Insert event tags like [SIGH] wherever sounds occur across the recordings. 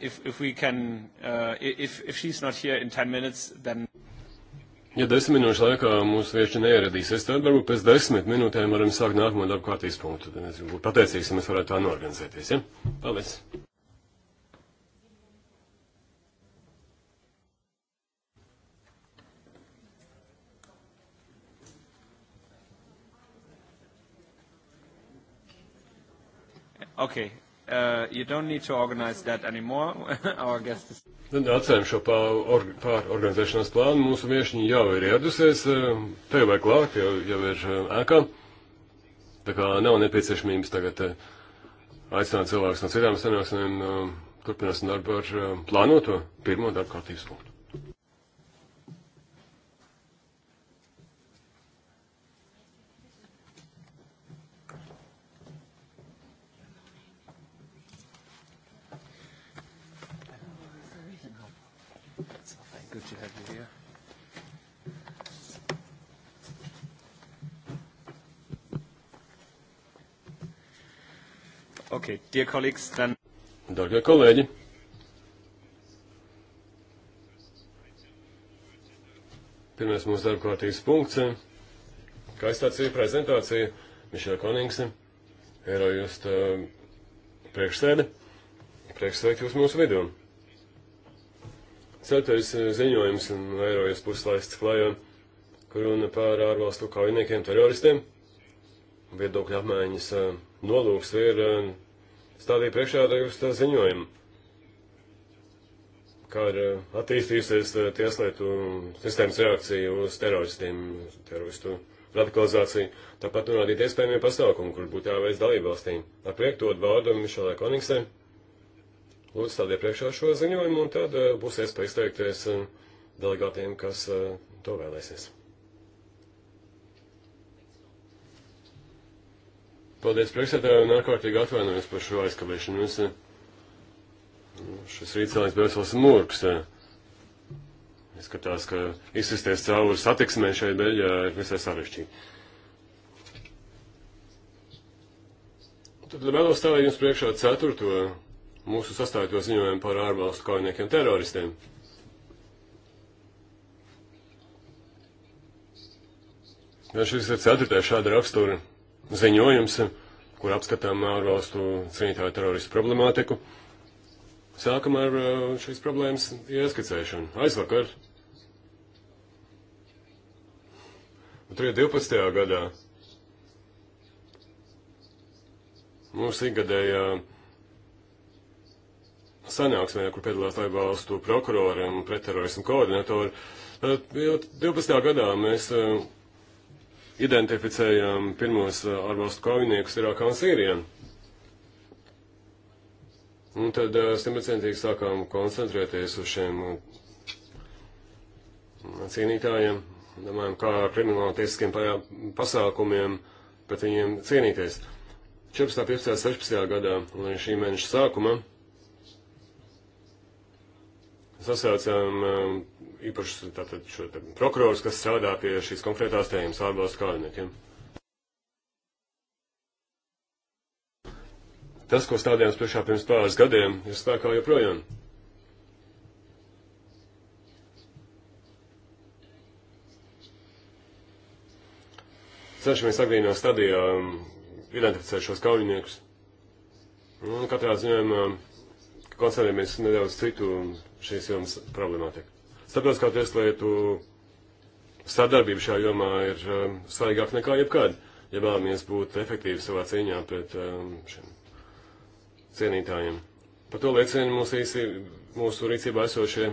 if, if we can, uh, if, if she's not here in 10 minutes, then. Ja desmit minūšu laikā mūsu vieši neieradīsies, tad varbūt pēc desmit minūtēm varam sākt nākamo darbu kārtības punktu. Tad es būtu pateicīgs, ja mēs varētu tā norganizēties, ja? Paldies! Okay. Uh, you don't need to organize that anymore. [LAUGHS] Our guest is. Tad atcēm šo pārorganizēšanās or, pār plānu. Mūsu viešņi jau ir ieradusies, uh, te vai klāt, jau, jau ir uh, ēkā. Tā kā nav nepieciešamības tagad uh, aicināt cilvēkus no citām sanāksmēm. Turpināsim darbu ar plānoto pirmo darbu kārtības punktu. Okay, dear colleagues, then... Darbie kolēģi! Pirmais mūsu darba kārtības punkts. Kaistācija prezentācija Mišela Koningsa, Eirojust uh, priekšsēde. Priekšsveikt jūs mūsu vidū. Ceturtais eh, ziņojums un Eirojust puslaists klājā, kur runa par ārvalstu kaujiniekiem teroristiem. Viedokļa apmaiņas uh, nolūks ir uh, stādīja priekšā raksta ziņojumu, kā ir uh, attīstījusies uh, tieslietu sistēmas reakcija uz teroristiem, teroristu radikalizāciju. Tāpat norādīt iespējamie pasākumi, kur būtu jāveic dalībvalstīm. Ar prieku dod vārdu Mišelē Koniksē. Lūdzu, stādīja priekšā šo ziņojumu, un tad uh, būs iespēja izteikties delegātiem, kas to vēlēsies. Paldies priekšsēdētāju un ārkārtīgi atvainojos par šo aizkavēšanos. Eh, šis rīcēlājs bija vesels murgs. Eh. Izskatās, ka izsisties cauri satiksmē šai Beļģijā ir visai sarežģīti. Tad vēlos stāvēt jums priekšā ceturto mūsu sastāvto ziņojumu par ārvalstu kaujiniekiem teroristiem. Ja šis ir ceturtais šāda rakstura ziņojums, kur apskatām ārvalstu cīnītāju teroristu problemātiku. Sākam ar uh, šīs problēmas ieskicēšanu. Aizvakar, 2012. gadā, mūsu ikgadējā sanāksmē, kur piedalās lai valstu prokurori un pretterorismu koordinatori, 12. gadā mēs uh, identificējām pirmos eh, ārvalstu kaujiniekus Irākā un Sīrijā. Un tad eh, simtprocentīgi sākām koncentrēties uz šiem eh, cīnītājiem, domājam, kā ar krimināltiesiskiem pasākumiem pret viņiem cīnīties. 14, 15, 16 gadā, līdz šī mēneša sākuma, sasaucām īpašus tātad šo tā, prokurors, kas strādā pie šīs konkrētās tēmas ārvalstu kaujiniekiem. Tas, ko stādījām priekšā pirms pāris gadiem, ir spēkā joprojām. Cenšamies agrīnā stadijā um, identificēt šos kaujiniekus. Un katrā ziņojumā koncentrējamies nedaudz citu šīs jomas problemātiku. Starptautiskā tieslietu sadarbība šajā jomā ir um, svarīgāk nekā jebkad, ja vēlamies būt efektīvi savā cīņā pret um, šiem cienītājiem. Par to liecina mūsu, īsi, mūsu rīcībā esošie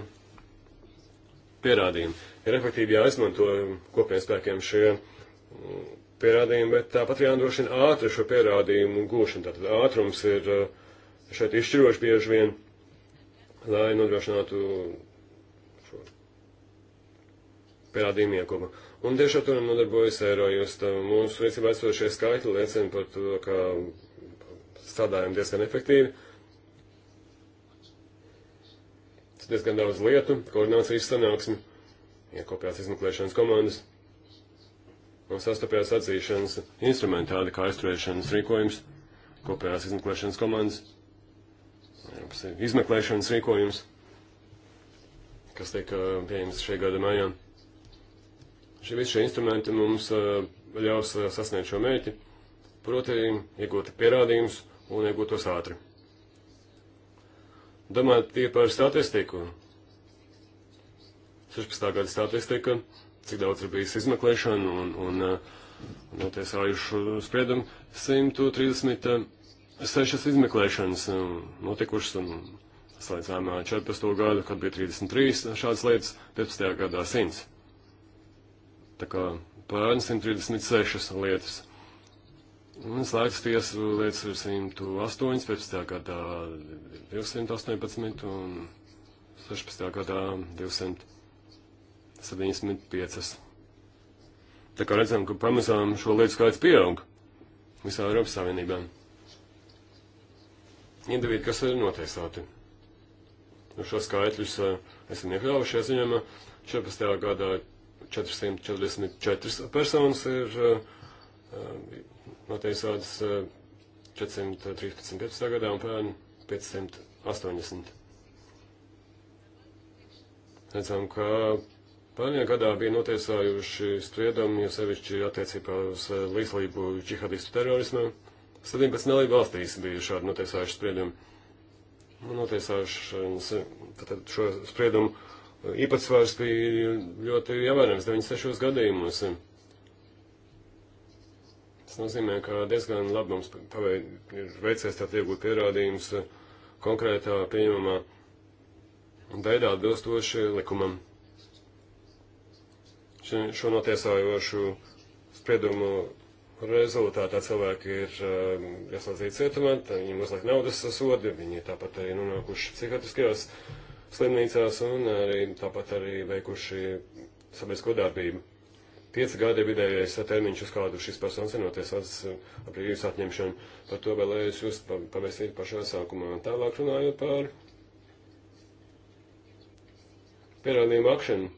pierādījumi. Ir efektīvi jāizmanto kopējiem spēkiem šie um, pierādījumi, bet tāpat jānodrošina ātri šo pierādījumu gūšanu. Tātad ātrums ir uh, šeit izšķiroši bieži vien, lai nodrošinātu pierādījumu ieguva. Un tieši ar to nodarbojas Eirojust. Mūsu rīcībā esošie skaitļi liecina par to, ka strādājam diezgan efektīvi. Tas diezgan daudz lietu, koordinācijas sanāksmi, iekopjās izmeklēšanas komandas un sastapjās atzīšanas instrumenti, tādi kā aizturēšanas rīkojums, kopējās izmeklēšanas komandas, izmeklēšanas rīkojums, kas tika pieņemts šī gada maijā šie visi šie instrumenti mums eh, ļaus eh, sasniegt šo mērķi, proti iegūt pierādījumus un iegūt tos ātri. Domājot tie par statistiku. 16. gada statistika, cik daudz ir bijis izmeklēšana un, un, eh, un notiesājušu spriedumu, 136 izmeklēšanas notikušas un slēdzām 14. gadu, kad bija 33 šādas lietas, 15. gadā 100. Tā kā pērn 136 lietas. Un slēgts tiesu lietas ir 108, 15. gadā 218 un 16. gadā 275. Tā kā redzam, ka pamazām šo lietu skaits pieaug visā Eiropas Savienībā. Indivīdi, kas ir notiesāti. Nu, šo skaitļus eh, esam iekļaujuši, es viņam 14. gadā 444 personas ir notiesātas 413. 15. gadā un pērn 580. Redzam, ka pērnajā gadā bija notiesājuši spriedumi, jo sevišķi attiecībā uz eh, līdzlību džihadistu terorismā. 17 dalību valstīs bija šādi notiesājuši spriedumi. Notiesājuši eh, šo spriedumu īpatsvars bija ļoti ievērojams 96 gadījumos. Tas nozīmē, ka diezgan labi mums ir veicies tā iegūt pierādījumus uh, konkrētā pieņemamā veidā atbilstoši likumam. Šo notiesājošu spriedumu rezultātā cilvēki ir uh, um, ieslēgti cietumā, viņiem uzliek naudas sodi, viņi tāpat arī nonākuši psihiatriskajās uh, slimnīcās un arī tāpat arī veikuši sabiedrisko darbību. Pieci gadi ir vidējais termiņš, uz kādu šis personas ir notiesāts ar brīvības atņemšanu. Par to vēlējos jūs pavēstīt pašā sākumā. Tālāk runājot par pierādījumu akšanu.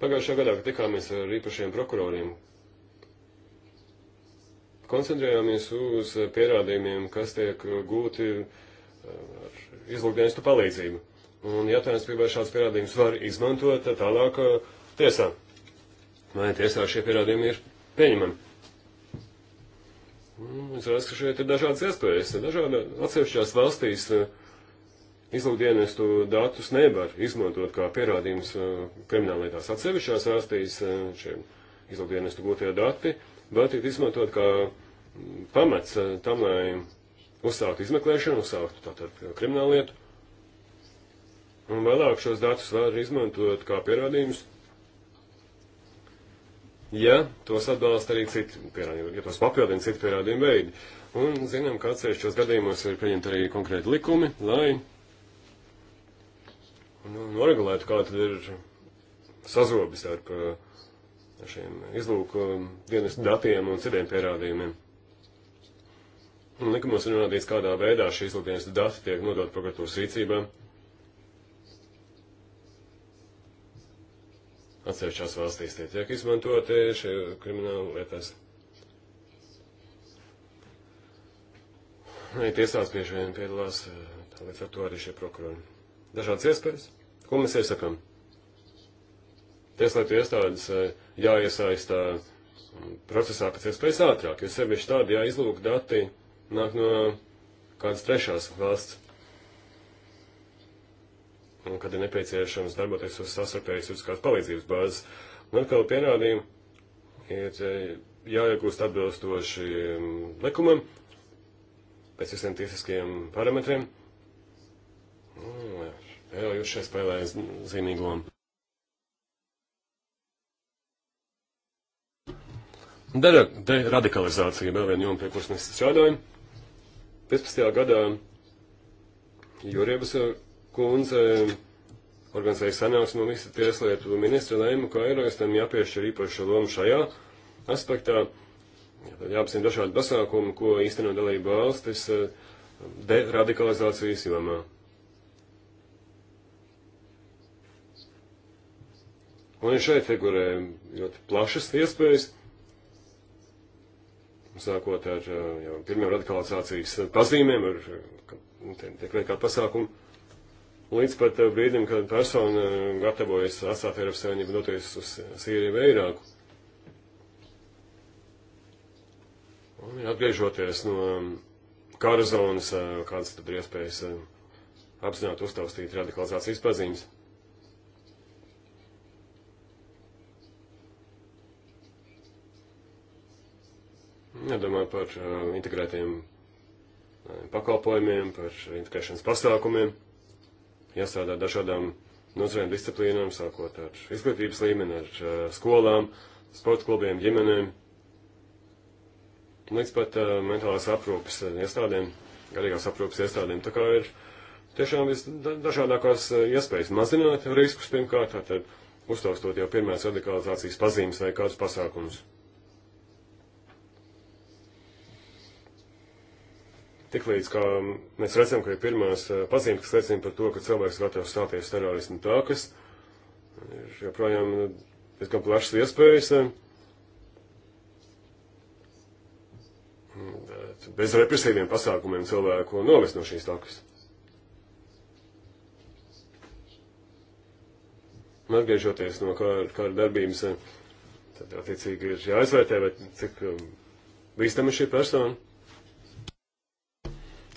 Pagājušā gadā, kad tikāmies ar īpašiem prokuroriem, koncentrējāmies uz pierādījumiem, kas tiek gūti eh, ar izlūkdienestu palīdzību. Un jautājums bija, vai šāds pierādījums var izmantot tālāk eh, tiesā. Vai tiesā šie pierādījumi ir pieņemami? Es redzu, ka šeit ir dažādas iespējas. Dažāda atsevišķās valstīs eh, izlūkdienestu datus nevar izmantot kā pierādījums krimināllietās. Atsevišķās valstīs šiem izlūkdienestu gūtie dati var tikt izmantot kā pamats eh, tam, lai uzsāktu izmeklēšanu, uzsāktu tātad eh, kriminālu lietu. Un vēlāk šos datus var izmantot kā pierādījumus. Ja tos atbalsta arī citi pierādījumi, ja tos papildina citi pierādījumi veidi. Un zinām, ka atsevišķos gadījumos ir pieņemti arī konkrēti likumi, lai nu, noregulētu, kā tad ir sazobis ar eh, šiem izlūku dienas datiem un citiem pierādījumiem. Un likumos ir norādīts, kādā veidā šīs izlūkdienas dati tiek nodot prokuratūras rīcībā. Atsevišķās valstīs tie tiek izmantoti šie krimināli lietās. Nē, tiesās bieži vien piedalās, eh, tāpēc ar to arī šie prokurori. Dažādas iespējas. Ko mēs iesakām? Tieslietu iestādes eh, jāiesaistā mm, procesā pēc iespējas ātrāk, jo sevišķi tādi jāizlūk dati nāk no kādas trešās valsts. Un, kad ir nepieciešams darboties uz sastarpējas uz kādas palīdzības bāzes. Un atkal pierādījumi ir e, jāiegūst atbilstoši likumam, pēc visiem tiesiskajiem parametriem. Mm, jā, jūs šeit spēlējat zīmīgu lomu. Deradikalizācija vēl viena joma, pie kuras mēs strādājam. 15. gadā Juriebas eh, kundze eh, organizēja sanāksmu un visi tieslietu ministri lēma, ka Eirostam jāpiešķir īpaša loma šajā aspektā. Jāapsim dažādi pasākumi, ko īstenot dalība valstis eh, deradikalizācijas jomā. Un šeit figurē ļoti plašas iespējas sākot ar eh, jau, pirmiem radikalizācijas eh, pazīmēm, ar, eh, nu, tiek veikāt pasākumu, līdz pat brīdim, kad persona gatavojas atstāt Eiropas Savienību doties uz Sīriju vai Irāku. Un atgriežoties no mm, kara zonas, kādas tad ir iespējas apzināti uztaustīt radikalizācijas pazīmes. Jādomā par uh, integrētiem uh, pakalpojumiem, par integrēšanas pasākumiem, jāstrādā dažādām nozarēm, disciplīnām, sākot ar izglītības līmeni, ar uh, skolām, sporta klubiem, ģimenēm, līdz pat mentālās aprūpes iestādēm, garīgās aprūpes iestādēm. Tā kā ir tiešām visdažādākās iespējas mazināt riskus pirmkārt, tātad uztaustot jau pirmās radikalizācijas pazīmes vai kādus pasākumus. Tik līdz kā mēs redzam, ka ir pirmās eh, pazīmes, kas liecina par to, ka cilvēks gatavs stāties terorismu tākas, ir joprojām eh, diezgan plašas iespējas. Eh. Bez represīviem pasākumiem cilvēku novest no šīs takas. Un atgriežoties no kāda kā darbības, tad attiecīgi ir jāizvērtē, vai cik bīstama šī persona.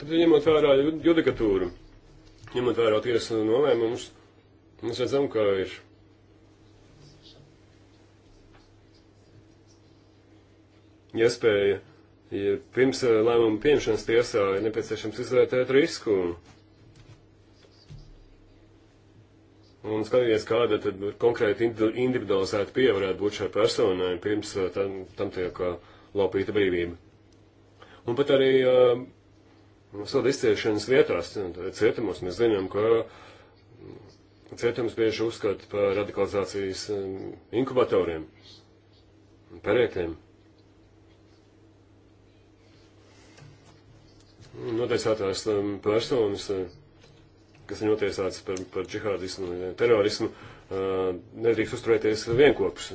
Tad, ņemot vērā judikatūru, ņemot vērā tiesu nolēmumus, mēs redzam, ka ir. Iespēja, ja pirms eh, lēmuma pieņemšanas tiesā ir nepieciešams izvērtēt risku un skatīties, kāda tad konkrēti individualizēta pieeja varētu būt šai personai, pirms eh, tam, tam tiek eh, laupīta brīvība. Un pat arī uh, soda izciešanas vietās, cietumos. Mēs zinām, ka mm, cietums bieži uzskata par radikalizācijas mm, inkubatoriem, perēkļiem. Notiesātās mm, personas, kas ir notiesātas par, par džihādismu, terorismu, nedrīkst uzturēties vienkopus.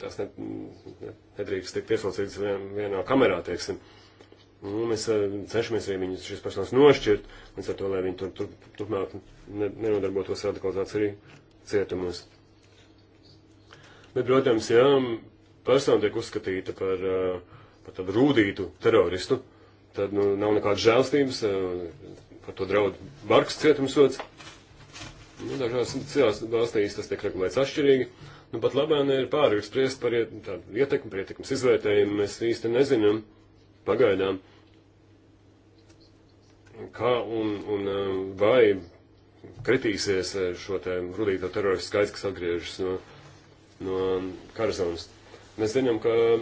Tās nedrīkst tikt ieslocītas vienā kamerā, teiksim. Un nu, mēs eh, cenšamies arī viņus šīs personas nošķirt, līdz ar to, lai viņi tur, tur, turpmāk nenodarbotos radikalizāciju arī cietumos. Bet, protams, ja persona tiek uzskatīta par, eh, par tādu rūdītu teroristu, tad nu, nav nekādas žēlstības, eh, par to draudu barks cietumsots. Nu, dažās citās valstīs tas tiek regulēts atšķirīgi. Nu, pat labāk ir pārāk spriest par iet, ietekmi, par ietekmes izvērtējumu. Mēs īsti nezinām pagaidām, kā un, un um, vai kritīsies uh, šo te rudīto teroristu skaits, kas atgriežas no, no um, kara zonas. Mēs zinām, ka uh,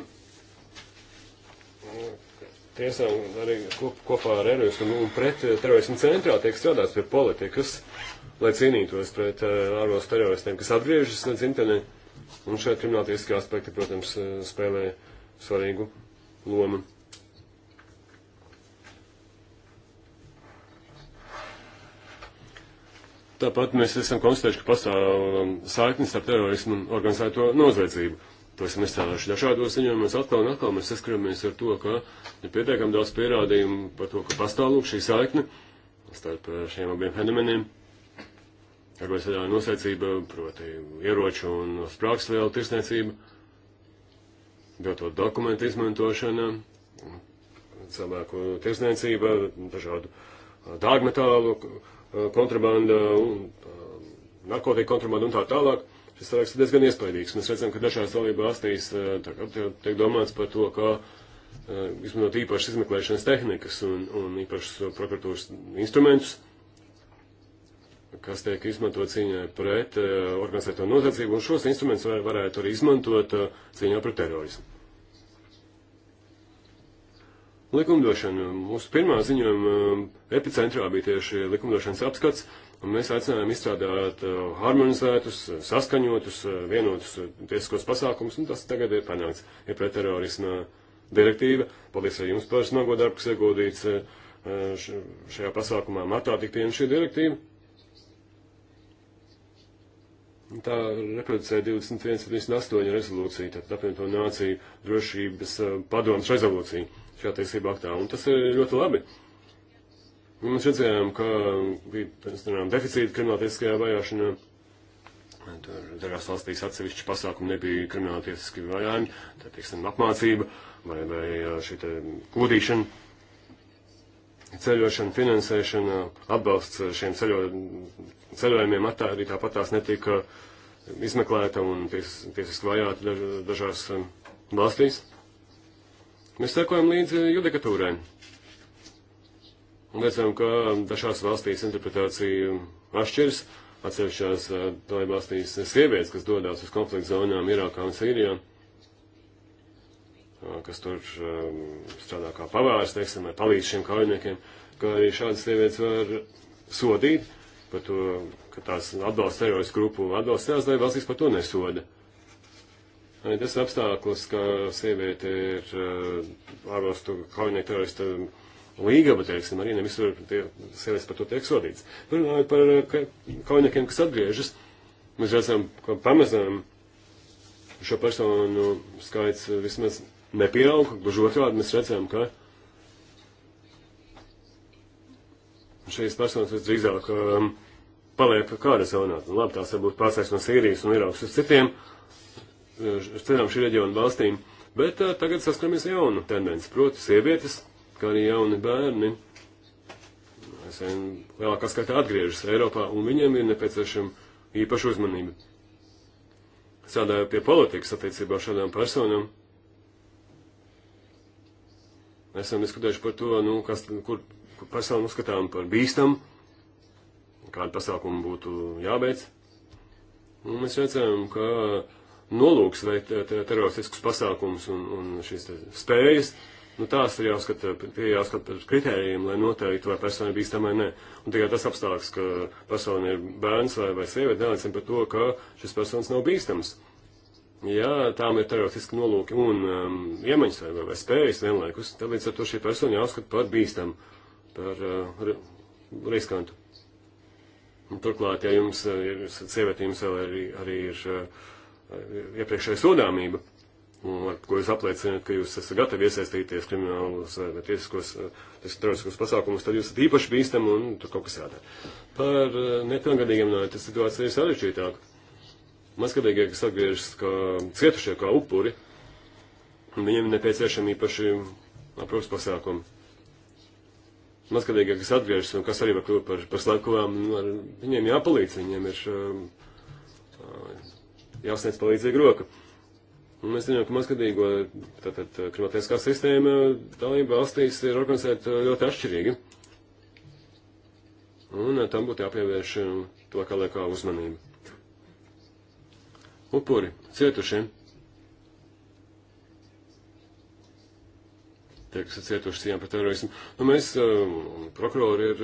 tiesām arī kop, kopā ar Eiropas un, un pret uh, terorismu centrā tiek strādāts pie politikas, lai cīnītos pret ārvalstu uh, teroristiem, kas atgriežas dzimtenē. Un šeit krimināltieskie aspekti, protams, spēlē svarīgu lomu. Tāpat mēs esam konstatējuši, ka pastāv saiknis ar terorismu un organizēto noziedzību. To esam izcēlējuši dažādos ziņojumos. Atkal un atkal mēs saskaramies ar to, ka ir pietiekami daudz pierādījumu par to, ka pastāv lūk šī saikne starp eh, šiem abiem fenomeniem. Organizētā noziedzība, proti ieroču un sprāgsvielu tirsniecība, viltot dokumentu izmantošana, cilvēku tirsniecība, dažādu eh, dārgmetālu Eh, kontrabanda, eh, narkotika kontrabanda un tā tālāk. Šis saraksts ir diezgan iespaidīgs. Mēs redzam, ka dažās dalību valstīs eh, tiek domāts par to, kā izmantot īpašas izmeklēšanas tehnikas un, un īpašas prokuratūras instrumentus, kas tiek izmantot cīņā pret organizēto noziedzību, un šos instrumentus var, varētu arī izmantot cīņā pret terorismu likumdošanu. Mūsu pirmā ziņojuma um, epicentrā bija tieši likumdošanas apskats, un mēs aicinājām izstrādāt uh, harmonizētus, saskaņotus, uh, vienotus uh, tiesiskos pasākumus, un tas tagad ir panāks. Ir pretterorisma direktīva. Paldies arī jums par smago darbu, kas ieguldīts šajā pasākumā. Martā tik pieņemta šī direktīva. Tā reproducē 21.38 rezolūciju, tātad apvienoto nāciju drošības padomas rezolūciju šajā tiesību aktā, un tas ir ļoti labi. Un mēs redzējām, ka bija zinām, deficīti krimināltieskajā vajāšanā. Tur dažās valstīs atsevišķi pasākumi nebija krimināltiesiski vajāni, tā tieksim apmācība vai, vai šī te kodīšana ceļošana, finansēšana, atbalsts šiem ceļo, ceļojumiem attā, arī tāpat tās netika izmeklēta un ties, tiesiski vajāta daž, dažās valstīs. Mēs sekojam līdzi judikatūrai. Un redzam, ka dažās valstīs interpretācija atšķiras. Atsevišķās dalībvalstīs sievietes, kas dodas uz konflikta zonām Irākā un Sīrijā, kas tur strādā kā pavārs, teiksim, vai palīdz šiem kaujiniekiem, ka arī šādas sievietes var sodīt par to, ka tās atbalsta teroristu grupu atbalsta tās dalībvalstīs par to nesoda. Arī tas apstākļus, ka sieviete ir eh, ārvalstu kaujinieka terorista līgava, teiksim, arī ne visur tie sievietes par to tiek sodīts. Runājot par eh, ka, kaujiniekiem, kas atgriežas, mēs redzam, ka pamazām šo personu skaits vismaz nepieaug, gluži otrādi mēs redzam, ka šīs personas visdrīzāk um, paliek kāda zonā. Nu, labi, tās varbūt pārsēs no Sīrijas un Irākas uz citiem. Uh, ceļām eh, šī reģiona valstīm, bet eh, tagad saskaramies jaunu tendenci, proti sievietes, kā arī jauni bērni, aizvien lielākā skaitā atgriežas Eiropā, un viņiem ir nepieciešama īpaša uzmanība. Strādājot pie politikas attiecībā šādām personām, esam diskutējuši par to, nu, kas, kur, kur personu uzskatām par bīstam, kādu pasākumu būtu jābeidz. Un mēs redzam, ka nolūks veikt teroristiskus pasākumus un, un šīs spējas, nu tās ir jāskata, tie jāskata par kritērijiem, lai noteiktu, vai persona ir bīstama vai nē. Un tikai tas apstākļs, ka persona ir bērns vai, vai sieviete, neliecina par to, ka šis personas nav bīstams. Ja tām ir teroristiski nolūki un um, iemaņas vai, vai spējas vienlaikus, tad līdz ar to šī persona jāuzskata par bīstamu, par uh, riskantu. Un turklāt, ja jums uh, ir sieviete, jums vēl arī, arī ir. Uh, iepriekšēju sodāmību, un ar ko jūs apliecināt, ka jūs esat gatavi iesaistīties kriminālos vai tiesiskos, eh, tiesiskos pasākumus, tad jūs esat īpaši bīstami un tur kaut kas jādara. Par eh, nepilngadīgiem nāja, tas situācija ir sarežģītāka. Mazgadīgie, kas atgriežas kā cietušie, kā upuri, viņiem nepieciešami īpaši aprūpas pasākumi mazgadīgie, kas atgriežas un kas arī var kļūt par, par slepkavām, nu, viņiem jāpalīdz, viņiem ir eh, jāsniedz palīdzīga roka. Un mēs zinām, ka mazgadīgo tātad, eh, krimatiskā sistēma dalība valstīs ir organizēta eh, ļoti atšķirīgi. Un eh, tam būtu jāpievērš to, kā liekā uzmanība. Upuri, cietušie. Tie, kas ir cietuši cīņā par terorismu. Nu, mēs, prokurori, ir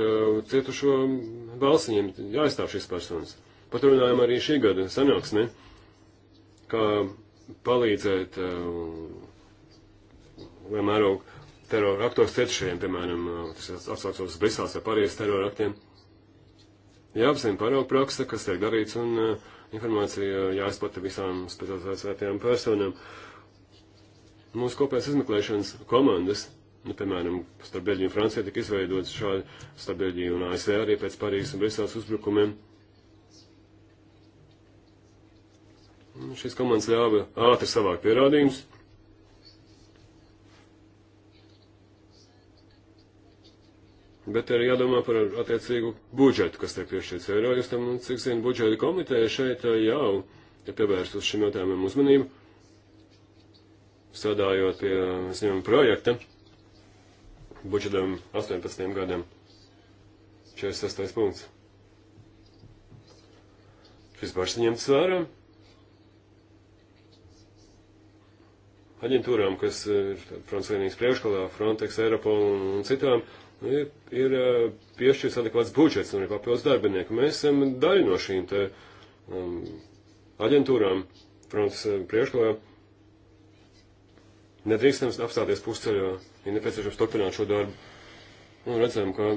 cietušo balsiņiem jāaizstāv šīs personas. Par to runājam arī šī gada sanāksmē. Ne? kā palīdzēt vienmēr eh, terora aktos cietušajiem, piemēram, eh, tas atsaucos uz Brisels vai Parīzes terora aktiem. Jāapzina paraugu praksa, kas tiek darīts, un eh, informācija jāizplata visām specializētajām personām. Mūsu kopējās izmeklēšanas komandas, nu, piemēram, starp Beļģiju un Franciju tika izveidotas šādi, starp Beļģiju un ASV arī pēc Parīzes un Brisels uzbrukumiem. Nu, Šīs komandas ļāva ātri savākt pierādījumus. Bet arī jādomā par attiecīgu budžetu, kas tiek piešķirts eiro. Jūs tam, cik zinu, budžeta komiteja šeit eh, jau ir pievērsus šim jautājumam uzmanību, strādājot pie ziņojuma projekta budžetam 18 gadam. 46. punkts. Šis pašs ņemts vērā. aģentūrām, kas eh, ir Frontex vienības priekškalā, Frontex, Eiropol un, un citām, ir, ir eh, piešķirts adekvāts budžets un ir papildus darbinieki. Mēs esam daļa no šīm te um, aģentūrām Frontex eh, priekškalā. Nedrīkstam apstāties pusceļā, ir ja nepieciešams turpināt šo darbu. Un redzam, ka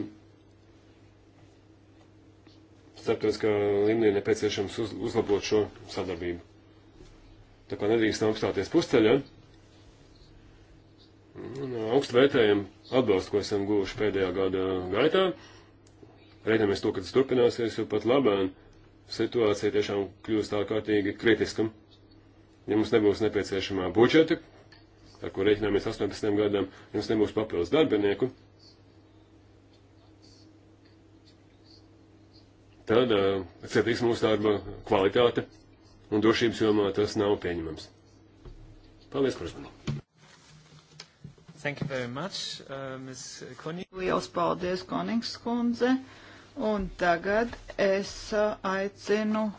starptautiskā līmenī nepieciešams uz, uzlabot šo sadarbību. Tā kā nedrīkstam apstāties pusceļā. Ja? nu, augstu vērtējam atbalstu, ko esam guvuši pēdējā gada gaitā. Reidamies to, ka tas turpināsies, jo pat labāk situācija tiešām kļūst ārkārtīgi kritiska. Ja mums nebūs nepieciešamā budžeta, ar ko rēķināmies 18 gadam, jums nebūs papildus darbinieku, tad uh, cietīs mūsu darba kvalitāte un drošības jomā tas nav pieņemams. Paldies par uzmanību! Thank you very much, uh, Ms. Konig. Liels paldies, Konings kundze. Un tagad es uh, aicinu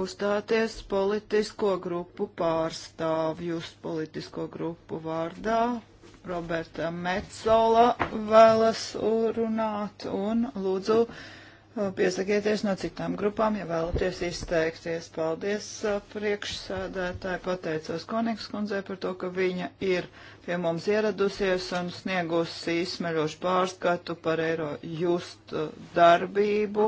uzstāties politisko grupu pārstāvjus politisko grupu vārdā. Roberta Metzola vēlas runāt un lūdzu. Uh, Uh, Piesakieties no citām grupām, ja vēlaties izteikties. Paldies uh, priekšsādētāji, pateicos Koniks kundzei par to, ka viņa ir pie mums ieradusies un sniegusi izsmeļošu pārskatu par eiro just uh, darbību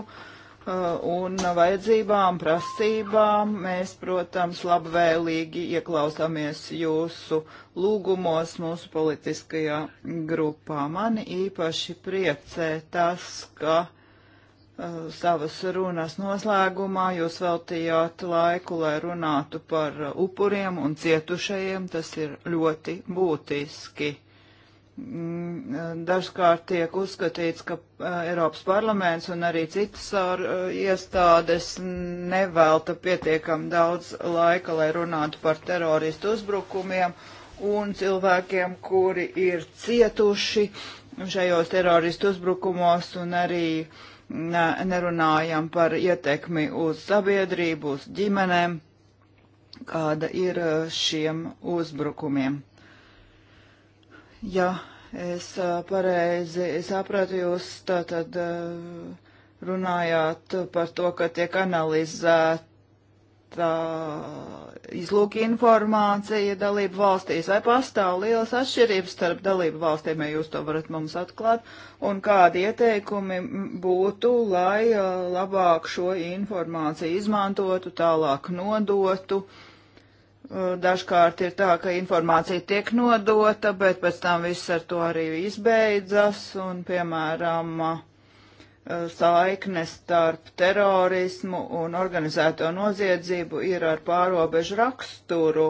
un vajadzībām, prasībām. Mēs, protams, labvēlīgi ieklausāmies jūsu lūgumos mūsu politiskajā grupā. Mani īpaši priecē tas, ka savas runas noslēgumā jūs veltījāt laiku, lai runātu par upuriem un cietušajiem. Tas ir ļoti būtiski. Mm, dažkārt tiek uzskatīts, ka Eiropas parlaments un arī citas iestādes nevelta pietiekam daudz laika, lai runātu par teroristu uzbrukumiem un cilvēkiem, kuri ir cietuši šajos teroristu uzbrukumos un arī uh, ne, nerunājam par ietekmi uz sabiedrību, uz ģimenēm, kāda ir e, šiem uzbrukumiem. Ja es e, pareizi sapratu, jūs tātad e, runājāt par to, ka tiek analizēta tā uh, izlūk informācija dalību valstīs, vai pastāv lielas atšķirības starp dalību valstīm, ja jūs to varat mums atklāt, un kādi ieteikumi būtu, lai uh, labāk šo informāciju izmantotu, tālāk nodotu. Uh, dažkārt ir tā, ka informācija tiek nodota, bet pēc tam viss ar to arī izbeidzas, un, piemēram, uh, Eh, saikne starp terorismu un organizēto noziedzību ir ar pārobežu raksturu,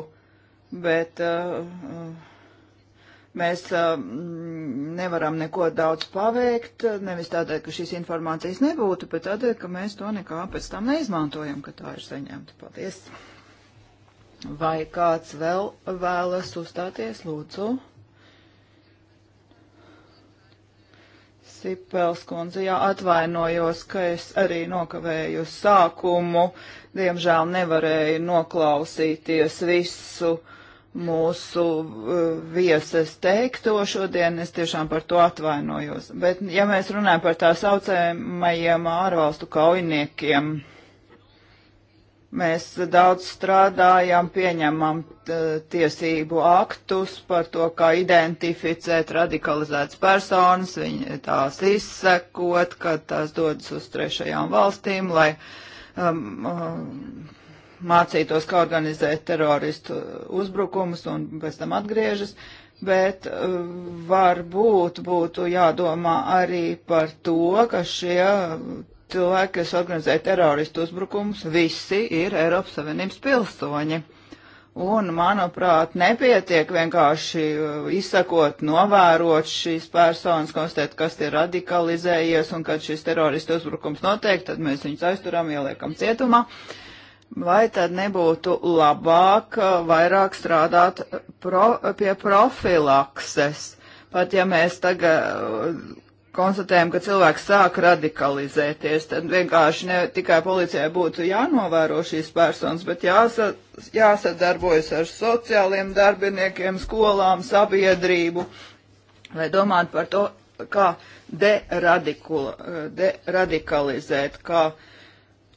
bet uh, mēs uh, nevaram neko daudz paveikt, nevis tādēļ, ka šīs informācijas nebūtu, bet tādēļ, ka mēs to nekā pēc tam neizmantojam, ka tā ir saņemta. Paldies! Vai kāds vēl vēlas uzstāties, lūdzu? Sipels kundze, jā, atvainojos, ka es arī nokavēju sākumu. Diemžēl nevarēju noklausīties visu mūsu eh, vieses teikto šodien. Es tiešām par to atvainojos. Bet, ja mēs runājam par tā saucējumajiem ārvalstu kaujiniekiem, Mēs daudz strādājam, pieņemam tiesību aktus par to, kā identificēt radikalizētas personas, viņi tās izsekot, kad tās dodas uz trešajām valstīm, lai um, um mācītos, kā organizēt teroristu uzbrukumus un pēc tam atgriežas. Bet um, varbūt būtu jādomā arī par to, ka šie cilvēki, kas organizē teroristu uzbrukumus, visi ir Eiropas Savienības pilsoņi. Un, manuprāt, nepietiek vienkārši uh, izsakot, novērot šīs personas, konstatēt, kas ir radikalizējies un kad šis teroristu uzbrukums notiek, tad mēs viņus aizturam, ieliekam cietumā. Vai tad nebūtu labāk uh, vairāk strādāt uh, pro, pie profilakses? Pat ja mēs tagad konstatējam, ka cilvēks sāk radikalizēties, tad vienkārši ne tikai policijai būtu jānovēro šīs personas, bet jāsa, jāsadarbojas ar sociāliem darbiniekiem, skolām, sabiedrību, lai domātu par to, kā eh, deradikalizēt, kā uh,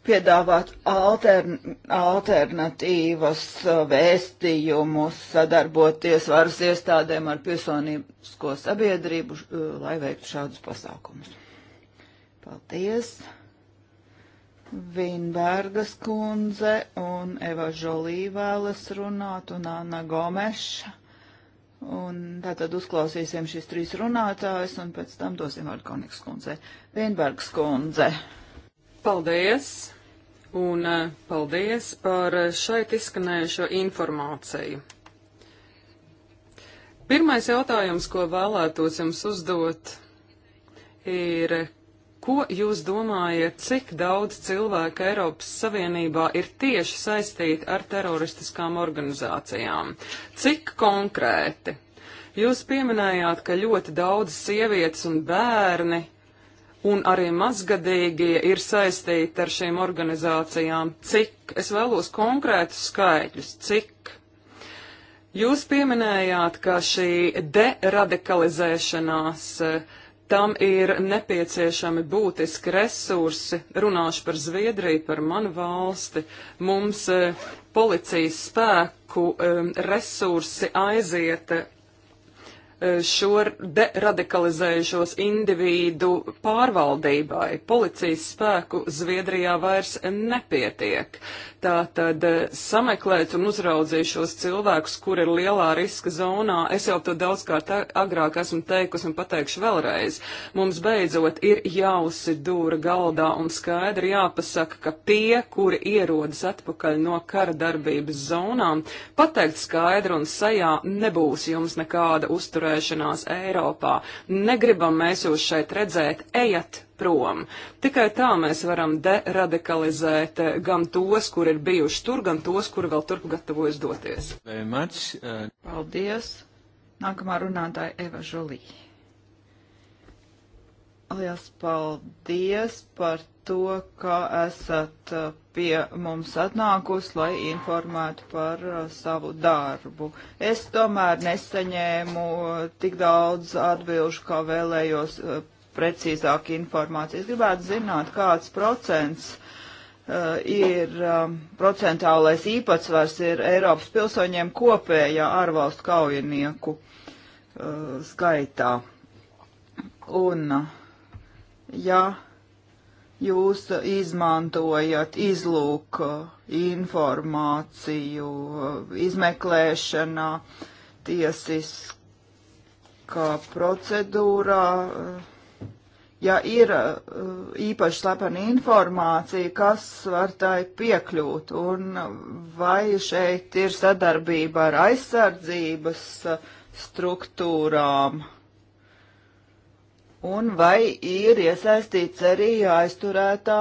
piedāvāt altern, alternatīvas uh, vēstījumus, sadarboties varas iestādēm ar pilsonīgo sabiedrību, uh, lai veiktu šādus pasākumus. Paldies! Vinbergas kundze un Eva Žolī vēlas runāt un Anna Gomeša. Un tātad uzklausīsim šīs trīs runātājas un pēc tam dosim vārdu Koniks kundzei. Vinbergas kundze. Vinbergs kundze. Paldies! Un eh, paldies par eh, šeit izskanējušo informāciju. Pirmais jautājums, ko vēlētos jums uzdot, ir, ko jūs domājat, cik daudz cilvēku Eiropas Savienībā ir tieši saistīti ar teroristiskām organizācijām? Cik konkrēti? Jūs pieminējāt, ka ļoti daudz sievietes un bērni un arī mazgadīgie ir saistīti ar šīm organizācijām. Cik? Es vēlos konkrētus skaitļus. Cik? Jūs pieminējāt, ka šī deradikalizēšanās eh, tam ir nepieciešami būtiski resursi. Runāšu par Zviedriju, par manu valsti. Mums eh, policijas spēku eh, resursi aiziet šo deradikalizējušos individu pārvaldībai. Policijas spēku Zviedrijā vairs nepietiek tātad eh, sameklēt un uzraudzīt šos cilvēkus, kur ir lielā riska zonā. Es jau to daudzkārt agrāk esmu teikusi un pateikšu vēlreiz. Mums beidzot ir jāuzsit dūra galdā un skaidri jāpasaka, ka tie, kuri ierodas atpakaļ no kara darbības zonām, pateikt skaidri un sajā nebūs jums nekāda uzturēšanās Eiropā. Negribam mēs jūs šeit redzēt, ejiet prom. Tikai tā mēs varam deradikalizēt eh, gan tos, kur ir bijuši tur, gan tos, kuri vēl turp gatavojas doties. Uh, paldies! Nākamā runātāja Eva Žolī. Liels paldies par to, ka esat uh, pie mums atnākus, lai informētu par uh, savu darbu. Es tomēr nesaņēmu tik daudz atbilžu, kā vēlējos precīzāk informāciju. Es gribētu zināt, kāds procents uh, ir um, procentālais īpatsvars ir Eiropas pilsoņiem kopējā ārvalstu kaujinieku uh, skaitā. Un, uh, ja jūs izmantojat izlūk uh, informāciju uh, izmeklēšanā, tiesiskā procedūrā, uh, ja ir eh, īpaši slepena informācija, kas var tai piekļūt, un vai šeit ir sadarbība ar aizsardzības eh, struktūrām, un vai ir iesaistīts arī aizturētā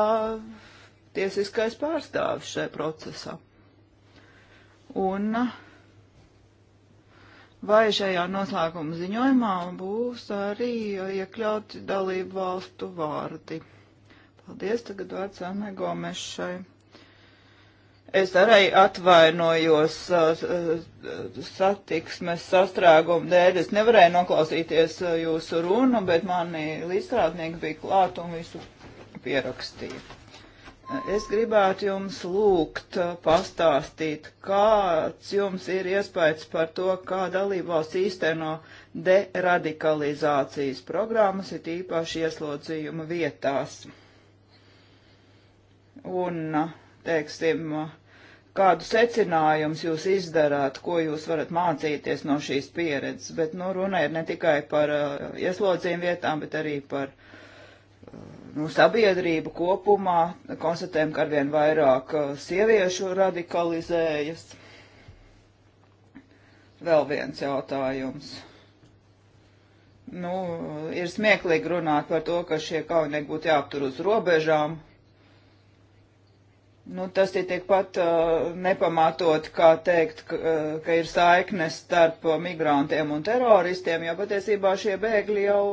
tiesiskais pārstāvis šajā procesā. Un uh, Vai šajā noslēguma ziņojumā būs arī iekļauti dalību valstu vārdi? Paldies, tagad vārds Anne Gomešai. Es arī atvainojos uh, uh, satiksmes sastrēgumu dēļ. Es nevarēju noklausīties uh, jūsu runu, bet mani līdzstrādnieki bija klāt un visu pierakstīja. Es gribētu jums lūgt uh, pastāstīt, kāds jums ir iespējas par to, kā dalībvalsts īsteno deradikalizācijas programmas, ir īpaši ieslodzījuma vietās. Un, uh, teiksim, uh, kādu secinājumus jūs izdarāt, ko jūs varat mācīties no šīs pieredzes, bet, nu, runa ir ne tikai par uh, ieslodzījumu vietām, bet arī par uh, nu, sabiedrību kopumā. Konstatējam, ka arvien vairāk uh, sieviešu radikalizējas. Vēl viens jautājums. Nu, ir smieklīgi runāt par to, ka šie kaujinieki būtu jāaptur uz robežām, Nu, tas ir tikpat uh, nepamatot, kā teikt, ka, uh, ka ir saiknes starp migrantiem un teroristiem, jo patiesībā šie bēgļi jau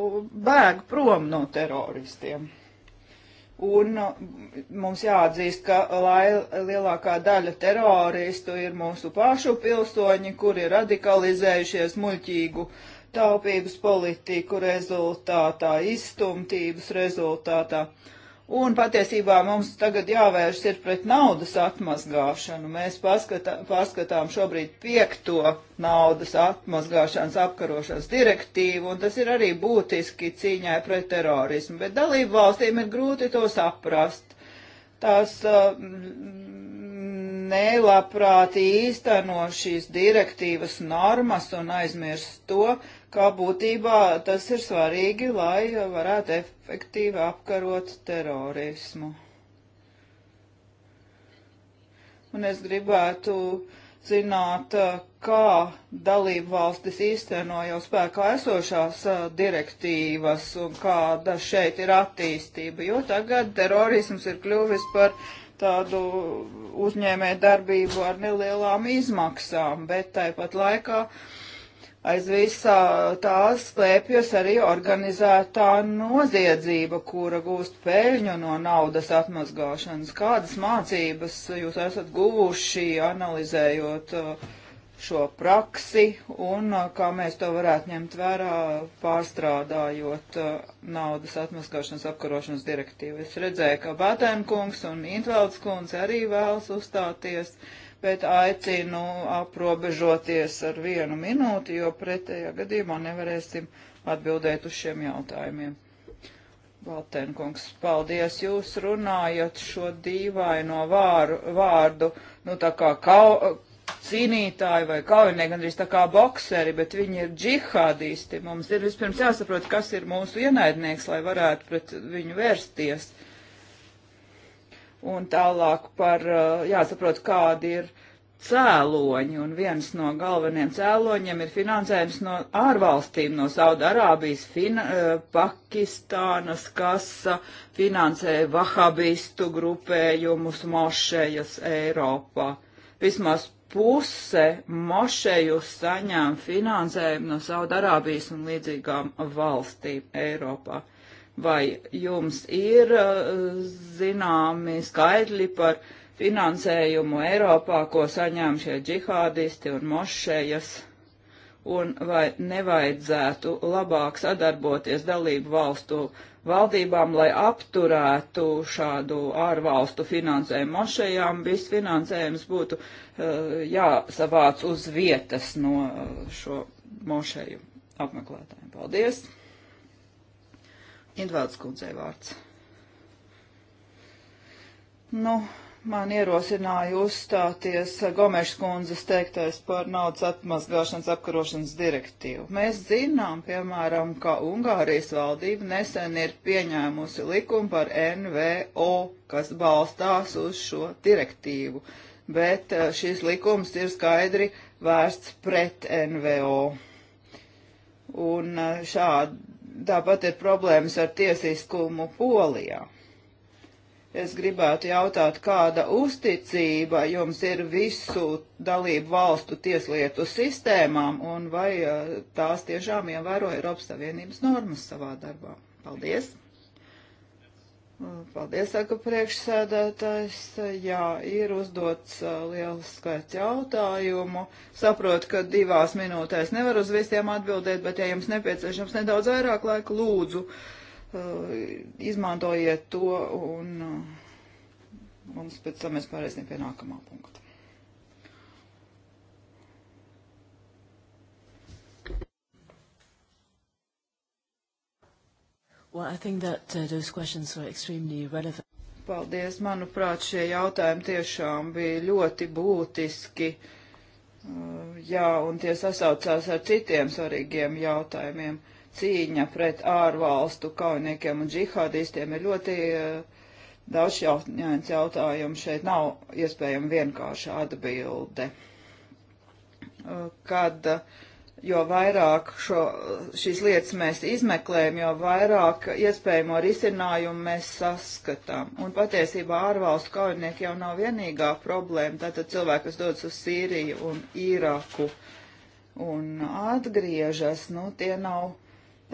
bēg prom no teroristiem. Un uh, mums jāatzīst, ka lai lielākā daļa teroristu ir mūsu pašu pilsoņi, kuri radikalizējušies muļķīgu taupības politiku rezultātā, izstumtības rezultātā. Uh, Un patiesībā mums tagad jāvērš ir pret naudas atmazgāšanu. Mēs paskatā, paskatām šobrīd piekto naudas atmazgāšanas apkarošanas direktīvu, un tas ir arī būtiski cīņai pret terorismu. Bet dalību valstīm ir grūti to saprast. Tās uh, nelabprāt īsteno šīs direktīvas normas un aizmirst to, uh, ka būtībā tas ir svarīgi, lai varētu efektīvi apkarot terorismu. Un es gribētu zināt, kā dalību valstis īsteno jau spēkā esošās direktīvas un kāda šeit ir attīstība, jo tagad terorisms ir kļuvis par tādu uzņēmē darbību ar nelielām izmaksām, bet tāpat laikā uh, aiz visā tās slēpjas arī organizētā noziedzība, kura gūst peļņu no naudas atmazgāšanas. Kādas mācības jūs esat guvuši, analizējot uh, šo praksi un uh, kā mēs to varētu ņemt vērā, pārstrādājot uh, naudas atmazgāšanas apkarošanas direktīvu? Es redzēju, ka Batēnkungs un Intvalds kungs arī vēlas uzstāties. Uh, bet aicinu aprobežoties ar vienu minūti, jo pretējā gadījumā nevarēsim atbildēt uz šiem jautājumiem. Valtenkungs, paldies, jūs runājat šo dīvaino vāru, vārdu, nu tā kā kau, cīnītāji vai kaujinieki, gandrīz tā kā bokseri, bet viņi ir džihādisti. Mums ir vispirms jāsaprot, kas ir mūsu ienaidnieks, lai varētu pret viņu vērsties. Uh, un tālāk par uh, jāsaprot, kādi ir cēloņi, un viens no galvenajiem cēloņiem ir finansējums no ārvalstīm, no Saudarābijas, Fina, uh, Pakistānas, kas uh, finansē vahabistu grupējumus mošejas Eiropā. Vismaz puse mošeju saņem finansējumu no Saudarābijas un līdzīgām valstīm Eiropā. Vai jums ir uh, zināmi skaidri par finansējumu Eiropā, ko saņēma šie džihādisti un mošējas? Un vai nevajadzētu labāk sadarboties dalību valstu valdībām, lai apturētu šādu ārvalstu finansējumu mošajām, viss finansējums būtu uh, jāsavāc uz vietas no uh, šo mošeju apmeklētājiem. Paldies! Indvalds kundzei vārds. Nu, man ierosināja uzstāties Gomešs kundzes teiktais par naudas atmazgāšanas apkarošanas direktīvu. Mēs zinām, piemēram, ka Ungārijas valdība nesen ir pieņēmusi likumu par NVO, kas balstās uz šo direktīvu, bet eh, šis likums ir skaidri vērsts pret NVO. Un eh, šādi tāpat ir problēmas ar tiesiskumu Polijā. Es gribētu jautāt, kāda uzticība jums ir visu dalību valstu tieslietu sistēmām un vai eh, tās tiešām ievēro Eiropas Savienības normas savā darbā. Paldies! Paldies, saka priekšsēdētājs. Jā, ir uzdots liels skaits jautājumu. Saprotu, ka divās minūtēs nevar uz visiem atbildēt, bet ja jums nepieciešams nedaudz vairāk laika, lūdzu, izmantojiet to un mums pēc tam mēs pārēsim pie nākamā punkta. Well, I think that uh, those questions were extremely relevant. Paldies, manuprāt, šie jautājumi tiešām bija ļoti būtiski. Uh, jā, un tie sasaucās ar citiem svarīgiem jautājumiem. Cīņa pret ārvalstu kaujiniekiem un džihādistiem ir ļoti uh, daudz jautājums jautājumu. Šeit nav iespējama vienkārša atbilde. Uh, kad uh, jo vairāk šo, šīs lietas mēs izmeklējam, jo vairāk iespējamo risinājumu mēs saskatām. Un patiesībā ārvalstu kaujinieki jau nav vienīgā problēma, tātad cilvēki, kas dodas uz Sīriju un Īraku un atgriežas, nu tie nav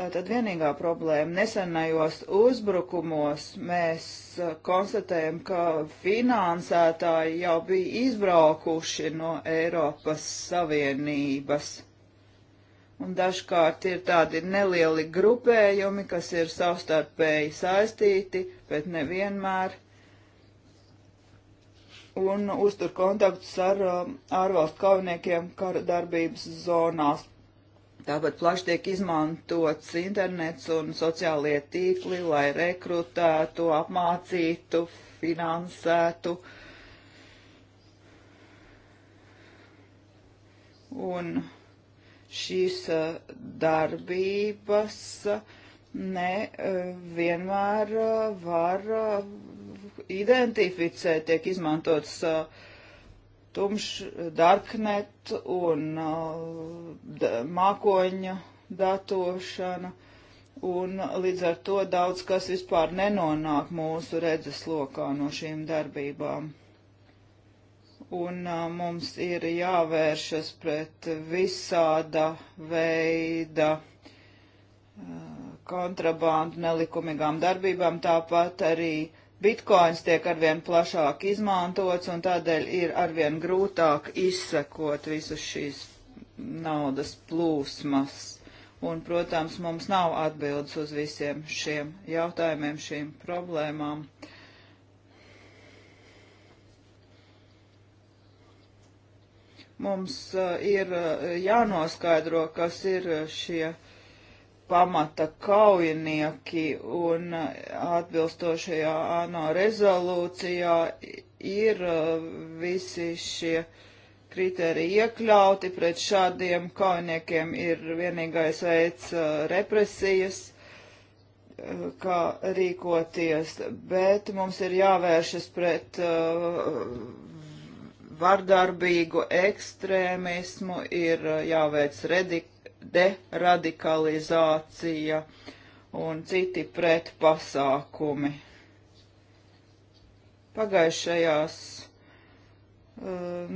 tātad vienīgā problēma. Nesenajos uzbrukumos mēs uh, konstatējam, ka finansētāji jau bija izbraukuši no Eiropas Savienības un dažkārt ir tādi nelieli grupējumi, kas ir savstarpēji saistīti, bet nevienmēr, un uztur kontaktus ar um, ārvalstu kaujiniekiem kara darbības zonās. Tāpat plaši tiek izmantots internets un sociālie tīkli, lai rekrutētu, apmācītu, finansētu. Un šīs darbības ne vienmēr var identificēt, tiek izmantots tumšs darknet un mākoņa datošana un līdz ar to daudz kas vispār nenonāk mūsu redzeslokā no šīm darbībām un a, mums ir jāvēršas pret visāda veida a, kontrabandu nelikumīgām darbībām, tāpat arī bitkoins tiek arvien plašāk izmantots un tādēļ ir arvien grūtāk izsekot visus šīs naudas plūsmas. Un, protams, mums nav atbildes uz visiem šiem jautājumiem, šīm problēmām. Uh, Mums eh, ir eh, jānoskaidro, kas ir eh, šie pamata kaujinieki un atbilstošajā ANO rezolūcijā ir visi šie kriteriji iekļauti, pret šādiem kaujiniekiem ir vienīgais veids represijas, kā rīkoties, bet mums ir jāvēršas pret vardarbīgu ekstrēmismu, ir uh, jāveic deradikalizācija un citi pretpasākumi. Pagājušajās uh,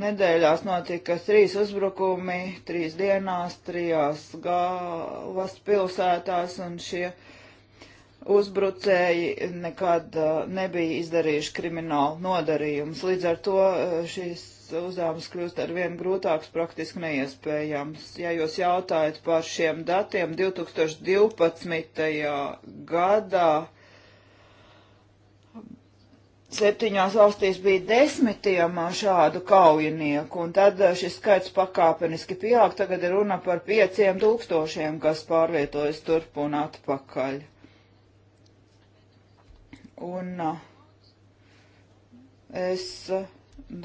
nedēļās notika trīs uzbrukumi, trīs dienās, trijās galvas pilsētās, un šie uzbrucēji nekad uh, nebija izdarījuši kriminālu nodarījumus. Līdz ar to uh, šīs uzdevums kļūst ar vien grūtāks, praktiski neiespējams. Ja jūs jautājat par šiem datiem, 2012. gadā septiņās valstīs bija desmitiem šādu kaujinieku, un tad šis skaits pakāpeniski pieaug, tagad ir runa par pieciem tūkstošiem, kas pārvietojas turp un atpakaļ. Un uh, es uh,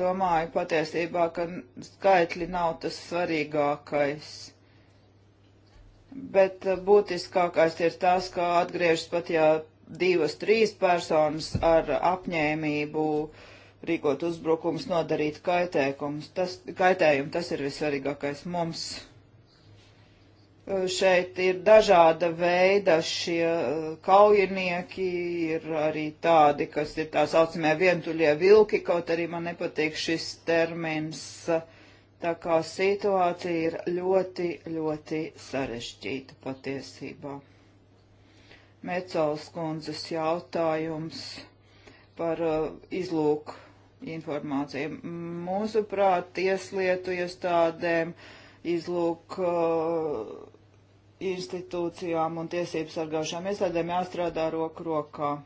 domāju patiesībā, ka skaitļi nav tas svarīgākais. Bet eh, būtiskākais ir tas, ka atgriežas pat ja divas, trīs personas ar apņēmību rīkot uzbrukums, nodarīt kaitējumus. Tas, kaitējumu, tas ir vissvarīgākais mums šeit ir dažāda veida šie eh, kaujinieki, ir arī tādi, kas ir tā saucamie vientuļie vilki, kaut arī man nepatīk šis termins. Tā kā situācija ir ļoti, ļoti sarežģīta patiesībā. Mecels kundzes jautājums par uh, izlūk informāciju. Mūsuprāt, tieslietu iestādēm izlūk uh, institūcijām un tiesību sargājušām iestādēm jāstrādā roku rokā.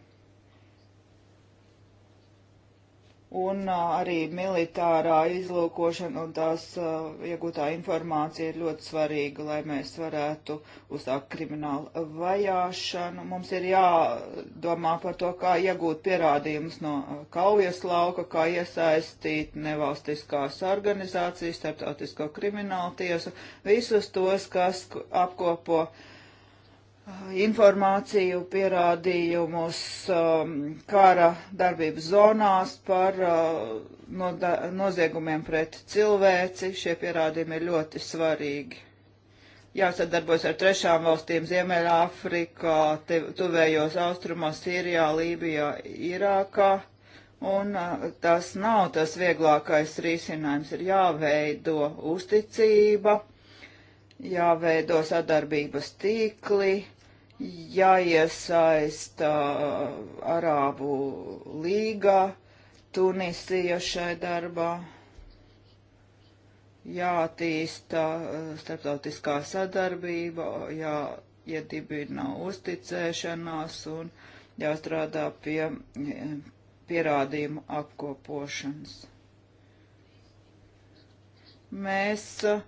un arī militārā izlūkošana un tās iegūtā informācija ir ļoti svarīga, lai mēs varētu uzsākt kriminālu vajāšanu. Mums ir jādomā par to, kā iegūt pierādījumus no kaujas lauka, kā iesaistīt nevalstiskās organizācijas, starptautisko kriminālu tiesu, visus tos, kas apkopo informāciju, pierādījumus um, kara darbības zonās par uh, no, noziegumiem pret cilvēci. Šie pierādījumi ir ļoti svarīgi. Jāsadarbojas ar trešām valstīm - Ziemeļāfrikā, tuvējos austrumos, Sīrijā, Lībijā, Irākā. Un uh, tas nav tas vieglākais risinājums. Ir jāveido uzticība, jāveido sadarbības tīkli jāiesaista uh, Arābu līgā, Tunisija šai darbā, jātīsta uh, starptautiskā sadarbība, jāiedibina uzticēšanās un jāstrādā pie pierādījumu apkopošanas. Mēs uh,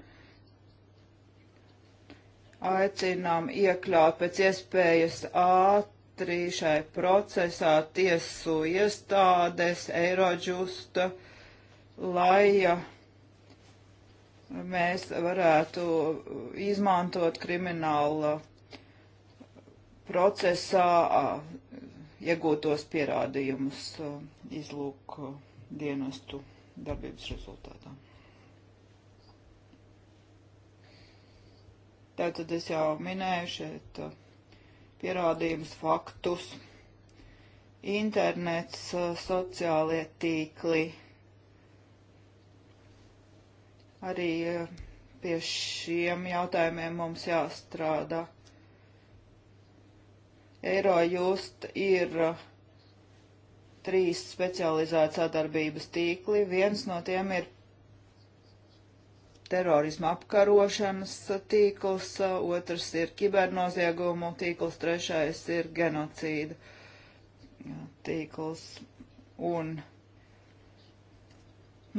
aicinām iekļaut pēc iespējas ātri šai procesā tiesu iestādes, Eirodžusta, lai mēs varētu izmantot krimināla procesā iegūtos pierādījumus izlūk dienestu darbības rezultātā. Tātad es jau minēju šeit uh, pierādījumus, faktus, internets, uh, sociālie tīkli. Arī uh, pie šiem jautājumiem mums jāstrādā. Eiro just ir trīs specializēti sadarbības tīkli. Viens no tiem ir terorisma apkarošanas tīkls, otrs ir kibernoziegumu tīkls, trešais ir genocīda tīkls. Un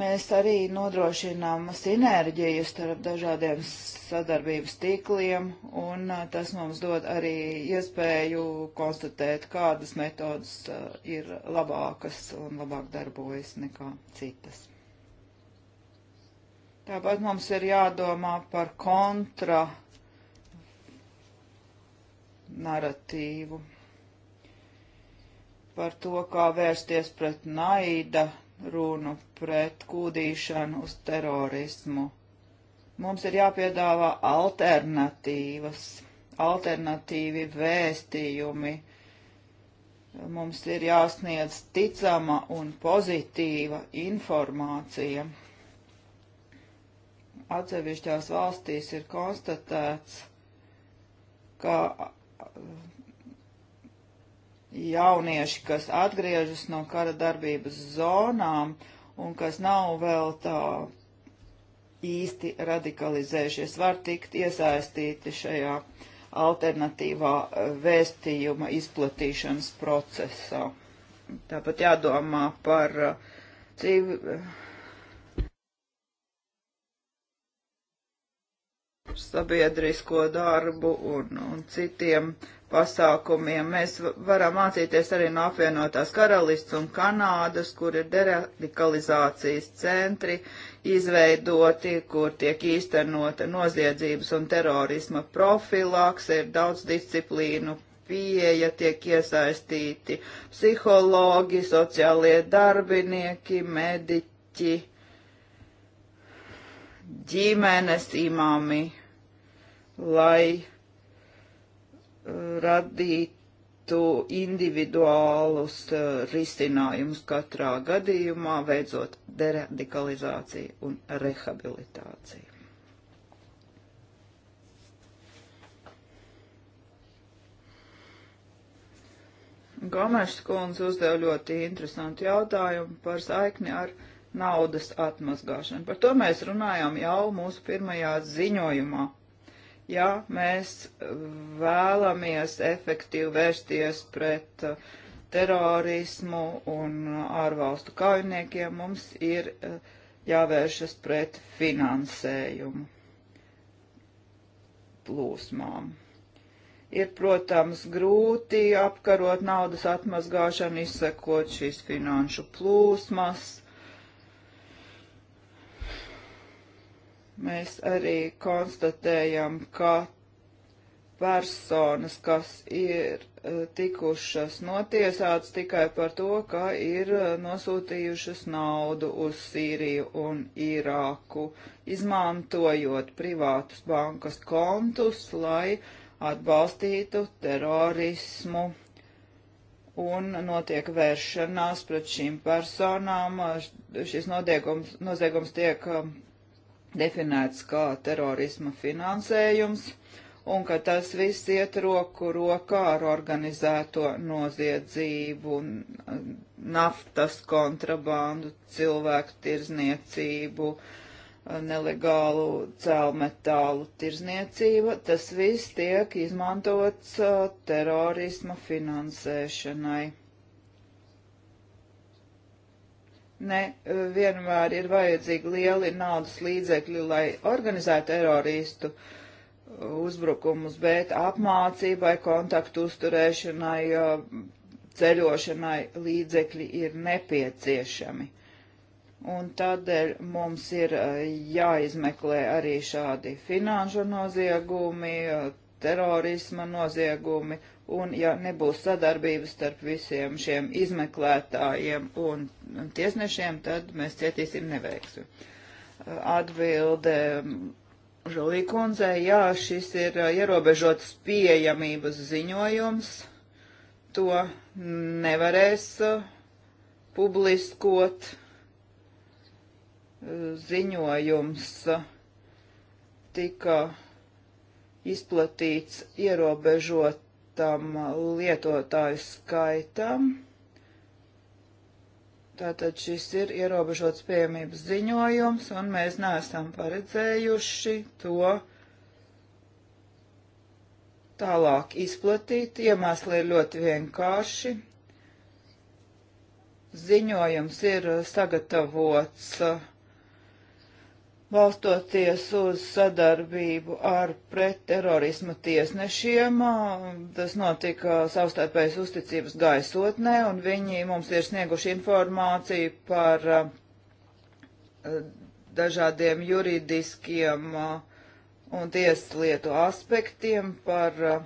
mēs arī nodrošinām sinerģiju starp dažādiem sadarbības tīkliem, un uh, tas mums dod arī iespēju konstatēt, kādas metodas uh, ir labākas un labāk darbojas nekā citas. Tāpat mums ir jādomā par kontra naratīvu, par to, kā vērsties pret naida runu, pret kūdīšanu uz terorismu. Mums ir jāpiedāvā alternatīvas, alternatīvi vēstījumi. Mums ir jāsniedz ticama un pozitīva informācija atsevišķās valstīs ir konstatēts, ka uh, jaunieši, kas atgriežas no kara darbības zonām un kas nav vēl tā īsti radikalizējušies, var tikt iesaistīti šajā alternatīvā uh, vēstījuma izplatīšanas procesā. Tāpat jādomā par uh, civi, sabiedrisko darbu un, un citiem pasākumiem. Mēs varam mācīties arī no apvienotās karalists un Kanādas, kur ir deradikalizācijas centri izveidoti, kur tiek īstenota noziedzības un terorisma profilaks, ir daudz disciplīnu pieeja, tiek iesaistīti psihologi, sociālie darbinieki, mediķi, ģimenes imāmi lai uh, radītu individuālus uh, risinājumus katrā gadījumā, veidzot deradikalizāciju un rehabilitāciju. Gomešs kundze uzdev ļoti interesantu jautājumu par saikni ar naudas atmazgāšanu. Par to mēs runājām jau mūsu pirmajā ziņojumā ja mēs vēlamies efektīvi vērsties pret uh, terorismu un uh, ārvalstu kaujiniekiem, mums ir uh, jāvēršas pret finansējumu plūsmām. Ir, protams, grūti apkarot naudas atmazgāšanu, izsekot šīs finanšu plūsmas, Mēs arī konstatējam, ka personas, kas ir e, tikušas notiesātas tikai par to, ka ir e, nosūtījušas naudu uz Sīriju un Irāku, izmantojot privātus bankas kontus, lai atbalstītu terorismu. Un notiek vēršanās pret šīm personām. Šis noziegums tiek e, definēts kā terorisma finansējums un ka tas viss iet roku rokā ar organizēto noziedzību, naftas kontrabandu, cilvēku tirzniecību, nelegālu cēlmetālu tirzniecību. Tas viss tiek izmantots uh, terorisma finansēšanai. ne e, vienmēr ir vajadzīgi lieli naudas līdzekļi, lai organizētu teroristu uzbrukumus, bet apmācībai, kontaktu uzturēšanai, e, ceļošanai līdzekļi ir nepieciešami. Un tādēļ mums ir e, jāizmeklē arī šādi finanšu noziegumi, terorisma noziegumi Un ja nebūs sadarbības starp visiem šiem izmeklētājiem un tiesnešiem, tad mēs cietīsim neveiksmi. Atbilde Žalī kundzei, jā, šis ir uh, ierobežotas pieejamības ziņojums. To nevarēs uh, publiskot uh, ziņojums tika izplatīts ierobežot noteiktam lietotāju skaitam. Tātad šis ir ierobežots pieejamības ziņojums, un mēs neesam paredzējuši to tālāk izplatīt. Iemesli ir ļoti vienkārši. Ziņojums ir sagatavots uh, Balstoties uz sadarbību ar pretterorisma tiesnešiem, tas notika savstarpējas uzticības gaisotnē, un viņi mums ir snieguši informāciju par dažādiem juridiskiem un tieslietu aspektiem, par uh,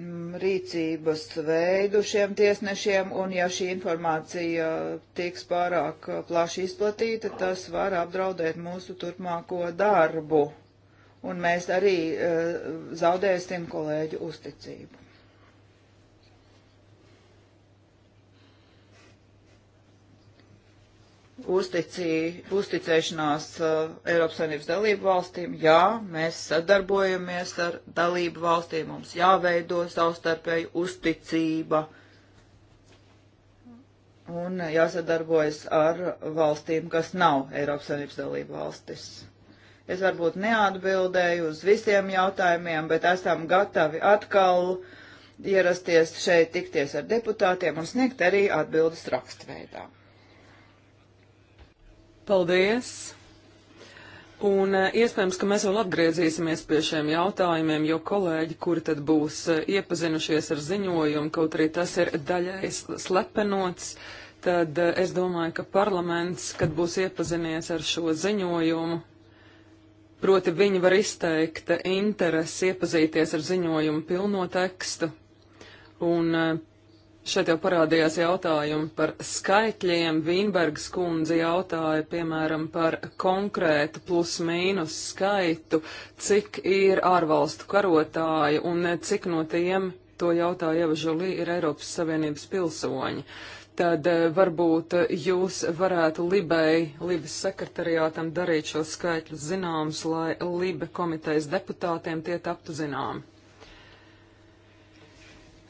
Mm, rīcības veidu šiem tiesnešiem, un ja šī informācija tiks pārāk plaši izplatīta, tas var apdraudēt mūsu turpmāko darbu, un mēs arī uh, zaudēsim kolēģu uzticību. uzticī, uzticēšanās uh, Eiropas Savienības dalību valstīm. Jā, mēs sadarbojamies ar dalību valstīm, mums jāveido savstarpēji uzticība un jāsadarbojas ar valstīm, kas nav Eiropas Savienības dalību valstis. Es varbūt neatbildēju uz visiem jautājumiem, bet esam gatavi atkal ierasties šeit, tikties ar deputātiem un sniegt arī atbildes rakstveidā. Paldies! Un eh, iespējams, ka mēs vēl atgriezīsimies pie šiem jautājumiem, jo kolēģi, kuri tad būs eh, iepazinušies ar ziņojumu, kaut arī tas ir daļai slepenots, tad eh, es domāju, ka parlaments, kad būs iepazinies ar šo ziņojumu, proti viņi var izteikt interesi iepazīties ar ziņojumu pilno tekstu. Un Šeit jau parādījās jautājumi par skaitļiem. Vīnbergs kundze jautāja, piemēram, par konkrētu plus-mīnus skaitu, cik ir ārvalstu karotāju un cik no tiem, to jautāja Ieva Žulī, ir Eiropas Savienības pilsoņi. Tad eh, varbūt jūs varētu Libei, Libes sekretariātam darīt šo skaitļu zināmus, lai Libe komitejas deputātiem tie taptu zināmi.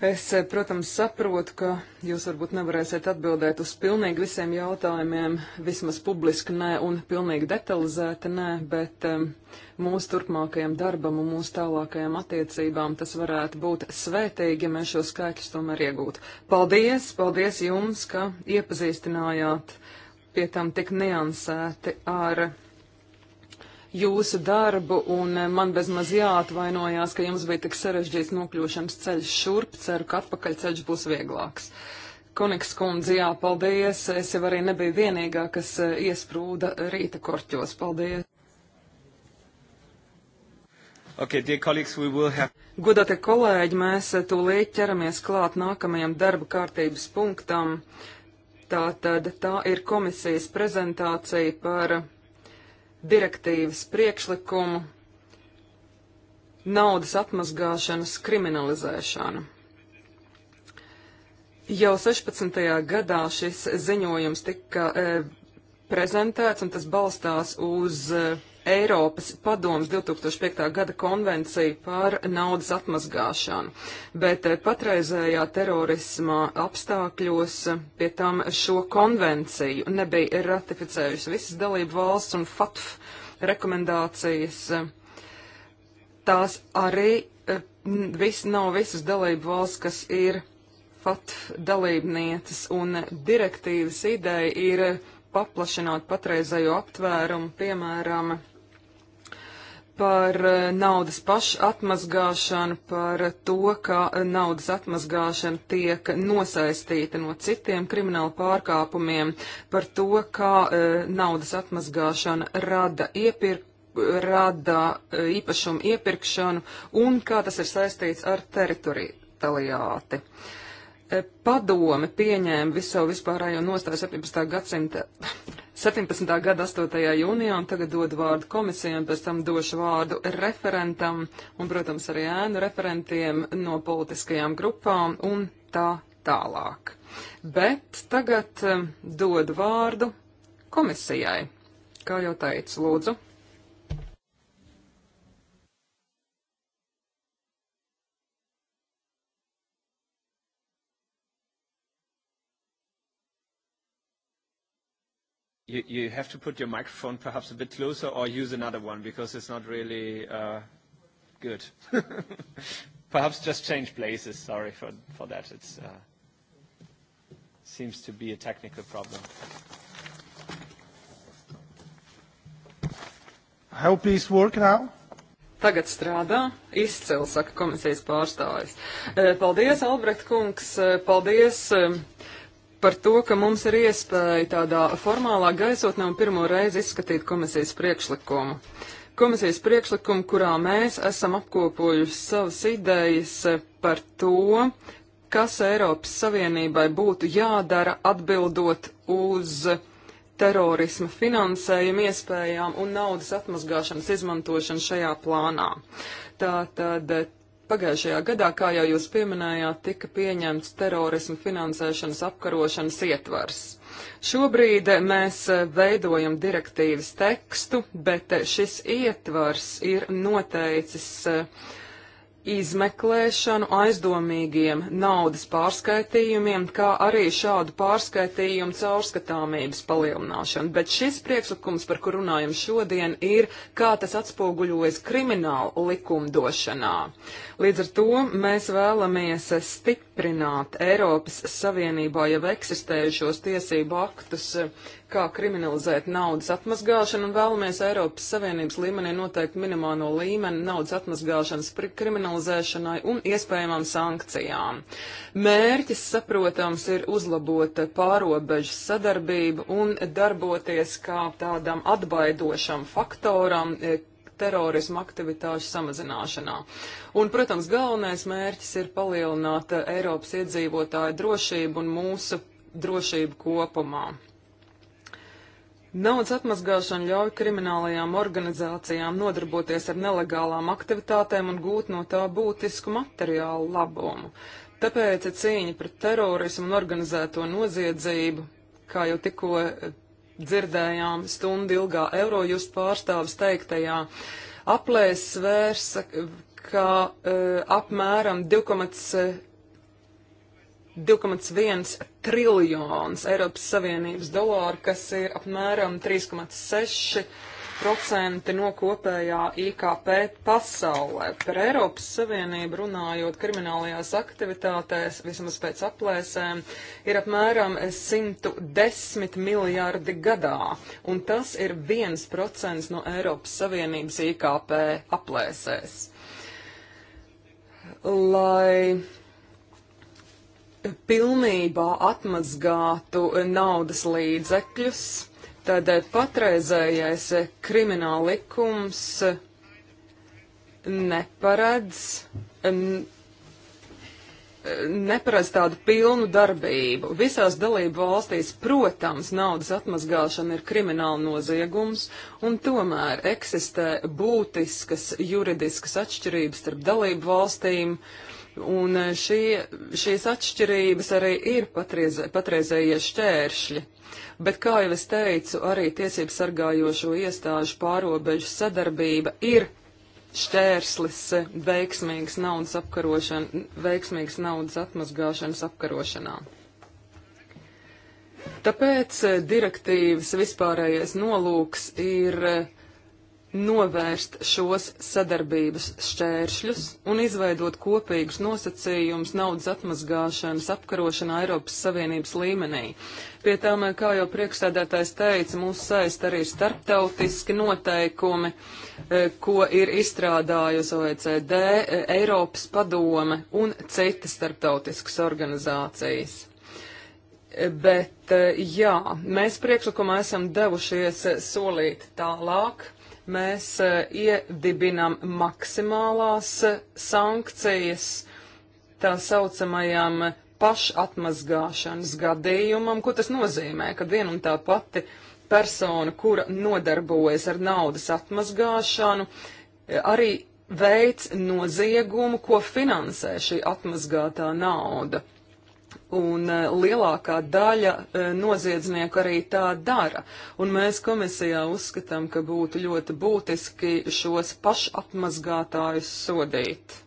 Es, eh, protams, saprotu, ka jūs varbūt nevarēsiet atbildēt uz pilnīgi visiem jautājumiem, vismaz publiski nē un pilnīgi detalizēti nē, bet um, mūsu turpmākajam darbam un mūsu tālākajām attiecībām tas varētu būt svētīgi, ja mēs šo skaitļus tomēr iegūtu. Paldies, paldies jums, ka iepazīstinājāt pie tam tik niansēti ar jūsu darbu, un eh, man bezmaz jāatvainojās, ka jums bija tik sarežģīts nokļūšanas ceļš šurp, ceru, ka atpakaļceļš būs vieglāks. Koniks kundze, jā, paldies, es jau arī nebiju vienīgā, kas eh, iesprūda rīta korķos, paldies. Okay, have... Godātie kolēģi, mēs eh, tūlīt ķeramies klāt nākamajam darba kārtības punktam. Tātad tā ir komisijas prezentācija par direktīvas priekšlikumu naudas atmazgāšanas kriminalizēšanu. Jau 16. gadā šis ziņojums tika e, prezentēts, un tas balstās uz e, Eiropas padomas 2005. gada konvenciju par naudas atmazgāšanu, bet eh, patreizējā terorisma apstākļos eh, pie tam šo konvenciju nebija ratificējusi visas dalību valsts un FATF rekomendācijas. Eh, tās arī vis, nav visas dalību valsts, kas ir FATF dalībnieces, un direktīvas ideja ir paplašināt patreizējo aptvērumu, piemēram, par eh, naudas pašatmazgāšanu, par to, ka naudas atmazgāšana tiek nosaistīta no citiem krimināla pārkāpumiem, par to, kā uh, naudas atmazgāšana rada iepirk rada eh, īpašumu iepirkšanu un kā tas ir saistīts ar teritoriālitāti. Padome pieņēma visu savu vispārējo nostāju 17. gadsimta 17. gada 8. jūnijā, un tagad dodu vārdu komisijai, un pēc tam došu vārdu referentam, un, protams, arī ēnu referentiem no politiskajām grupām, un tā tālāk. Bet tagad um, eh, dodu vārdu komisijai. Kā jau teicu, lūdzu. You, you have to put your microphone perhaps a bit closer or use another one because it's not really uh, good. [LAUGHS] perhaps just change places. Sorry for, for that. It uh, seems to be a technical problem. I hope these work now. Tagad strādā, izcili, saka komisijas pārstāvis. Paldies, Albrecht kungs, paldies um, par to, ka mums ir iespēja tādā formālā gaisotnē un pirmo reizi izskatīt komisijas priekšlikumu. Komisijas priekšlikumu, kurā mēs esam apkopojuši savas idejas par to, kas Eiropas Savienībai būtu jādara atbildot uz terorisma finansējuma iespējām un naudas atmazgāšanas izmantošanu šajā plānā. Tātad Pagājušajā gadā, kā jau jūs pieminējāt, tika pieņemts terorismu finansēšanas apkarošanas ietvars. Šobrīd mēs e, veidojam direktīvas tekstu, bet e, šis ietvars ir noteicis uh, izmeklēšanu aizdomīgiem naudas pārskaitījumiem, kā arī šādu pārskaitījumu caurskatāmības palielināšanu. Bet šis priekšlikums, par kur runājam šodien, ir, kā tas atspoguļojas krimināla likumdošanā. Līdz ar to mēs vēlamies stiprināt Eiropas Savienībā jau eksistējušos tiesību aktus kā kriminalizēt naudas atmazgāšanu un vēlamies Eiropas Savienības līmenī noteikt minimālo līmeni naudas atmazgāšanas kriminalizēšanai un iespējamām sankcijām. Mērķis, saprotams, ir uzlabot pārobežu sadarbību un darboties kā tādam atbaidošam faktoram, e, terorismu aktivitāšu samazināšanā. Un, protams, galvenais mērķis ir palielināt Eiropas iedzīvotāju drošību un mūsu drošību kopumā. Naudas atmazgāšana ļauj kriminālajām organizācijām nodarboties ar nelegālām aktivitātēm un gūt no tā būtisku materiālu labumu. Tāpēc cīņa pret terorismu un organizēto noziedzību, kā jau tikko eh, dzirdējām stundu ilgā Eurojust pārstāvis teiktajā, aplēs svērs, ka uh, apmēram 2,1 triljons Eiropas Savienības dolāru, kas ir apmēram 3,6% no kopējā IKP pasaulē. Par Eiropas Savienību runājot kriminālajās aktivitātēs, vismaz pēc aplēsēm, ir apmēram 110 miljārdi gadā, un tas ir 1% no Eiropas Savienības IKP aplēsēs. Lai pilnībā atmazgātu naudas līdzekļus, tad patreizējais krimināla likums neparedz, neparedz tādu pilnu darbību. Visās dalību valstīs, protams, naudas atmazgāšana ir krimināla noziegums, un tomēr eksistē būtiskas juridiskas atšķirības starp dalību valstīm. Uh, Un eh, šie, šīs atšķirības arī ir patreiz, patreizējie šķēršļi. Bet, kā jau es teicu, arī tiesību sargājošo iestāžu pārobežu sadarbība ir šķērslis eh, veiksmīgas naudas, veiksmīgas naudas atmazgāšanas apkarošanā. Tāpēc eh, direktīvas vispārējais nolūks ir uh, novērst šos sadarbības šķēršļus un izveidot kopīgus nosacījumus naudas atmazgāšanas apkarošanā Eiropas Savienības līmenī. Pie tām, kā jau priekšsēdētājs teica, mūs saist arī starptautiski noteikumi, e, ko ir izstrādājusi OECD, e, Eiropas padome un citas starptautiskas organizācijas. E, bet jā, mēs priekšlikumā esam devušies solīt tālāk mēs eh, iedibinam maksimālās eh, sankcijas tā saucamajam pašatmazgāšanas gadījumam. Ko tas nozīmē, kad viena un tā pati persona, kura nodarbojas ar naudas atmazgāšanu, eh, arī veids noziegumu, ko finansē šī atmazgātā nauda un eh, lielākā daļa eh, noziedznieku arī tā dara. Un mēs komisijā uzskatām, ka būtu ļoti būtiski šos pašapmazgātājus sodīt.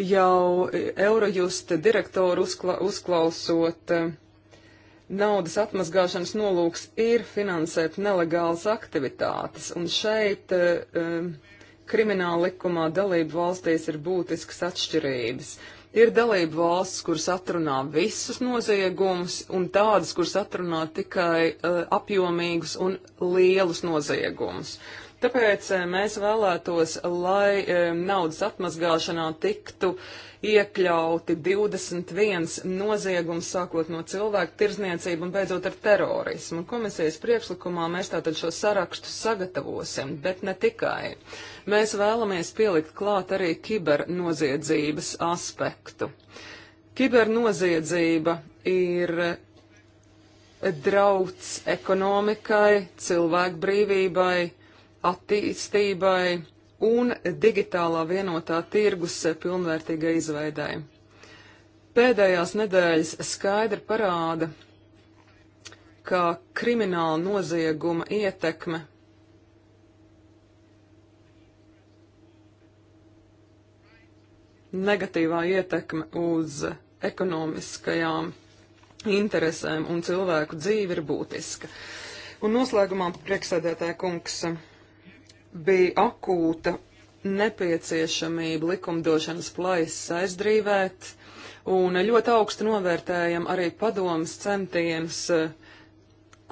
Jau Eurojusta direktoru uzkla uzklausot eh, naudas atmazgāšanas nolūks ir finansēt nelegālas aktivitātes, un šeit uh, um, krimināla likumā dalību valstīs ir būtiskas atšķirības. Ir dalību valsts, kuras atrunā visus noziegumus, un tādas, kuras atrunā tikai uh, apjomīgus un lielus noziegumus. Tāpēc eh, mēs vēlētos, lai eh, naudas atmazgāšanā tiktu iekļauti 21 noziegums, sākot no cilvēku tirzniecību un beidzot ar terorismu. Komisijas priekšlikumā mēs tātad šo sarakstu sagatavosim, bet ne tikai. Uh, Mēs vēlamies pielikt klāt arī kibernoziedzības aspektu. Kibernoziedzība ir drauds ekonomikai, cilvēku brīvībai, attīstībai un digitālā vienotā tirgus pilnvērtīgai izveidai. Pēdējās nedēļas skaidri parāda, ka krimināla nozieguma ietekme negatīvā ietekme uz ekonomiskajām interesēm un cilvēku dzīvi ir būtiska. Un noslēgumā priekšsēdētāja kungs bija akūta nepieciešamība likumdošanas plaisas aizdrīvēt, un ļoti augstu novērtējam arī padomas centienus,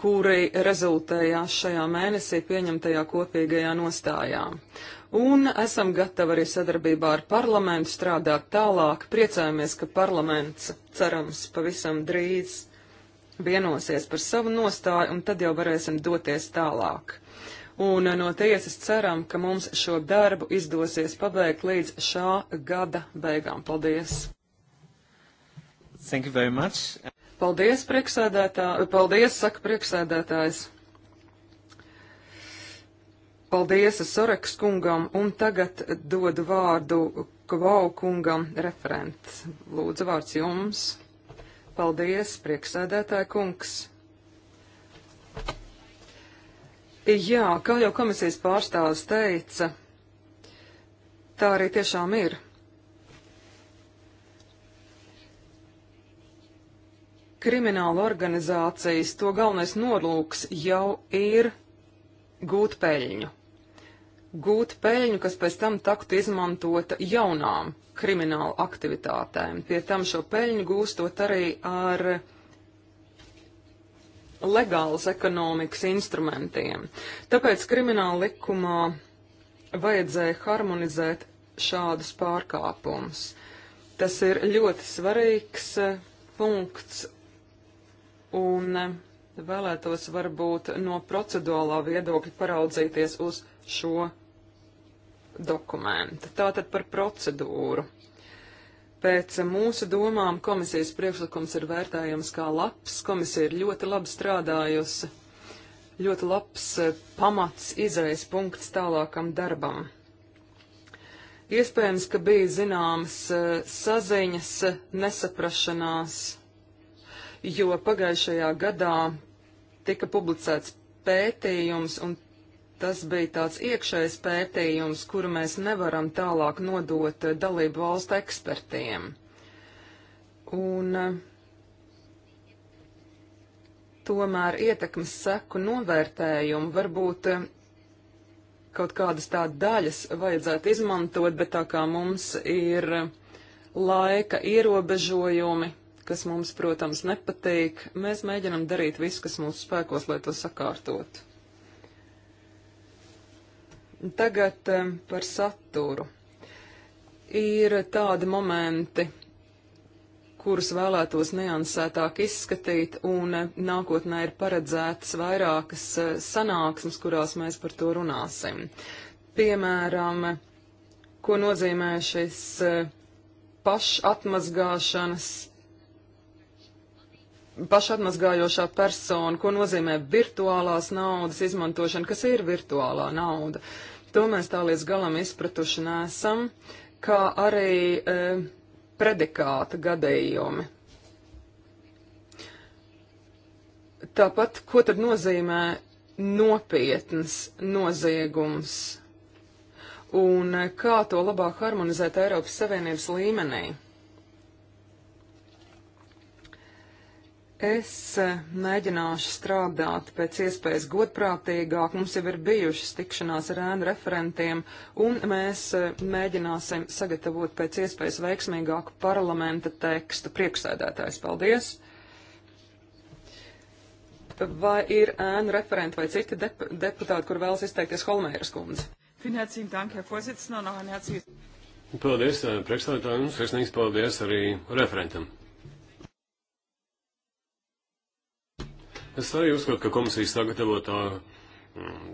kuri rezultējās šajā mēnesī pieņemtajā kopīgajā nostājā un esam gatavi arī sadarbībā ar parlamentu strādāt tālāk. Priecājamies, ka parlaments, cerams, pavisam drīz vienosies par savu nostāju, un tad jau varēsim doties tālāk. Un no tiesas ceram, ka mums šo darbu izdosies pabeigt līdz šā gada beigām. Paldies! Thank you very much. Paldies, priekšsēdētā, paldies, saka priekšsēdētājs. Paldies Soreks kungam, un tagad dodu vārdu Kvau kungam referent. Lūdzu, vārds jums. Paldies, prieksēdētāja kungs. Jā, kā jau komisijas pārstāvis teica, tā arī tiešām ir. krimināla organizācijas to galvenais nolūks jau ir gūt peļņu gūt peļņu, kas pēc tam taktu izmantota jaunām krimināla aktivitātēm. Pie tam šo peļņu gūstot arī ar legālas ekonomikas instrumentiem. Tāpēc krimināla likumā vajadzēja harmonizēt šādus pārkāpumus. Tas ir ļoti svarīgs e, punkts un e, vēlētos varbūt no procedūrālā viedokļa paraudzīties uz šo dokumenta. Tātad par procedūru. Pēc mūsu domām komisijas priekšlikums ir vērtējams kā labs, komisija ir ļoti labi strādājusi, ļoti labs eh, pamats izējas punkts tālākam darbam. Iespējams, ka bija zināmas eh, saziņas nesaprašanās, jo pagājušajā gadā tika publicēts pētījums, un Tas bija tāds iekšējs pētījums, kuru mēs nevaram tālāk nodot dalību valstu ekspertiem. Un eh, tomēr ietekmes seku novērtējumu varbūt eh, kaut kādas tā daļas vajadzētu izmantot, bet tā kā mums ir eh, laika ierobežojumi, kas mums, protams, nepatīk, mēs mēģinam darīt visu, kas mūsu spēkos, lai to sakārtotu. Tagad eh, par saturu. Ir tādi momenti, kurus vēlētos neansētāk izskatīt, un eh, nākotnē ir paredzētas vairākas eh, sanāksmes, kurās mēs par to runāsim. Piemēram, ko nozīmē šis pašatmazgāšanas, pašatmazgājošā persona, ko nozīmē virtuālās naudas izmantošana, kas ir virtuālā nauda. Uh, To mēs tā līdz galam izpratuši nesam, kā arī e, predikāta gadījumi. Tāpat, ko tad nozīmē nopietns noziegums un e, kā to labāk harmonizēt Eiropas Savienības līmenī? Es eh, mēģināšu strādāt pēc iespējas godprātīgāk. Mums jau ir bijušas tikšanās ar ēnu referentiem, un mēs eh, mēģināsim sagatavot pēc iespējas veiksmīgāku parlamenta tekstu. Priekšsēdētājs, paldies! Vai ir ēnu referenti vai citi dep deputāti, kur vēlas izteikties Holmēras kundze? Paldies, eh, priekšsēdētājiem, sirsnīgs paldies arī referentam. Es arī uzskatu, ka komisijas sagatavotā mm,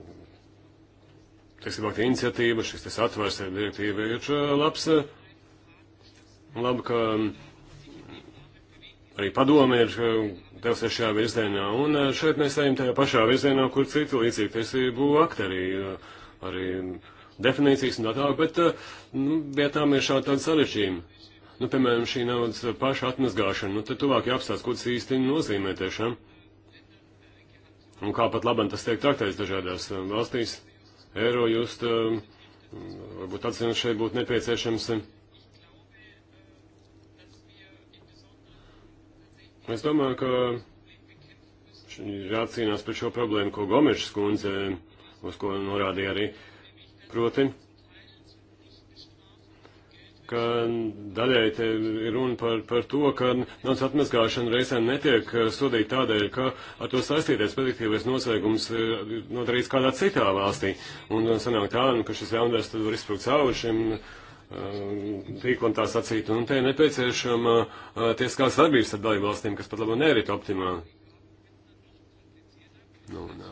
teiksim, iniciatīva, šis atvērsē direktīva ir uh, labs. Uh, labi, ka mm, arī padome ir uh, devusies šajā virzienā, un šeit mēs ejam tajā pašā virzienā, kur citi līdzīgi tiesību akti arī, arī definīcijas un tā tālāk, bet nu, vietām ir šādi tādi sarežģījumi. Nu, piemēram, šī naudas paša atmazgāšana, nu, tad tuvāk jāapstāsta, ko tas īsti nozīmē tiešām. Ja? Un kā pat labam tas tiek traktēts dažādās um, valstīs. Eiro just, um, varbūt atzinot šeit būtu nepieciešams. Um, es domāju, ka ir jācīnās par šo problēmu, ko Gomešs kundze, uz ko norādīja arī. Proti, ka daļai te ir runa par, par to, ka naudas atmazgāšana reizēm netiek eh, sodīta tādēļ, ka ar to saistīties prediktīvais noslēgums ir eh, nodarīts kādā citā valstī. Un eh, sanāk tā, nu, ka šis ļaundaris tad var izsprukt cauri šim tīklam tā sacīt. Un te ir nepieciešama tieskā sadarbības ar dalību valstīm, kas pat labi nerit optimāli. Nu, un,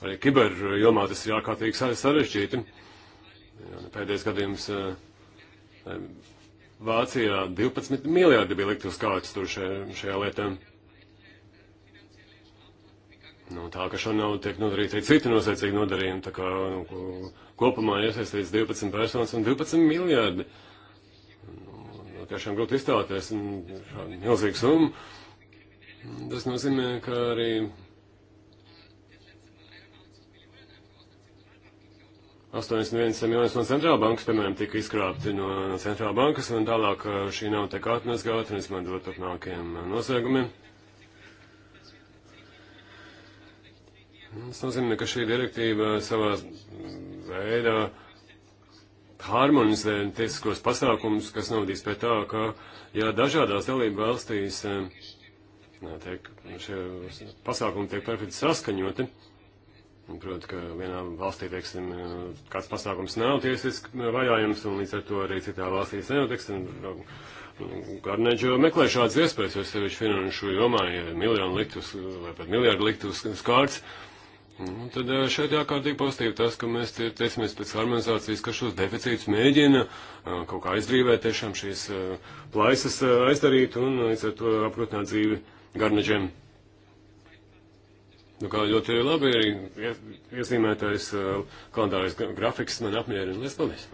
arī kiber jomā tas ir ārkārtīgi sarežģīti. Nu, pēdējais gadījums. Uh, Vācijā 12 miljardi bija likt uz kārtas tur šajā, šajā lietā. Nu, tā, ka šādi nav tiek nodarīti arī citi nosacīgi nodarījumi, tā kā nu, kopumā iesaistīts 12 personas un 12 miljardi. Nu, nu, tiešām grūti iztāties, milzīga summa. Tas nozīmē, ka arī 81 miljonus no centrālbankas, piemēram, tika izkrāpti no, no centrālbankas, un tālāk uh, šī nav tiek atmazgāta un izmantot turpmākajiem uh, noslēgumiem. Tas nozīmē, ka šī direktīva savā veidā harmonizē tiesiskos pasākumus, kas novadīs pie tā, ka, ja dažādās dalību valstīs nā, uh, tiek, šie pasākumi tiek perfekti saskaņoti, Protams, ka vienā valstī, teiksim, kāds pasākums nav tiesiski vajājums, un līdz ar to arī citā valstī nenotiks. Garneģi meklē šādas iespējas, jo sevišķi finanšu jomā, ja miljonu liktus vai pat miljardu liktus skārts, nu, tad eh, šeit jākārtīgi pozitīvi tas, ka mēs tiecamies pēc harmonizācijas, ka šos deficītus mēģina eh, kaut kā aizdrīvēt, tiešām šīs eh, plaisas aizdarīt un līdz ar to aprūpināt dzīvi garneģiem. Nu, kā ļoti labi ir iezīmētais uh, kalendārais grafiks, man apmierina. Lies paldies!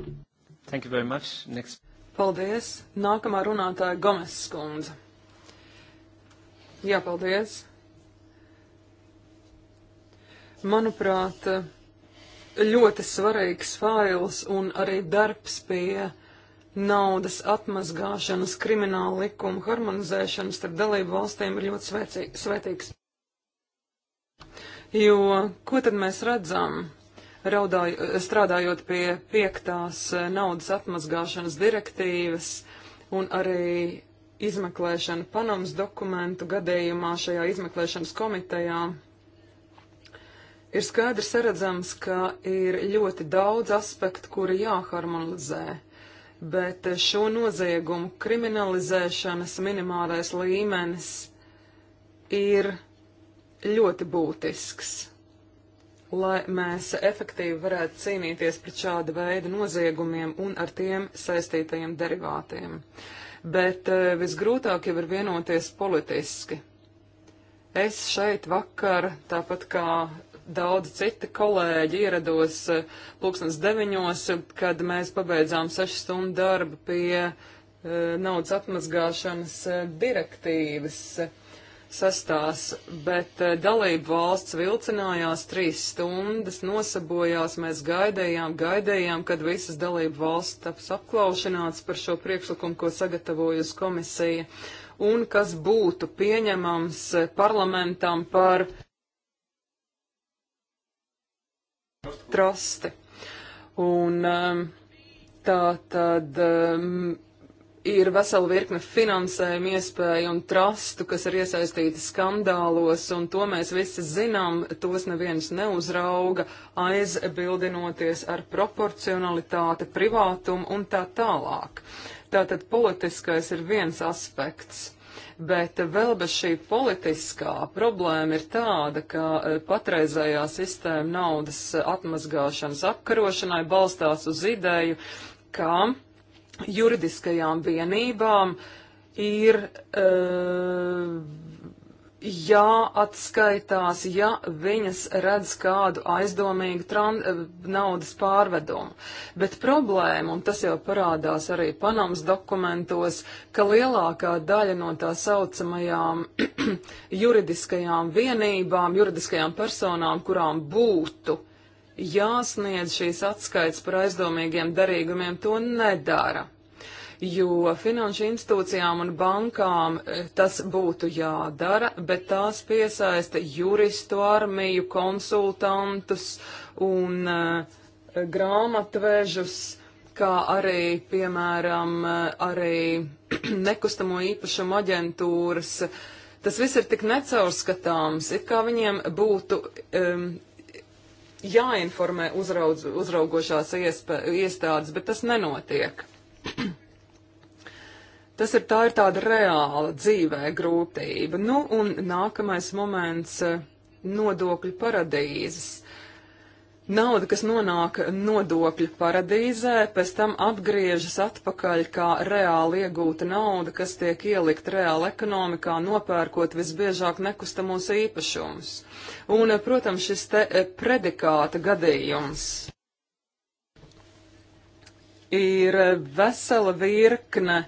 Thank you very much. Next. Paldies! Nākamā runātāja Gomes skundze. Jā, paldies! Manuprāt, ļoti svarīgs fails un arī darbs pie naudas atmazgāšanas krimināla likuma harmonizēšanas starp dalību valstīm ir ļoti svētīgs. Jo ko tad mēs redzam? Raudāj, strādājot pie piektās eh, naudas atmazgāšanas direktīvas un arī izmeklēšana Panamas dokumentu gadījumā šajā izmeklēšanas komitejā, ir skaidrs redzams, ka ir ļoti daudz aspektu, kuri jāharmonizē, bet šo noziegumu kriminalizēšanas minimālais līmenis ir ļoti būtisks, lai mēs efektīvi varētu cīnīties pret šāda veida noziegumiem un ar tiem saistītajiem derivātiem. Bet eh, visgrūtāk jau ir vienoties politiski. Es šeit vakar, tāpat kā daudz citi kolēģi ierados eh, pulkstens deviņos, kad mēs pabeidzām sešu stundu darbu pie e, naudas atmazgāšanas direktīvas sastās, bet eh, dalību valsts vilcinājās trīs stundas, nosabojās, mēs gaidējām, gaidējām, kad visas dalību valsts taps apklaušanāts par šo priekšlikumu, ko sagatavojusi komisija, un kas būtu pieņemams eh, parlamentam par trasti. Un ehm, tā tad. Um, ir vesela virkne finansējuma iespēju un trastu, kas ir iesaistīti skandālos, un to mēs visi zinām, tos neviens neuzrauga, aizbildinoties ar proporcionalitāti, privātumu un tā tālāk. Tātad politiskais ir viens aspekts. Bet vēl bez šī politiskā problēma ir tāda, ka e, patreizējā sistēma naudas atmazgāšanas apkarošanai balstās uz ideju, ka juridiskajām vienībām ir uh, jāatskaitās, ja viņas redz kādu aizdomīgu tran, eh, naudas pārvedumu. Bet problēma, un tas jau parādās arī Panamas dokumentos, ka lielākā daļa no tā saucamajām [CLEARS THROAT] juridiskajām vienībām, juridiskajām personām, kurām būtu jāsniedz šīs atskaits par aizdomīgiem darīgumiem, to nedara. Jo finanšu institūcijām un bankām e, tas būtu jādara, bet tās piesaista juristu armiju, konsultantus un uh, grāmatvežus, kā arī, piemēram, e, arī [CLEARS THROAT] nekustamo īpašumu aģentūras. Tas viss ir tik necaurskatāms, it kā viņiem būtu um, jāinformē uzraudz, uzraugošās iespē, iestādes, bet tas nenotiek. [CLEARS THROAT] tas ir tā ir tāda reāla dzīvē grūtība. Nu, un nākamais moments eh, - nodokļu paradīzes. Nauda, kas nonāk nodokļu paradīzē, pēc tam atgriežas atpakaļ kā reāli iegūta nauda, kas tiek ielikt reāli ekonomikā, nopērkot visbiežāk nekustamos īpašumus. Un, protams, šis te e, predikāta gadījums ir vesela virkne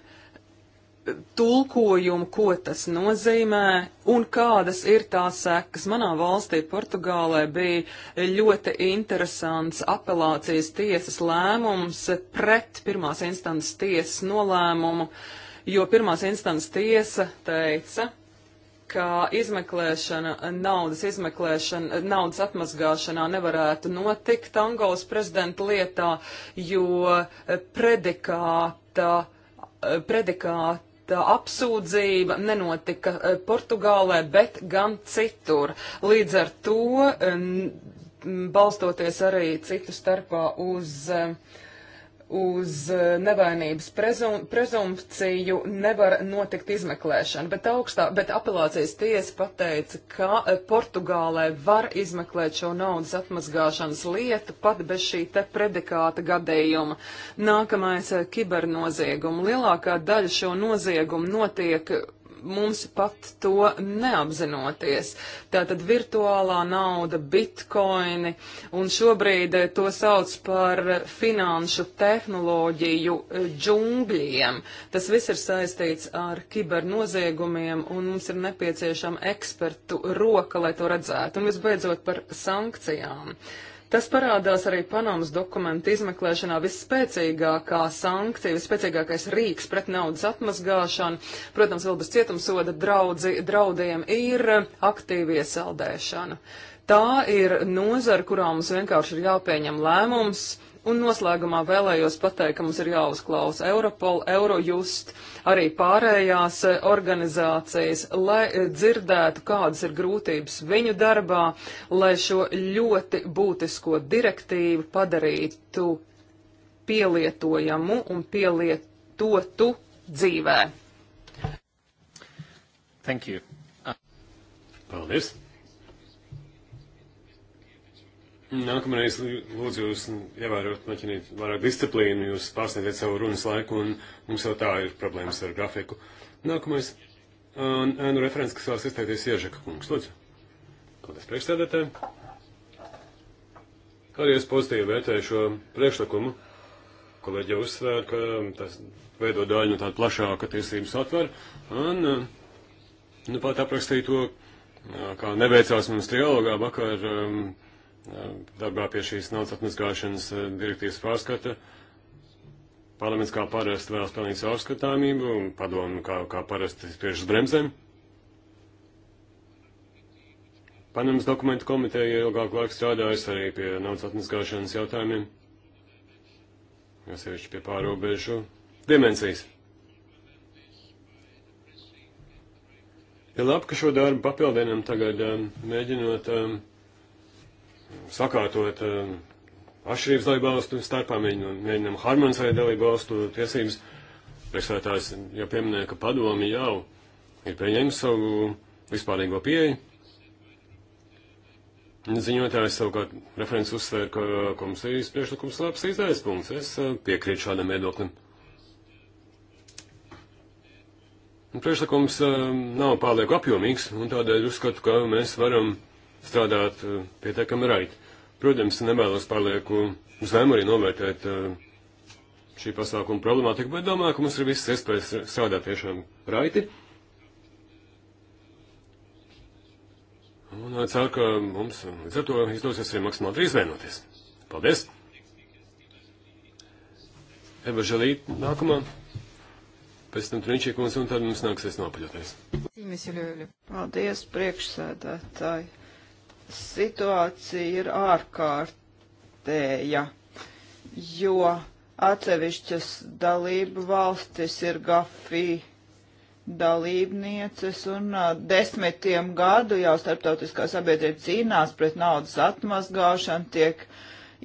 tulkojumu, ko tas nozīmē un kādas ir tās sekas. Manā valstī, Portugālē, bija ļoti interesants apelācijas tiesas lēmums pret pirmās instances tiesas nolēmumu, jo pirmās instances tiesa teica, ka izmeklēšana, naudas izmeklēšana, naudas atmazgāšanā nevarētu notikt Angolas prezidenta lietā, jo predikāta, predikāta apsūdzība nenotika eh, Portugālē, bet gan citur. Līdz ar to, balstoties arī citu starpā uz uh, uz eh, nevainības prezum, prezumpciju nevar notikt izmeklēšana, bet, augstā, bet apelācijas tiesa pateica, ka eh, Portugālē var izmeklēt šo naudas atmazgāšanas lietu pat bez šī te predikāta gadījuma. Nākamais eh, - kibernozieguma. Lielākā daļa šo noziegumu notiek mums pat to neapzinoties. Tātad virtuālā nauda, bitkoini, un šobrīd eh, to sauc par finanšu tehnoloģiju eh, džungļiem. Tas viss ir saistīts ar kibernoziegumiem, un mums ir nepieciešama ekspertu roka, lai to redzētu. Un visbeidzot par sankcijām. Uh, Tas parādās arī Panamas dokumentu izmeklēšanā visspēcīgākā sankcija, visspēcīgākais rīks pret naudas atmazgāšanu. Protams, vēl bez cietumsoda draudzi, draudiem ir aktīvi iesaldēšana. Tā ir nozara, kurā mums vienkārši ir jāpieņem lēmums Un noslēgumā vēlējos pateikt, ka mums ir jāuzklausa Europol, Eurojust, arī pārējās eh, organizācijas, lai eh, dzirdētu, kādas ir grūtības viņu darbā, lai šo ļoti būtisko direktīvu padarītu pielietojamu un pielietotu dzīvē. Thank you. Uh, Paldies. Nākamreiz lūdzu jūs ievērot maķinīt vairāk disciplīnu, jūs pārsniedziet savu runas laiku, un mums jau tā ir problēmas ar grafiku. Nākamais, ēnu referents, kas vēlas izteikties Iežaka kungs, lūdzu. Paldies priekšstādētē. Arī es pozitīvi vērtēju šo priekšlikumu. Kolēģi jau uzsvēra, ka tas veido daļu no tāda plašāka tiesības atver, un nu pat aprakstīja to, kā neveicās mums trialogā vakar. Um, darbā pie šīs naudas atmaskāšanas eh, direktīvas pārskata. Parlaments kā parasti vēlas pelnīt caurskatāmību, padomu kā, kā parasti spiež uz bremzēm. Panamas dokumentu komiteja ilgāk laiku strādājas arī pie naudas atmaskāšanas jautājumiem, jo sevišķi pie pārobežu dimensijas. Ir ja labi, ka šo darbu papildinam tagad, eh, mēģinot um, sakārtot um, atšķirības dalībvalstu starpā, mēģinam, mēģinam harmonizēt dalībvalstu tiesības. Priekšsētājs jau pieminēja, ka padomi jau ir pieņēmis savu vispārīgo pieeju. Ziņotājs savukārt referents uzsver, ka komisijas priekšlikums labs izdevies punkts. Es uh, piekrītu šādam viedoklim. Priekšlikums um, nav pārlieku apjomīgs, un tādēļ uzskatu, ka mēs varam strādāt eh, pietiekami raiti. Protams, nevēlos pārlieku zem arī novērtēt eh, šī pasākuma problemātiku, bet domāju, ka mums ir visas iespējas strādāt tiešām raiti. Un eh, ceru, ka mums līdz ar to izdosies arī maksimāli drīz vienoties. Paldies! Eva Žalīt nākamā pēc tam Trinčīkums, un tad mums nāksies nopaļoties. Paldies, priekšsēdētāji situācija ir ārkārtēja, jo atsevišķas dalību valstis ir GAFI dalībnieces un a, desmitiem gadu jau starptautiskā sabiedrība cīnās pret naudas atmazgāšanu, tiek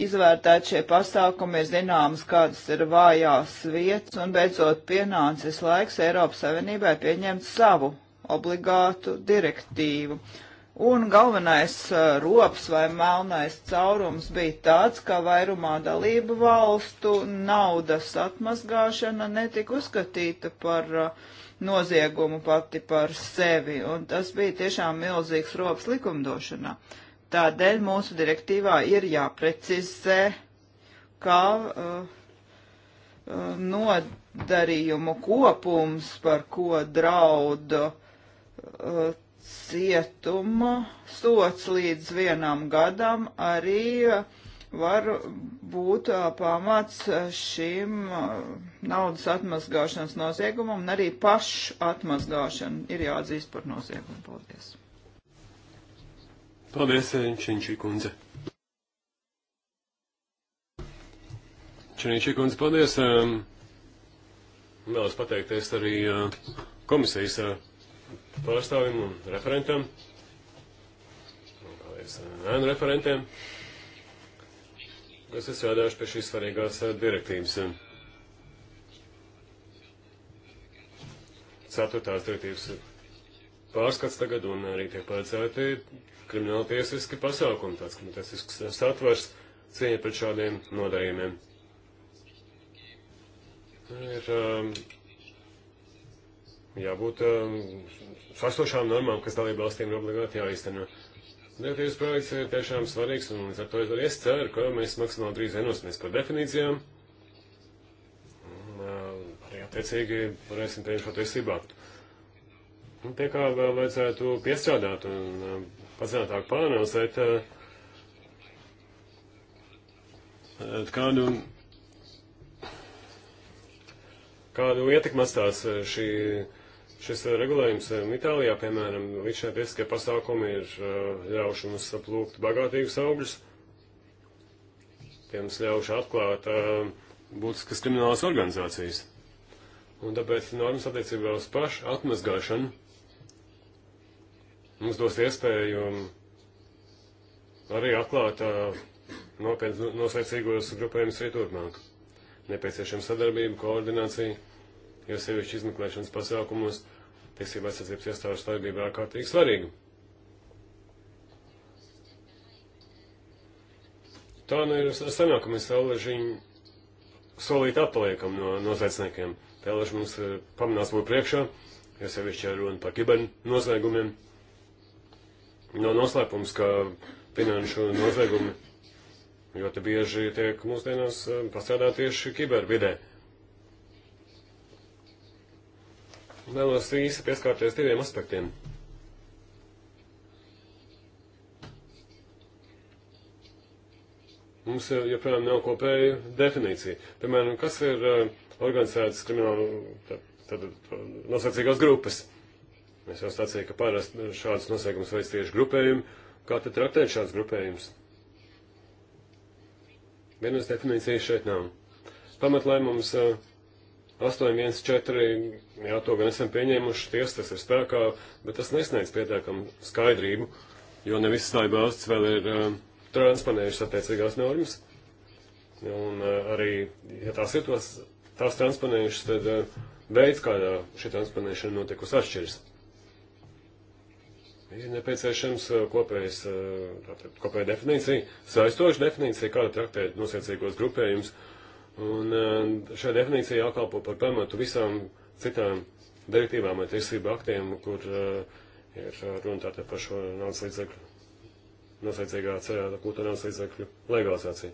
izvērtēt šie pasākumi, ir zināmas, kādas ir vājās vietas un beidzot pienācis laiks Eiropas Savienībai pieņemt savu obligātu direktīvu. Un galvenais uh, rops vai melnais caurums bija tāds, ka vairumā dalību valstu naudas atmazgāšana netika uzskatīta par uh, noziegumu pati par sevi, un tas bija tiešām milzīgs rops likumdošanā. Tādēļ mūsu direktīvā ir jāprecizē, kā uh, uh, nodarījumu kopums, par ko draudu uh, cietuma sots līdz vienam gadam arī var būt pamats šim naudas atmazgāšanas noziegumam un arī pašu atmazgāšana ir jāatzīst par noziegumu. Paldies! Paldies, Čenčī kundze! Čenčī kundze, paldies! Vēlos pateikties arī komisijas pārstāvim un referentam. Un paldies ēnu referentiem, kas ir strādājuši pie šīs svarīgās direktīvas. Ceturtās direktīvas pārskats tagad un arī tiek paredzēti krimināla tiesiski pasākumi, tāds krimināla tiesisks satvers cieņa pret šādiem nodarījumiem. Ir um, jābūt um, sastošām normām, kas dalību valstīm ir obligāti jāizteno. Direktīvas projekts ir tiešām svarīgs, un līdz ar to es ceru, ka mēs maksimāli drīz vienosimies par definīcijām. Un, um, arī attiecīgi varēsim pieņemt šo tiesību aktu. Un pie kā vēl vajadzētu piestrādāt un um, padziļinātāk pāranalizēt, uh, uh, kādu, kādu ietekmastās uh, šī Šis eh, regulējums eh, Itālijā, piemēram, visi šie tiesiskie pasākumi ir eh, ļauši mums plūkt bagātīgus augļus, tie mums ļauši atklāt būtiskas kriminālas organizācijas. Un tāpēc normas attiecībā uz pašu atmazgāšanu mums dos iespēju mm, arī atklāt nopietnas noslēdzīgos grupējumus arī turpmāk. Nepieciešama sadarbība, koordinācija jo sevišķi izmeklēšanas pasākumos tiesībā aizsardzības iestāžu starpība ir ārkārtīgi svarīga. Tā nu ir sanāk, ka mēs saulēžiņu solīt atpaliekam no noziedzniekiem. Tēlēši mums eh, pamanās būtu priekšā, jo sevišķi ar runu par kiber noziegumiem. Nav no noslēpums, ka finanšu noziegumi ļoti bieži tiek mūsdienās eh, pastrādā tieši kibervidē. Vēlos īsi pieskārties diviem aspektiem. Mums joprojām nav kopēja definīcija. Piemēram, kas ir eh, organizētas krimināla nosacīgās grupas? Es jau sacīju, ka parasti šādas noslēgums veids tieši grupējumi. Kā tad traktēt šāds grupējums? Vienas definīcijas šeit nav. Pamatlēmums uh, 814, jā, to gan esam pieņēmuši, tiesa tas ir spēkā, bet tas nesniedz pietiekamu skaidrību, jo ne visas tā valsts vēl ir uh, transponējušas attiecīgās normas. Un uh, arī, ja tās ir tos, tās transponējušas, tad uh, veids, kādā šī transponēšana notikusi atšķiras. Ir nepieciešams kopējs, kopēja definīcija, saistoša definīcija, kā traktēt nosacīgos grupējumus, uh, Un eh, šai definīcijai jākalpo par pamatu visām citām direktīvām vai tiesību aktiem, kur uh, ir eh, runa tātad par šo naudas līdzekļu, noslēdzīgā ceļā, kultūra naudas līdzekļu legalizāciju.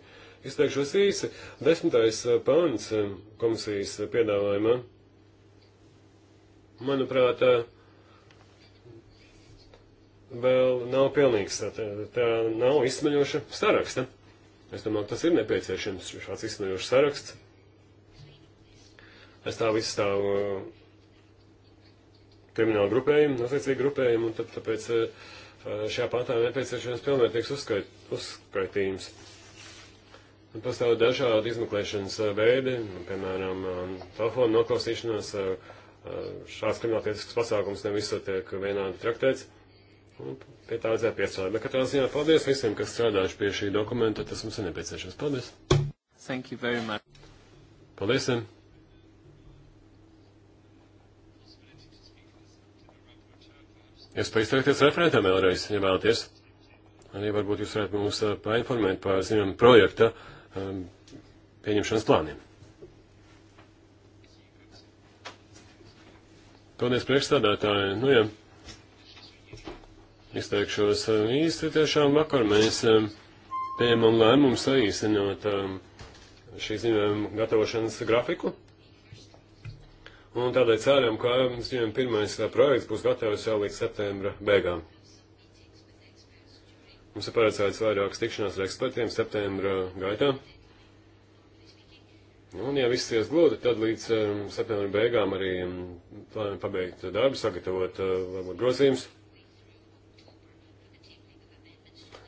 Izteikšos īsi. Desmitais pāns komisijas piedāvājumā, manuprāt, vēl nav pilnīgs. Tā, tā nav izsmeļoša saraksta. Es domāju, tas ir nepieciešams šāds izsmeļošs saraksts. Es tā visu stāvu uh, kriminālu grupējumu, noziedzīgu grupējumu, un tad, tāpēc uh, uh, šajā pantā ir nepieciešams pilnvērtīgs uzskait, uzskaitījums. Un pastāv dažādi izmeklēšanas veidi, nu, piemēram, um, telefona noklausīšanās, šāds krimināltiesisks pasākums nevisur tiek vienādi traktēts. Un pie tā vajadzētu piestrādāt. Bet katrā ziņā paldies visiem, kas strādājuši pie šī dokumenta. Tas mums ir nepieciešams. Paldies! Thank you very much. Paldies! Jums. Jūs paizteikties referentam vēlreiz, ja vēlaties. Arī varbūt jūs varētu mums painformēt par ziņām projekta um, pieņemšanas plāniem. Paldies priekšstādātāji. Nu, jā. Ja izteikšos um, īsti tiešām vakar mēs um, pieņemam lēmumu saīsinot um, šī ziņojuma gatavošanas grafiku. Un tādēļ ceram, ka ziņojuma pirmais uh, projekts būs gatavs jau līdz septembra beigām. Mums ir paredzēts vairākas tikšanās ar ekspertiem septembra gaitā. Un, ja viss ies gludi, tad līdz septembra beigām arī plānojam pabeigt darbu, sagatavot uh, varbūt grozījumus.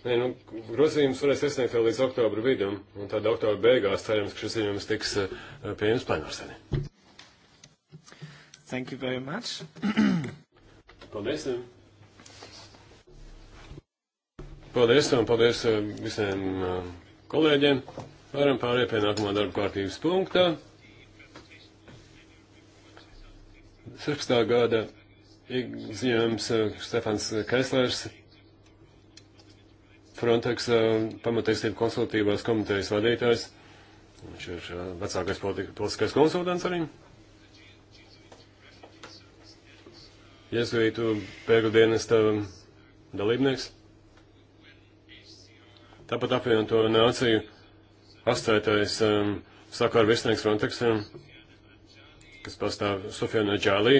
Nē, nu, grozījums varēs iesniegt vēl līdz oktobra vidum, un tad oktobra beigās cerams, ka šis ziņojums tiks eh, pieejams plenārsēdē. Thank you very much. [CLEARS THROAT] paldies. Paldies un paldies eh, visiem eh, kolēģiem. Varam pāriet pie nākamā darba kārtības punktā. 16. gada ziņojums Stefans Kaislers Frontex pamatiesību konsultīvās komitejas vadītājs. Viņš ir vecākais politiskais konsultants arī. Jesuītu pēgu dienesta dalībnieks. Tāpat apvienoto nāciju astētais um, sakāra virsnieks Frontexam, kas pastāv Sofiana Džālī,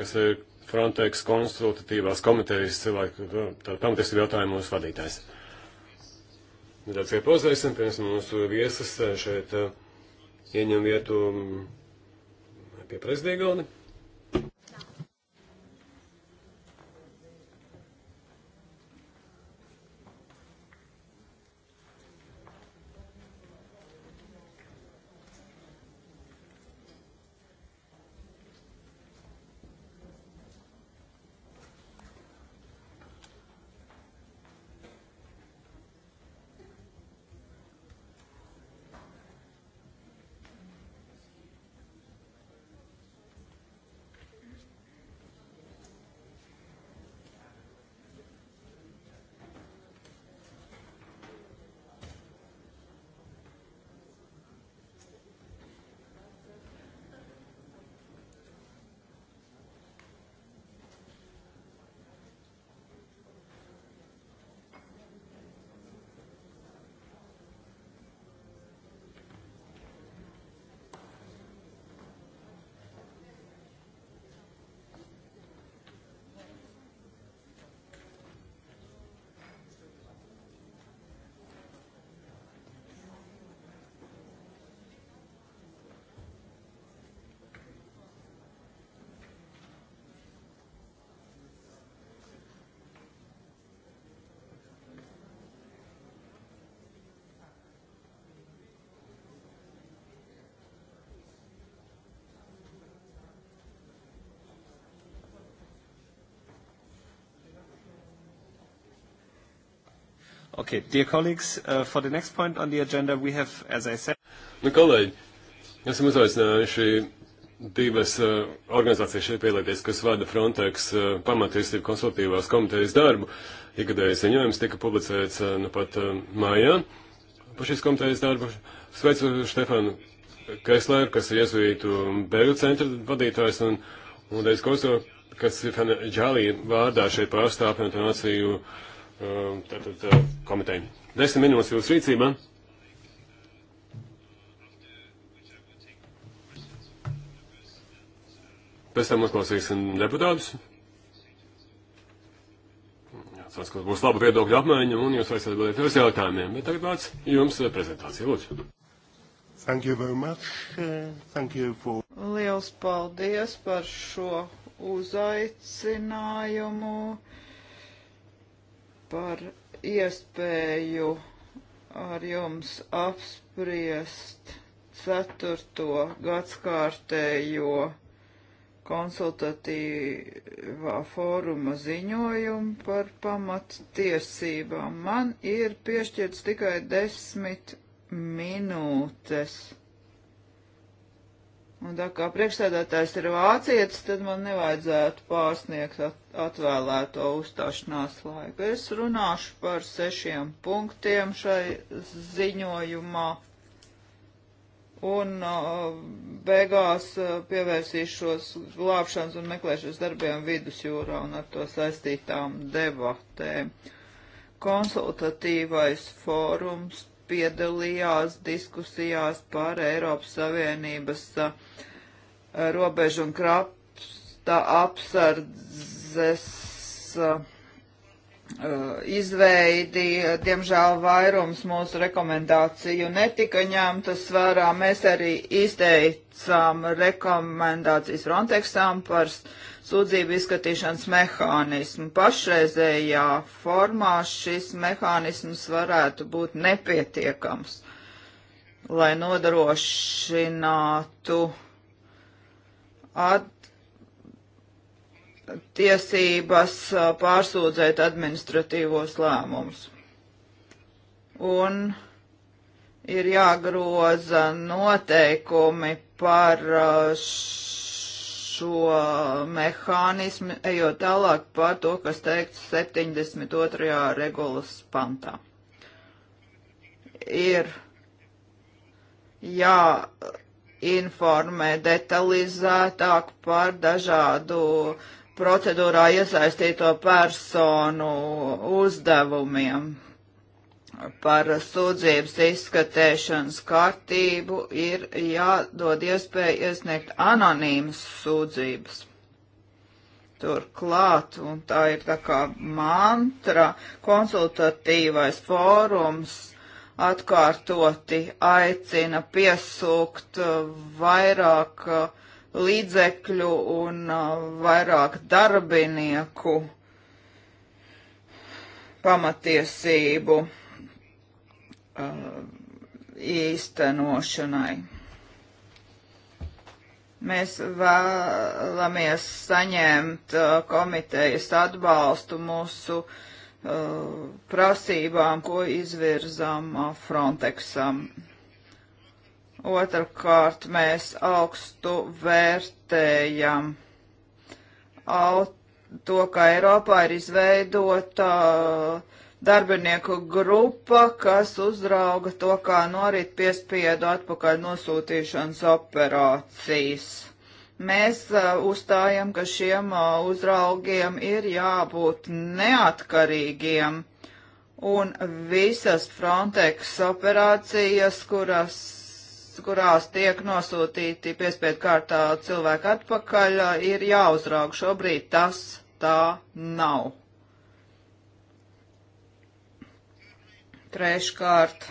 kas ir Frontex konsultatīvās komitejas cilvēku pamatiesību jautājumos vadītājs. Tāpēc iepazīsim, pirms mūsu viesas eh, šeit eh, ieņem vietu mm, pie prezidija galda. Okay, dear colleagues, uh, for the next point on the agenda we have, as I said... Nu, kolēģi, esam uzaicinājuši divas uh, organizācijas šeit pielieties, kas vada Frontex uh, pamatiesību konsultīvās komitejas darbu. Ikgadējais ziņojums tika publicēts uh, nu pat uh, mājā par šīs komitejas darbu. Sveicu Štefanu Kresleru, kas ir jezuītu bēgļu centra vadītājs, un, un Deiz Koso, kas ir Fana Džalī vārdā šeit pārstāv apvienotu nāciju. Uh, Um, tātad uh, komiteju. Desmit minūtes jūsu rīcībā. Pēc tam uzklausīsim deputātus. Tas, kas būs laba viedokļa apmaiņa, un jūs varat atbildēt uz jautājumiem. Bet tagad vārds jums uh, prezentācija, lūdzu. Thank you very much. Uh, thank you for... Liels paldies par šo uzaicinājumu. Uh, par iespēju ar jums apspriest ceturto gadskārtējo konsultatīvā fóruma ziņojumu par pamattiesībām. Man ir piešķirts tikai desmit minūtes. Un tā kā priekšsēdētājs ir vācietis, tad man nevajadzētu pārsniegt at atvēlēto uzstāšanās laiku. Es runāšu par sešiem punktiem šai ziņojumā. Un uh, beigās uh, pievērsīšos glābšanas un meklēšanas darbiem vidusjūrā un ar to saistītām debatēm. Konsultatīvais fórums piedalījās diskusijās par Eiropas Savienības a, robežu un krapsta apsardzes a, izveidi. Diemžēl vairums mūsu rekomendāciju netika ņemtas vērā. Mēs arī izteicām rekomendācijas Frontexām par uh, sūdzību izskatīšanas mehānismu. Pašreizējā formā šis mehānisms varētu būt nepietiekams, lai nodrošinātu at tiesības uh, pārsūdzēt administratīvos lēmumus. Un ir jāgroza noteikumi par š uh, šo mehānismu, ejot tālāk par to, kas teikts 72. regulas pantā. Ir jāinformē detalizētāk par dažādu procedūrā iesaistīto personu uzdevumiem par sūdzības izskatēšanas kārtību ir jādod iespēja iesniegt anonīmas sūdzības. Turklāt, un tā ir tā kā mantra, konsultatīvais fórums atkārtoti aicina piesūkt uh, vairāk uh, līdzekļu un uh, vairāk darbinieku pamatiesību Uh, īstenošanai. Mēs vēlamies saņemt uh, komitejas atbalstu mūsu uh, prasībām, ko izvirzām uh, Frontexam. Otrakārt, mēs augstu vērtējam to, ka Eiropā ir izveidota uh, darbinieku grupa, kas uzrauga to, kā norit piespiedu atpakaļ nosūtīšanas operācijas. Mēs uh, uzstājam, ka šiem uh, uzraugiem ir jābūt neatkarīgiem un visas Frontex operācijas, kuras, kurās tiek nosūtīti piespiedu kārtā cilvēki atpakaļ, uh, ir jāuzraug. Šobrīd tas tā nav. Treškārt.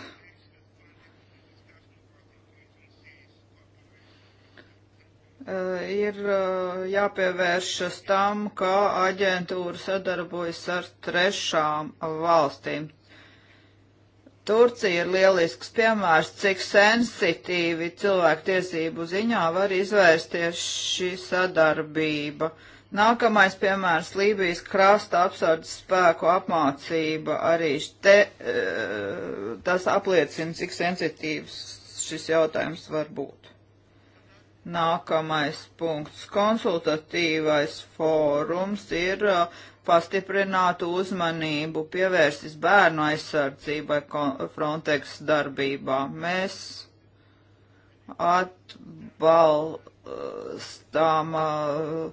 ir eh, jāpievēršas tam, kā aģentūra sadarbojas ar trešām valstīm. Turcija ir lielisks piemērs, cik sensitīvi cilvēku tiesību ziņā var izvērsties šī sadarbība. Uh, Nākamais piemērs - Lībijas krasta apsardzes spēku apmācība. Arī te, e, tas apliecina, cik sensitīvs šis jautājums var būt. Nākamais punkts - konsultatīvais fórums ir e, pastiprināt uzmanību, pievērsties bērnu aizsardzībai Frontex darbībā. Mēs atbalstām. Uh, e,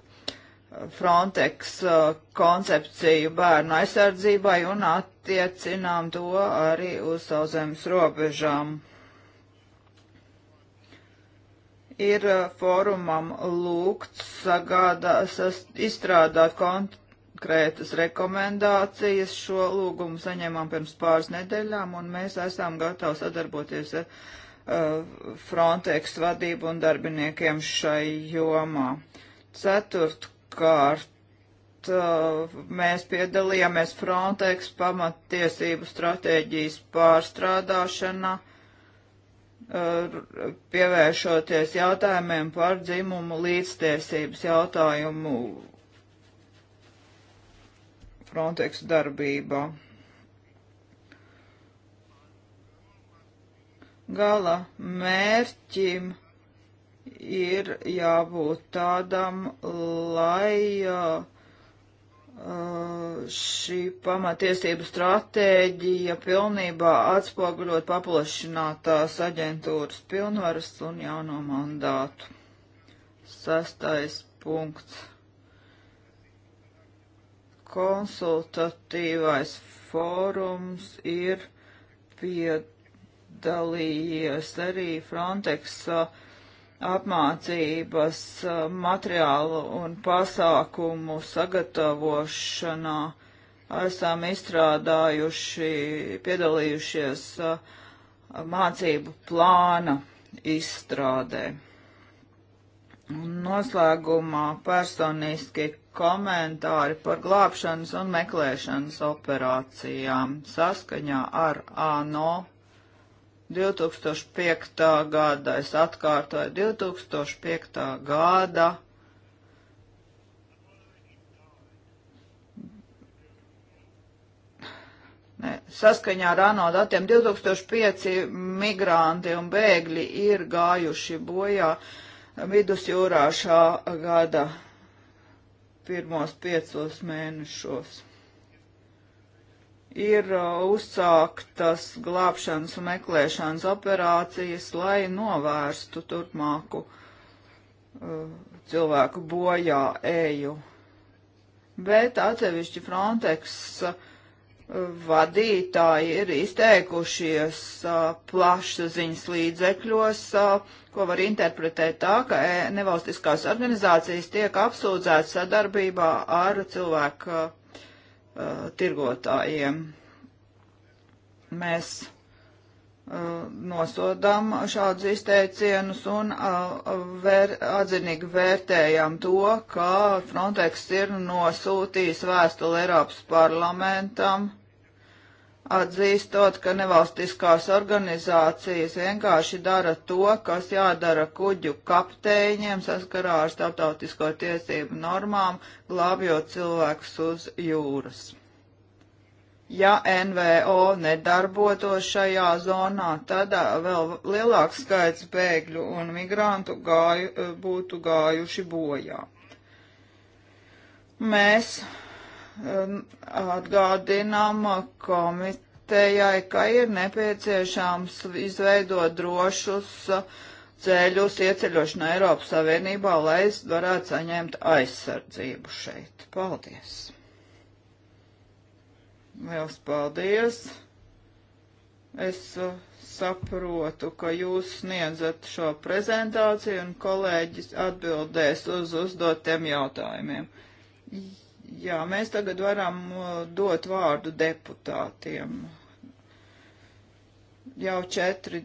Frontex uh, koncepciju bērnu aizsardzībai un attiecinām to arī uz sauszemes robežām. Ir uh, fórumam lūgts sagādā, sas, izstrādāt konkrētas rekomendācijas. Šo lūgumu saņēmām pirms pāris nedēļām un mēs esam gatavi sadarboties ar uh, Frontex vadību un darbiniekiem šai jomā. Ceturt, Pirmkārt, uh, mēs piedalījāmies Frontex pamattiesību stratēģijas pārstrādāšanā, uh, pievēršoties jautājumiem par dzimumu līdztiesības jautājumu Frontex darbībā. Gala mērķim ir jābūt tādam, lai uh, šī pamatiesību stratēģija pilnībā atspoguļot paplašinātās aģentūras pilnvaras un jauno mandātu. Sastais punkts. Konsultatīvais fórums ir piedalījies arī Frontexa uh, apmācības eh, materiālu un pasākumu sagatavošanā esam izstrādājuši, piedalījušies eh, mācību plāna izstrādē. Un noslēgumā personiski komentāri par glābšanas un meklēšanas operācijām saskaņā ar ANO 2005. gada, es atkārtoju, 2005. gada Ne, saskaņā ar ANO datiem 2005 migranti un bēgļi ir gājuši bojā vidusjūrā šā gada pirmos piecos mēnešos ir uh, uzsāktas glābšanas un meklēšanas operācijas, lai novērstu turpmāku uh, cilvēku bojā eju. Bet atsevišķi Frontex uh, vadītāji ir izteikušies uh, plašsaziņas līdzekļos, uh, ko var interpretēt tā, ka e, nevalstiskās organizācijas tiek apsūdzētas sadarbībā ar cilvēku uh, Uh, tirgotājiem. Mēs uh, nosodām šādus izteicienus un uh, vēr, atzinīgi vērtējam to, ka Frontex ir nosūtījis vēstuli Eiropas parlamentam atzīstot, ka nevalstiskās organizācijas vienkārši dara to, kas jādara kuģu kapteiņiem saskarā ar starptautisko tiesību normām, glābjot cilvēkus uz jūras. Ja NVO nedarbotos šajā zonā, tad vēl lielāks skaits bēgļu un migrantu gāju, būtu gājuši bojā. Mēs atgādinām komitejai, ka ir nepieciešams izveidot drošus ceļus ieceļošanā Eiropas Savienībā, lai es varētu saņemt aizsardzību šeit. Paldies! Liels paldies! Es uh, saprotu, ka jūs sniedzat šo prezentāciju un kolēģis atbildēs uz uzdotiem jautājumiem. Jā, mēs tagad varam uh, dot vārdu deputātiem. Jau četri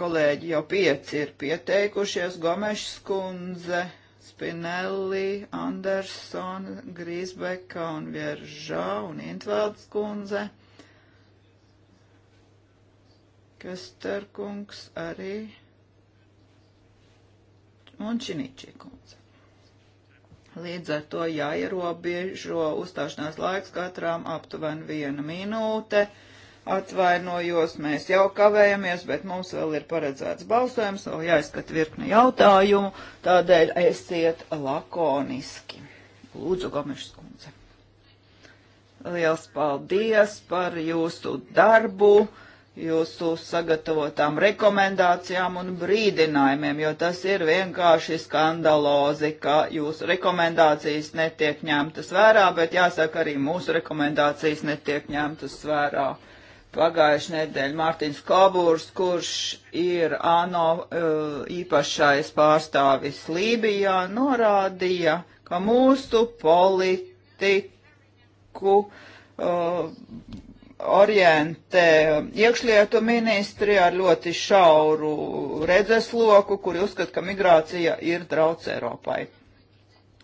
kolēģi, jau pieci ir pieteikušies. Gomešs kundze, Spinelli, Andersona, Grīsbeka un Vieržā un Intvelds kundze. Kesterkungs arī un Činičī kundze. Līdz ar to jāierobežo uzstāšanās laiks katrām aptuveni viena minūte. Atvainojos, mēs jau kavējamies, bet mums vēl ir paredzēts balsojums, vēl jāizskat virkni jautājumu, tādēļ esiet lakoniski. Lūdzu, Gomešs kundze. Liels paldies par jūsu darbu jūsu sagatavotām rekomendācijām un brīdinājumiem, jo tas ir vienkārši skandalozi, ka jūsu rekomendācijas netiek ņemtas vērā, bet jāsaka arī mūsu rekomendācijas netiek ņemtas vērā. Pagājuši nedēļ Mārtiņš Kabūrs, kurš ir ANO uh, īpašais pārstāvis Lībijā, norādīja, ka mūsu politiku uh, orientē iekšlietu ministri ar ļoti šauru redzesloku, kuri uzskata, ka migrācija ir drauds Eiropai.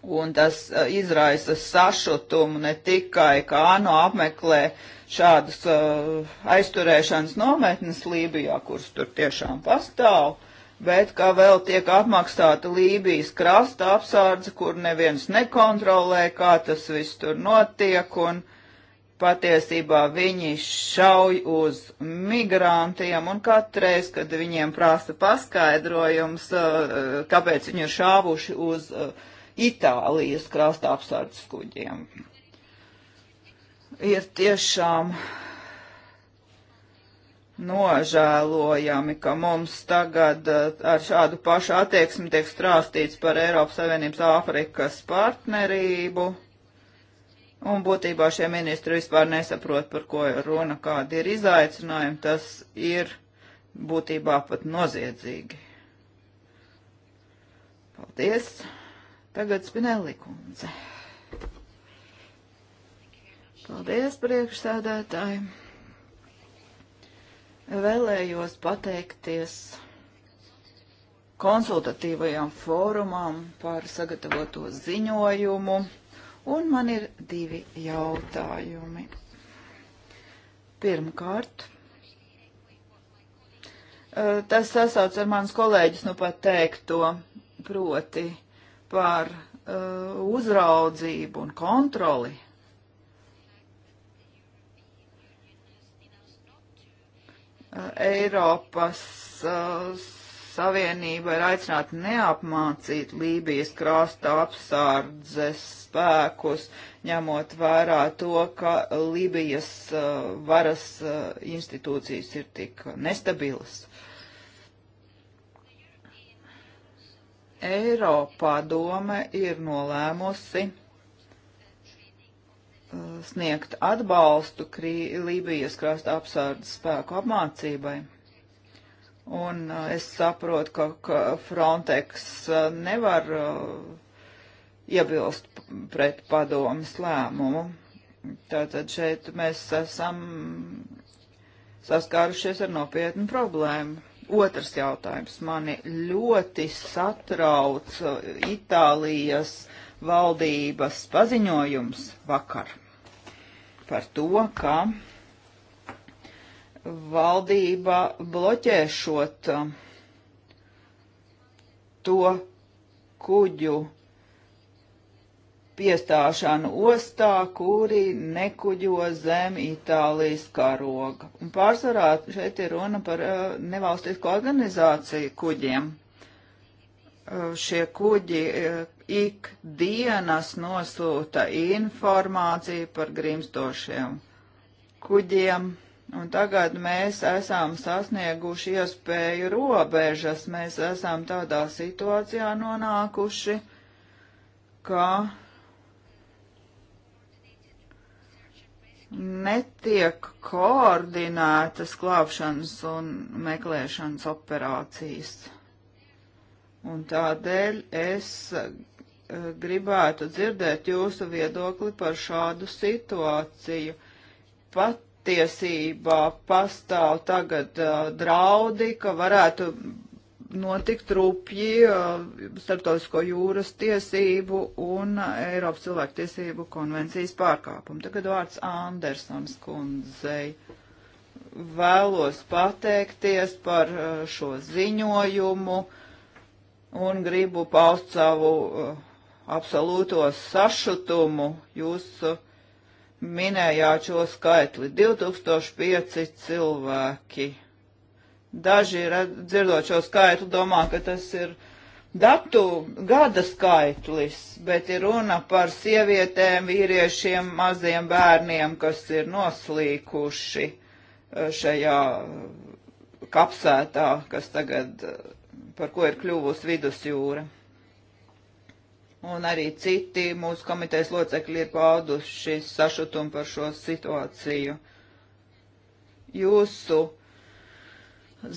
Un tas uh, izraisa sašutumu ne tikai, kā ANO apmeklē šādas uh, aizturēšanas nometnes Lībijā, kuras tur tiešām pastāv, bet kā vēl tiek apmaksāta Lībijas krasta apsārdze, kur neviens nekontrolē, kā tas viss tur notiek. Un, uh, Patiesībā viņi šauj uz migrantiem, un katreiz, kad viņiem prasa paskaidrojums, uh, uh, kāpēc viņi ir šāvuši uz uh, Itālijas krasta apsardzes kuģiem. Ir tiešām nožēlojami, ka mums tagad ar šādu pašu attieksmi tiek strāstīts par Eiropas Savienības Āfrikas partnerību. Un būtībā šie ministri vispār nesaprot, par ko runa, kādi ir izaicinājumi. Tas ir būtībā pat noziedzīgi. Paldies! Tagad Spinelli kundze. Paldies priekšsēdētāji! Vēlējos pateikties konsultatīvajām fórumām par sagatavoto ziņojumu Un man ir divi jautājumi. Pirmkārt, eh, tas sasauc ar manas kolēģis nu pat teikto proti par uh, uzraudzību un kontroli. Uh, Eiropas uh, Savienība ir aicināta neapmācīt Lībijas krasta apsārdzes spēkus, ņemot vērā to, ka Lībijas uh, varas uh, institūcijas ir tik nestabilas. Eiropā doma ir nolēmusi uh, sniegt atbalstu Krī Lībijas krasta apsardzes spēku apmācībai. Un uh, es saprotu, ka, ka Frontex uh, nevar uh, iebilst pret padomas lēmumu. Tātad šeit mēs esam saskārušies ar nopietnu problēmu. Otrs jautājums. Mani ļoti satrauc Itālijas valdības paziņojums vakar par to, ka valdība bloķēšot um, to kuģu piestāšanu ostā, kuri nekuģo zem Itālijas karoga. Un pārsvarā šeit ir runa par uh, nevalstisko organizāciju kuģiem. Uh, šie kuģi uh, ik dienas nosūta informāciju par grimstošiem kuģiem Un tagad mēs esam sasnieguši iespēju robežas, mēs esam tādā situācijā nonākuši, ka netiek koordinētas klāpšanas un meklēšanas operācijas. Un tādēļ es eh, gribētu dzirdēt jūsu viedokli par šādu situāciju. Pat patiesībā pastāv tagad uh, draudi, ka varētu notikt rupji uh, starptautisko jūras tiesību un Eiropas cilvēktiesību konvencijas pārkāpumu. Tagad vārds Andersons kundzei. Vēlos pateikties par uh, šo ziņojumu un gribu paust savu absolūto sašutumu jūsu minējāt šo skaitli - 2005 cilvēki. Daži dzirdot šo skaitli domā, ka tas ir datu gada skaitlis, bet ir runa par sievietēm, vīriešiem, maziem bērniem, kas ir noslīkuši e, šajā kapsētā, kas tagad, e, par ko ir kļuvusi vidusjūra un arī citi mūsu komitejas locekļi ir pauduši sašutumu par šo situāciju. Jūsu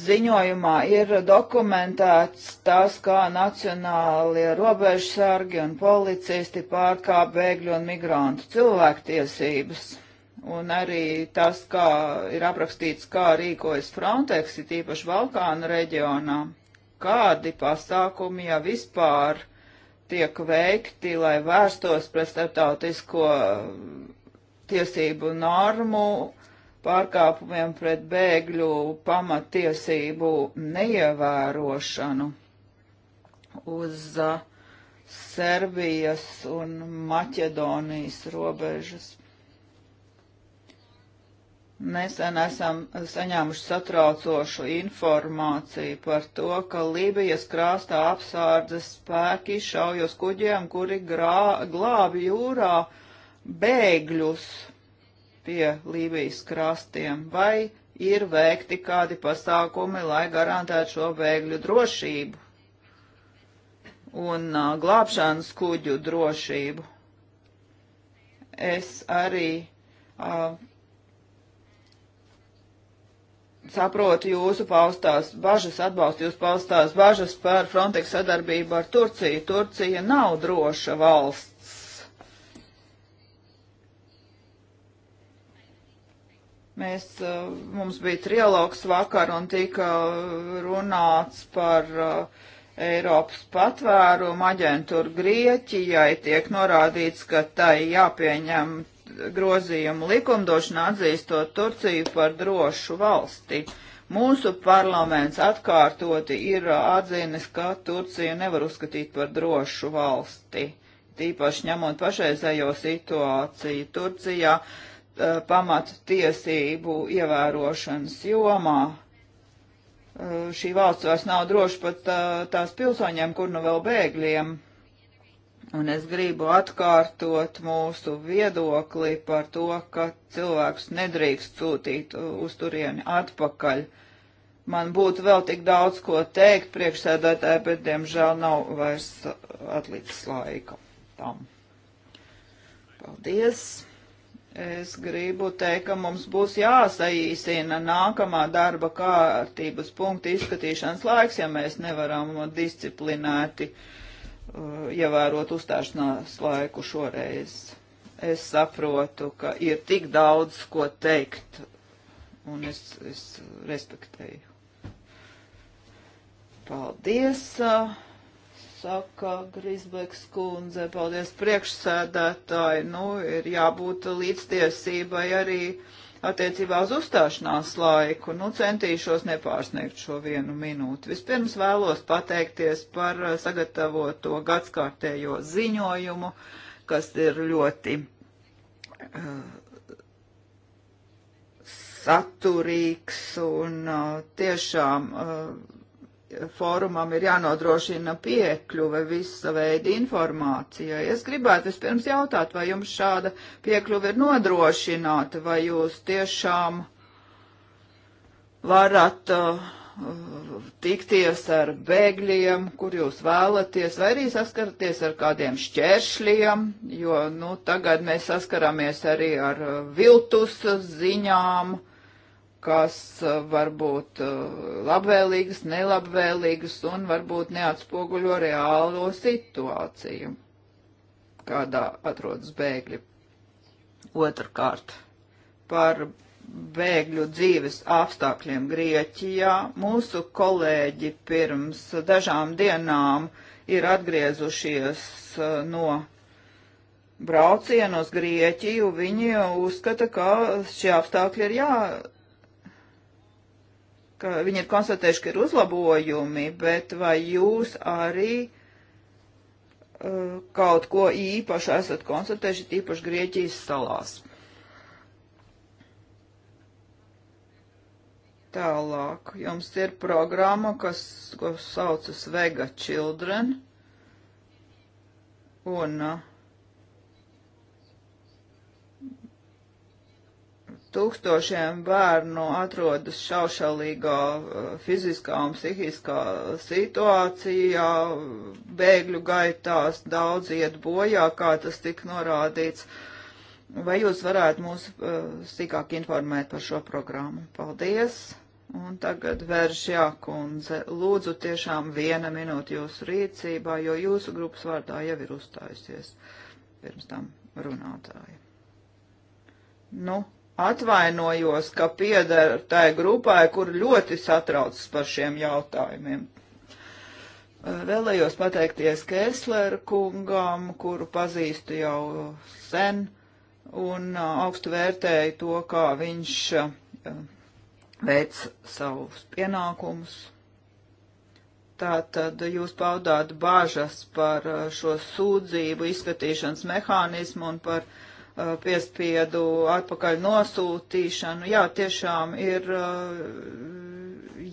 ziņojumā ir dokumentēts tas, kā nacionālie robežsargi un policisti pārkāp bēgļu un migrantu cilvēktiesības. Un arī tas, kā ir aprakstīts, kā rīkojas Frontex, it īpaši Balkānu reģionā, kādi pasākumi, ja vispār tiek veikti, lai vērstos pret starptautisko um, tiesību normu pārkāpumiem pret bēgļu pamatiesību neievērošanu uz uh, Serbijas un Maķedonijas robežas. Nesen esam saņēmuši satraucošu informāciju par to, ka Lībijas krāstā apsārdzes spēki šaujos kuģiem, kuri grā, glābi jūrā bēgļus pie Lībijas krastiem. Vai ir veikti kādi pasākumi, lai garantētu šo bēgļu drošību un uh, glābšanas kuģu drošību? Es arī. Uh, saprotu jūsu paustās bažas, atbalstu jūsu paustās bažas par Frontex sadarbību ar Turciju. Turcija nav droša valsts. Mēs, eh, mums bija trialogs vakar un tika runāts par uh, Eiropas patvērumu aģentūru Grieķijai tiek norādīts, ka tai jāpieņem grozījumu likumdošana atzīstot Turciju par drošu valsti. Mūsu parlaments atkārtoti ir atzīnis, ka Turcija nevar uzskatīt par drošu valsti, tīpaši ņemot pašreizējo situāciju Turcijā eh, pamatu tiesību ievērošanas jomā. Eh, šī valsts vairs nav droša pat eh, tās pilsoņiem, kur nu vēl bēgļiem. Un es gribu atkārtot mūsu viedokli par to, ka cilvēks nedrīkst sūtīt uz turieni atpakaļ. Man būtu vēl tik daudz ko teikt priekšsēdētāji, bet diemžēl nav vairs atlicis laika tam. Paldies! Es gribu teikt, ka mums būs jāsaīsina nākamā darba kārtības punkta izskatīšanas laiks, ja mēs nevaram disciplinēti uh, Uh, ievērot uzstāšanās laiku šoreiz. Es saprotu, ka ir tik daudz ko teikt, un es, es respektēju. Paldies, uh, saka Grisbeks kundze, paldies priekšsēdētāji. Nu, ir jābūt līdztiesībai arī uh, attiecībā uz uzstāšanās laiku, nu centīšos nepārsniegt šo vienu minūti. Vispirms vēlos pateikties par eh, sagatavoto gadskārtējo ziņojumu, kas ir ļoti uh, saturīgs un uh, tiešām uh, fórumam ir jānodrošina piekļuve visa veida informācijai. Es gribētu vispirms jautāt, vai jums šāda piekļuve ir nodrošināta, vai jūs tiešām varat uh, tikties ar bēgļiem, kur jūs vēlaties, vai arī saskaraties ar kādiem šķēršļiem, jo, nu, tagad mēs saskaramies arī ar uh, viltus ziņām, uh, kas eh, var būt eh, labvēlīgas, nelabvēlīgas un varbūt neatspoguļo reālo situāciju, kādā atrodas bēgļi. Otrkārt, par bēgļu dzīves apstākļiem Grieķijā mūsu kolēģi pirms dažām dienām ir atgriezušies eh, no braucienu uz Grieķiju. Viņi uzskata, ka šie apstākļi ir jā ka viņi ir konstatējuši, ka ir uzlabojumi, bet vai jūs arī uh, kaut ko īpaši esat konstatējuši, īpaši Grieķijas salās? Tālāk, jums ir programma, kas, ko saucas Vega Children, un uh, tūkstošiem bērnu atrodas šaušalīgā eh, fiziskā un psihiskā situācijā, bēgļu gaitās daudz iet bojā, kā tas tika norādīts. Vai jūs varētu mūs uh, sīkāk informēt par šo programmu? Paldies! Un tagad vērš jākundze. Lūdzu tiešām viena minūte jūsu rīcībā, jo jūsu grupas vārdā jau ir uzstājusies pirms tam runātāja. Nu, atvainojos, ka piedara tai grupai, kur ļoti satraucas par šiem jautājumiem. Vēlējos pateikties Kēslera kungam, kuru pazīstu jau sen, un augstu vērtēju to, kā viņš veic savus pienākumus. Tātad jūs paudāt bāžas par šo sūdzību izskatīšanas mehānismu un par uh, Uh, piespiedu atpakaļ nosūtīšanu. Jā, tiešām ir uh,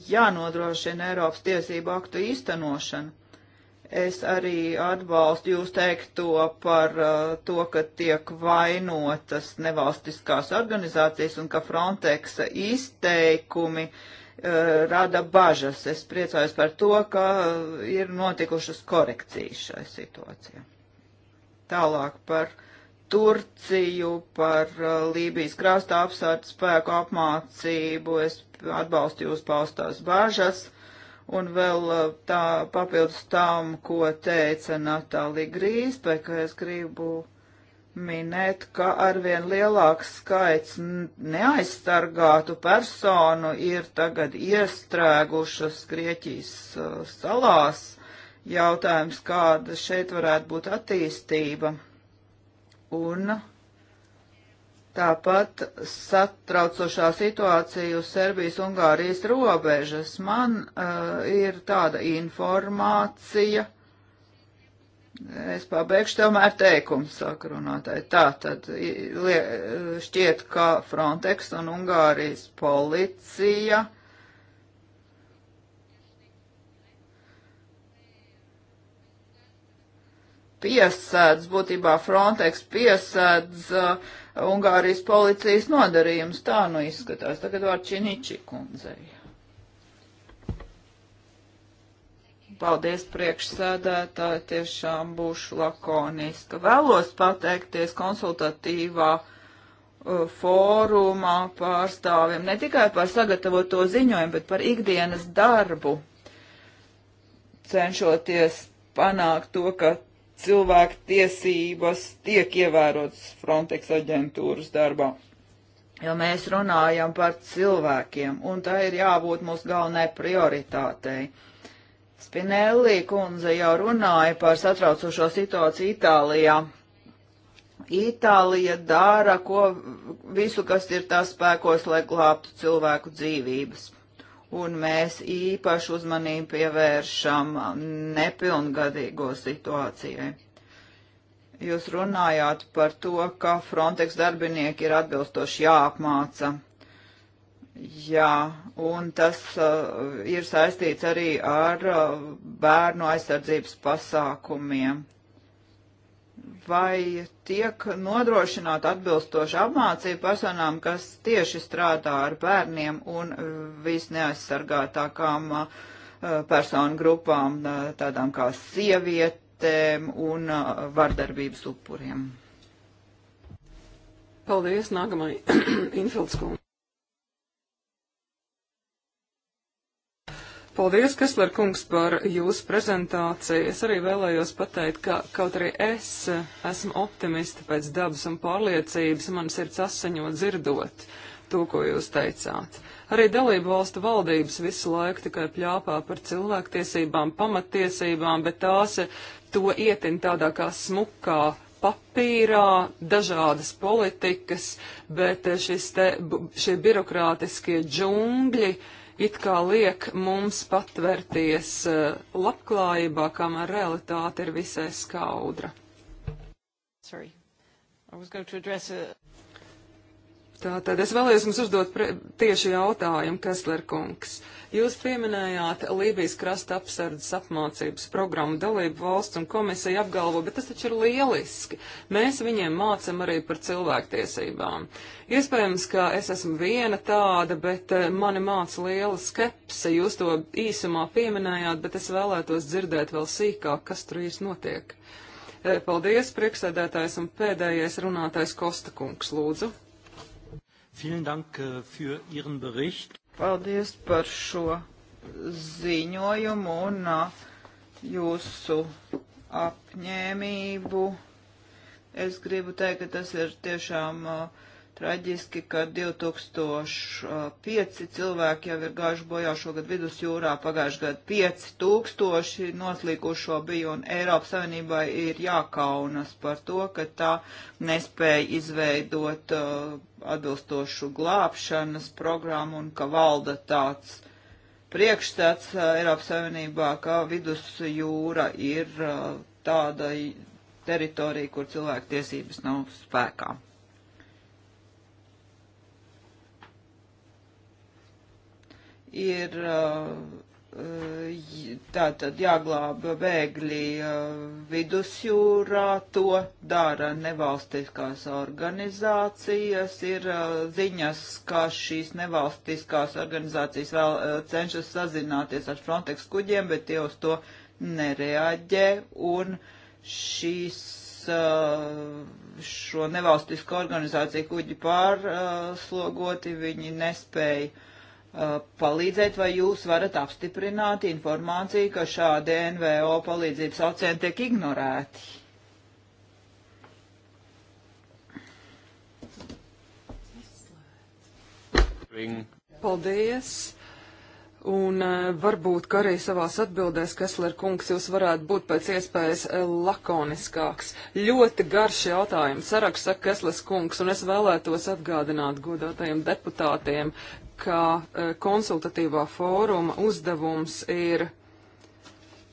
jānodrošina Eiropas tiesību aktu īstenošana. Es arī atbalstu jūs teikto par uh, to, ka tiek vainotas nevalstiskās organizācijas un ka Frontexa izteikumi rada bažas. Es priecājos par to, ka ir notikušas korekcijas šai situācijā. Tālāk par uh, Turciju par uh, Lībijas krasta apsārtas spēku apmācību. Es atbalstu jūs paustās bāžas. Un vēl uh, tā papildus tam, ko teica Natālija Grīspēka, es gribu minēt, ka arvien lielāks skaits neaizstargātu personu ir tagad iestrēgušas Grieķijas uh, salās. Jautājums, kāda šeit varētu būt attīstība un tāpat satraucošā situācija uz Serbijas-Ungārijas robežas. Man uh, ir tāda informācija. Es pabeigšu tomēr teikumu, saka runātāji. Tā tad šķiet, ka Frontex un Ungārijas policija piesēdz, būtībā Frontex piesēdz uh, Ungārijas policijas nodarījums. Tā nu izskatās. Tagad vārds Činiči kundzei. Paldies priekšsēdētāji, tiešām būšu lakoniska. Vēlos pateikties konsultatīvā uh, fórumā pārstāvjiem ne tikai par sagatavoto ziņojumu, bet par ikdienas darbu, cenšoties panākt to, ka cilvēku tiesības tiek ievērotas Frontex aģentūras darbā. Jo mēs runājam par cilvēkiem, un tā ir jābūt mūsu galvenai prioritātei. Spinelli kundze jau runāja par satraucošo situāciju Itālijā. Itālija dara ko, visu, kas ir tās spēkos, lai glābtu cilvēku dzīvības un mēs īpašu uzmanību pievēršam nepilngadīgo situācijai. Jūs runājāt par to, ka Frontex darbinieki ir atbilstoši jāapmāca. Jā, un tas uh, ir saistīts arī ar uh, bērnu aizsardzības pasākumiem vai tiek nodrošināta atbilstoša apmācība personām, kas tieši strādā ar bērniem un visneaizsargātākām uh, personu grupām, uh, tādām kā sievietēm un uh, vardarbības upuriem. Paldies, nākamai [CLEARS THROAT] Infildskunga. Paldies, Kesler kungs, par jūsu prezentāciju. Es arī vēlējos pateikt, ka kaut arī es esmu optimista pēc dabas un pārliecības, man sirds asaņo dzirdot to, ko jūs teicāt. Arī dalību valstu valdības visu laiku tikai pļāpā par cilvēktiesībām, pamattiesībām, bet tās to ietin tādā kā smukā papīrā, dažādas politikas, bet šis te, šie birokrātiskie džungļi, uh, it kā liek mums patvērties eh, labklājībā, kamēr realitāte ir visai skaudra. Sorry. I was going to address a... Tātad es vēlējos jums uzdot tieši jautājumu, Kesler kungs. Jūs pieminējāt Lībijas krasta apsardzes apmācības programmu dalību valsts un komisija apgalvo, bet tas taču ir lieliski. Mēs viņiem mācam arī par cilvēktiesībām. Iespējams, ka es esmu viena tāda, bet eh, mani māca liela skepse. Jūs to īsumā pieminējāt, bet es vēlētos dzirdēt vēl sīkāk, kas tur īsti notiek. Eh, paldies, priekšsēdētājs un pēdējais runātājs Kosta kungs, lūdzu. Vielen Dank äh, für Ihren Bericht. Paldies par šo ziņojumu un jūsu apņēmību. Es gribu teikt, ka tas ir tiešām uh, Traģiski, ka 2005 cilvēki jau ir gājuši bojā šogad vidusjūrā, pagājuši gadu 5000 noslīkušo bija, un Eiropas Savienībai ir jākaunas par to, ka tā nespēja izveidot uh, atbilstošu glābšanas programmu un ka valda tāds priekšstats uh, Eiropas Savienībā, ka vidusjūra ir uh, tāda teritorija, kur cilvēku tiesības nav spēkā. ir uh, uh, tātad jāglāba bēgļi uh, vidusjūrā, to dara nevalstiskās organizācijas, ir ziņas, ka šīs nevalstiskās organizācijas vēl cenšas sazināties ar Frontex kuģiem, bet tie uz to nereaģē, un šīs šo nevalstisko organizāciju kuģi pārslogoti, viņi nespēja Uh, palīdzēt, vai jūs varat apstiprināt informāciju, ka šādi NVO palīdzības saucieni tiek ignorēti? Paldies! Un eh, varbūt, ka arī savās atbildēs, Kesler kungs, jūs varētu būt pēc iespējas eh, lakoniskāks. Ļoti garš jautājums, saraksts saka Kesles kungs, un es vēlētos atgādināt godātajiem deputātiem, ka eh, konsultatīvā fóruma uzdevums ir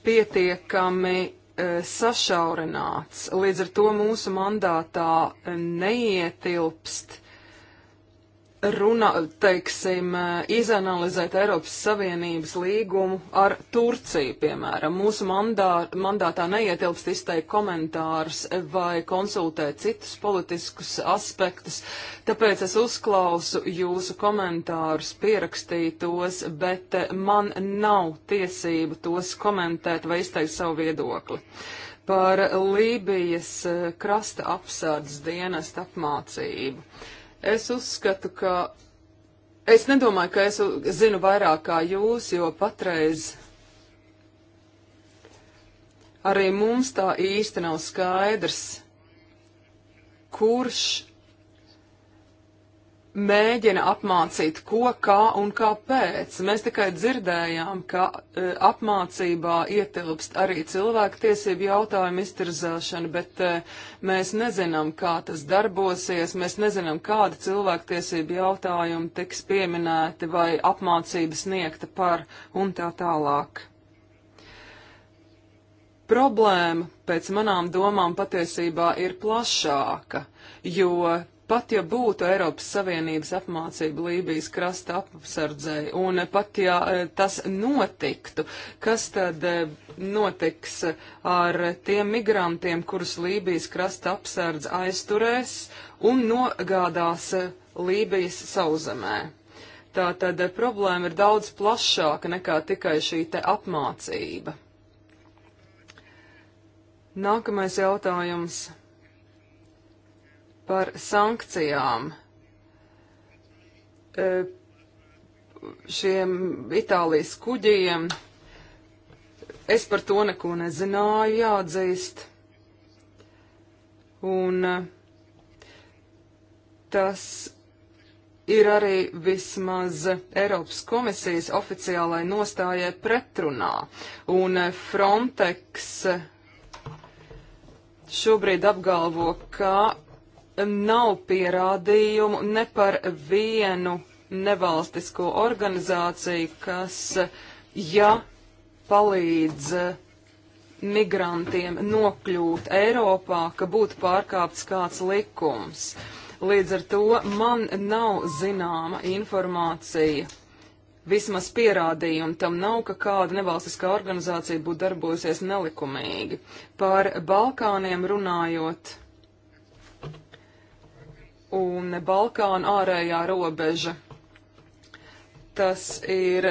pietiekami sašaurināts. Līdz ar to mūsu mandātā neietilpst runa, teiksim, izanalizēt Eiropas Savienības līgumu ar Turciju, piemēram. Mūsu mandā, mandātā neietilpst izteikt komentārus vai konsultēt citus politiskus aspektus, tāpēc es uzklausu jūsu komentārus, pierakstītos, bet man nav tiesību tos komentēt vai izteikt savu viedokli. Par Lībijas eh, krasta apsardzes dienesta apmācību. Uh, Es uzskatu, ka es nedomāju, ka es zinu vairāk kā jūs, jo patreiz arī mums tā īsti nav skaidrs, kurš mēģina apmācīt, ko, kā un kāpēc. Mēs tikai dzirdējām, ka e, apmācībā ietilpst arī cilvēktiesību jautājumu iztirzēšana, bet e, mēs nezinām, kā tas darbosies, mēs nezinām, kāda cilvēktiesību jautājuma tiks pieminēti vai apmācība sniegta par un tā tālāk. Problēma, pēc manām domām, patiesībā ir plašāka, jo Pat ja būtu Eiropas Savienības apmācība Lībijas krasta apsardzēji, un pat ja eh, tas notiktu, kas tad eh, notiks ar tiem migrantiem, kurus Lībijas krasta apsardz aizturēs un nogādās eh, Lībijas sauzemē? Tātad problēma ir daudz plašāka nekā tikai šī te apmācība. Nākamais jautājums par sankcijām e, šiem Itālijas kuģiem. Es par to neko nezināju, jāatzīst. Un e, tas ir arī vismaz Eiropas komisijas oficiālai nostājai pretrunā. Un e, Frontex šobrīd apgalvo, ka nav pierādījumu ne par vienu nevalstisko organizāciju, kas, ja palīdz eh, migrantiem nokļūt Eiropā, ka būtu pārkāpts kāds likums. Līdz ar to man nav zināma informācija, vismaz pierādījumi tam nav, ka kāda nevalstiskā organizācija būtu darbojusies nelikumīgi. Par Balkāniem runājot, un Balkāna ārējā robeža. Tas ir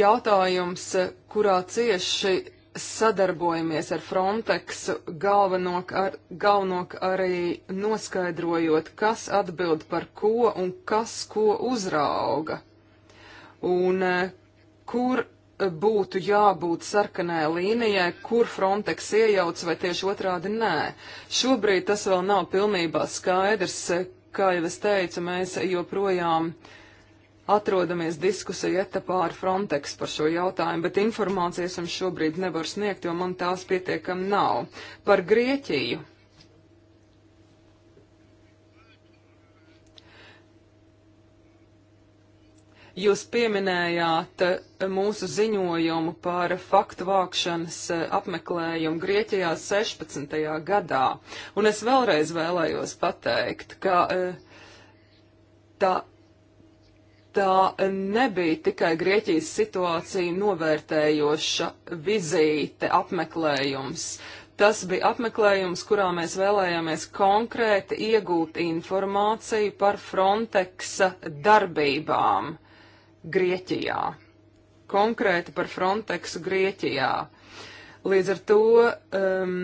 jautājums, kurā cieši sadarbojamies ar Frontex, galvenok ar, galvenok arī noskaidrojot, kas atbild par ko un kas ko uzrauga. Un eh, kur būtu jābūt sarkanai līnijai, kur Frontex iejauc vai tieši otrādi nē. Šobrīd tas vēl nav pilnībā skaidrs. Kā jau es teicu, mēs joprojām atrodamies diskusiju etapā ar Frontex par šo jautājumu, bet informācijas jums šobrīd nevar sniegt, jo man tās pietiekam nav. Par Grieķiju Jūs pieminējāt eh, mūsu ziņojumu par faktu vākšanas eh, apmeklējumu Grieķijā 16. gadā, un es vēlreiz vēlējos pateikt, ka eh, tā, tā nebija tikai Grieķijas situācija novērtējoša vizīte, apmeklējums. Tas bija apmeklējums, kurā mēs vēlējāmies konkrēti iegūt informāciju par Frontexa darbībām. Grieķijā, konkrēti par Frontexu Grieķijā. Līdz ar to um,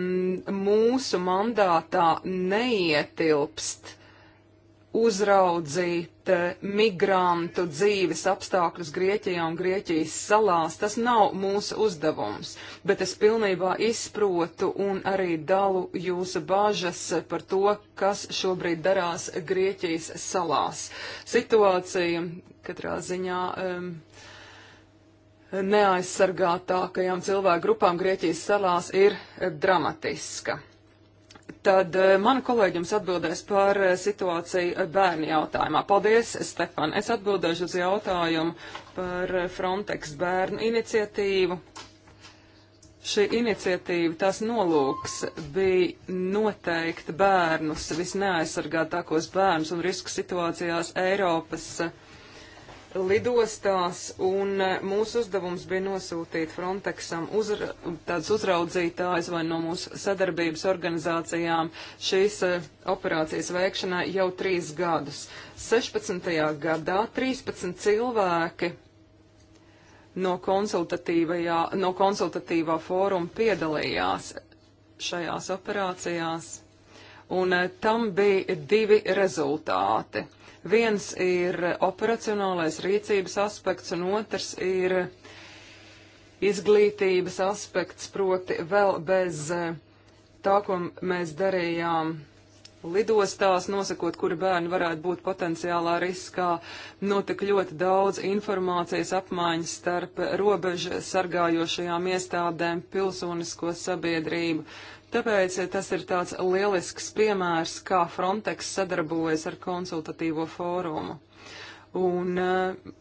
mūsu mandātā neietilpst uzraudzīt eh, migrantu dzīves apstākļus Grieķijā un Grieķijas salās. Tas nav mūsu uzdevums, bet es pilnībā izprotu un arī dalu jūsu bāžas par to, kas šobrīd darās Grieķijas salās. Situācija katrā ziņā. Um, Neaizsargātākajām cilvēku grupām Grieķijas salās ir dramatiska. Tad eh, mana kolēģums atbildēs par eh, situāciju eh, bērnu jautājumā. Paldies, Stefan. Es atbildēšu uz jautājumu par Frontex bērnu iniciatīvu. Šī iniciatīva, tās nolūks bija noteikt bērnus visneaizsargātākos bērnus un risku situācijās Eiropas lidostās, un e, mūsu uzdevums bija nosūtīt Frontexam uzra, tāds uzraudzītājs vai no mūsu sadarbības organizācijām šīs e, operācijas veikšanai jau trīs gadus. 16. gadā 13 cilvēki no, no konsultatīvā fóruma piedalījās šajās operācijās, un e, tam bija divi rezultāti Viens ir operacionālais rīcības aspekts, un otrs ir izglītības aspekts, proti vēl bez eh, tā, ko mēs darījām lidostās, nosakot, kuri bērni varētu būt potenciālā riskā, notika ļoti daudz informācijas apmaiņas starp robežu sargājošajām iestādēm, pilsonisko sabiedrību. Tāpēc eh, tas ir tāds lielisks piemērs, kā Frontex sadarbojas ar konsultatīvo fórumu. Un eh,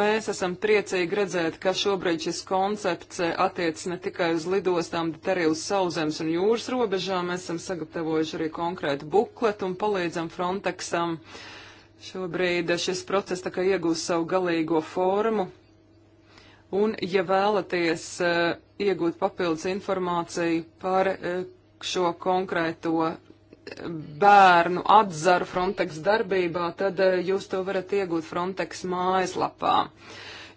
mēs esam priecīgi redzēt, ka šobrīd šis koncepts eh, attiec ne tikai uz lidostām, bet arī uz sauzemes un jūras robežām. Mēs esam sagatavojuši arī konkrētu bukletu un palīdzam Frontexam. Šobrīd šis process tā kā iegūst savu galīgo formu, Un, ja vēlaties eh, iegūt papildus informāciju par eh, šo konkrēto eh, bērnu atzaru Frontex darbībā, tad jūs to varat iegūt Frontex mājaslapā.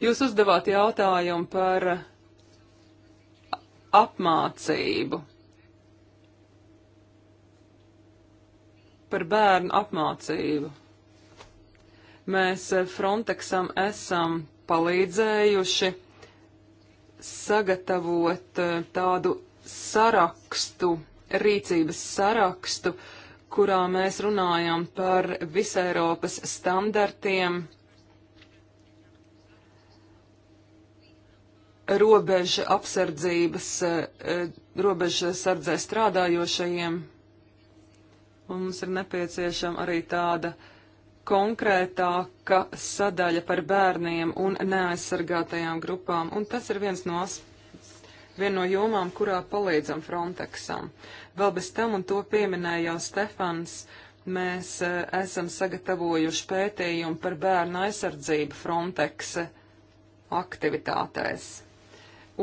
Jūs uzdevāt jautājumu par apmācību. Par bērnu apmācību. Mēs Frontexam esam palīdzējuši sagatavot eh, tādu sarakstu, rīcības sarakstu, kurā mēs runājam par visēropas standartiem, robeža apsardzības, eh, robeža sardzē strādājošajiem. Un mums ir nepieciešama arī tāda uh, konkrētāka sadaļa par bērniem un neaizsargātajām grupām, un tas ir viens no, vien no jomām, kurā palīdzam Frontexam. Vēl bez tam, un to pieminēja jau Stefans, mēs e, esam sagatavojuši pētījumu par bērnu aizsardzību Frontex aktivitātēs.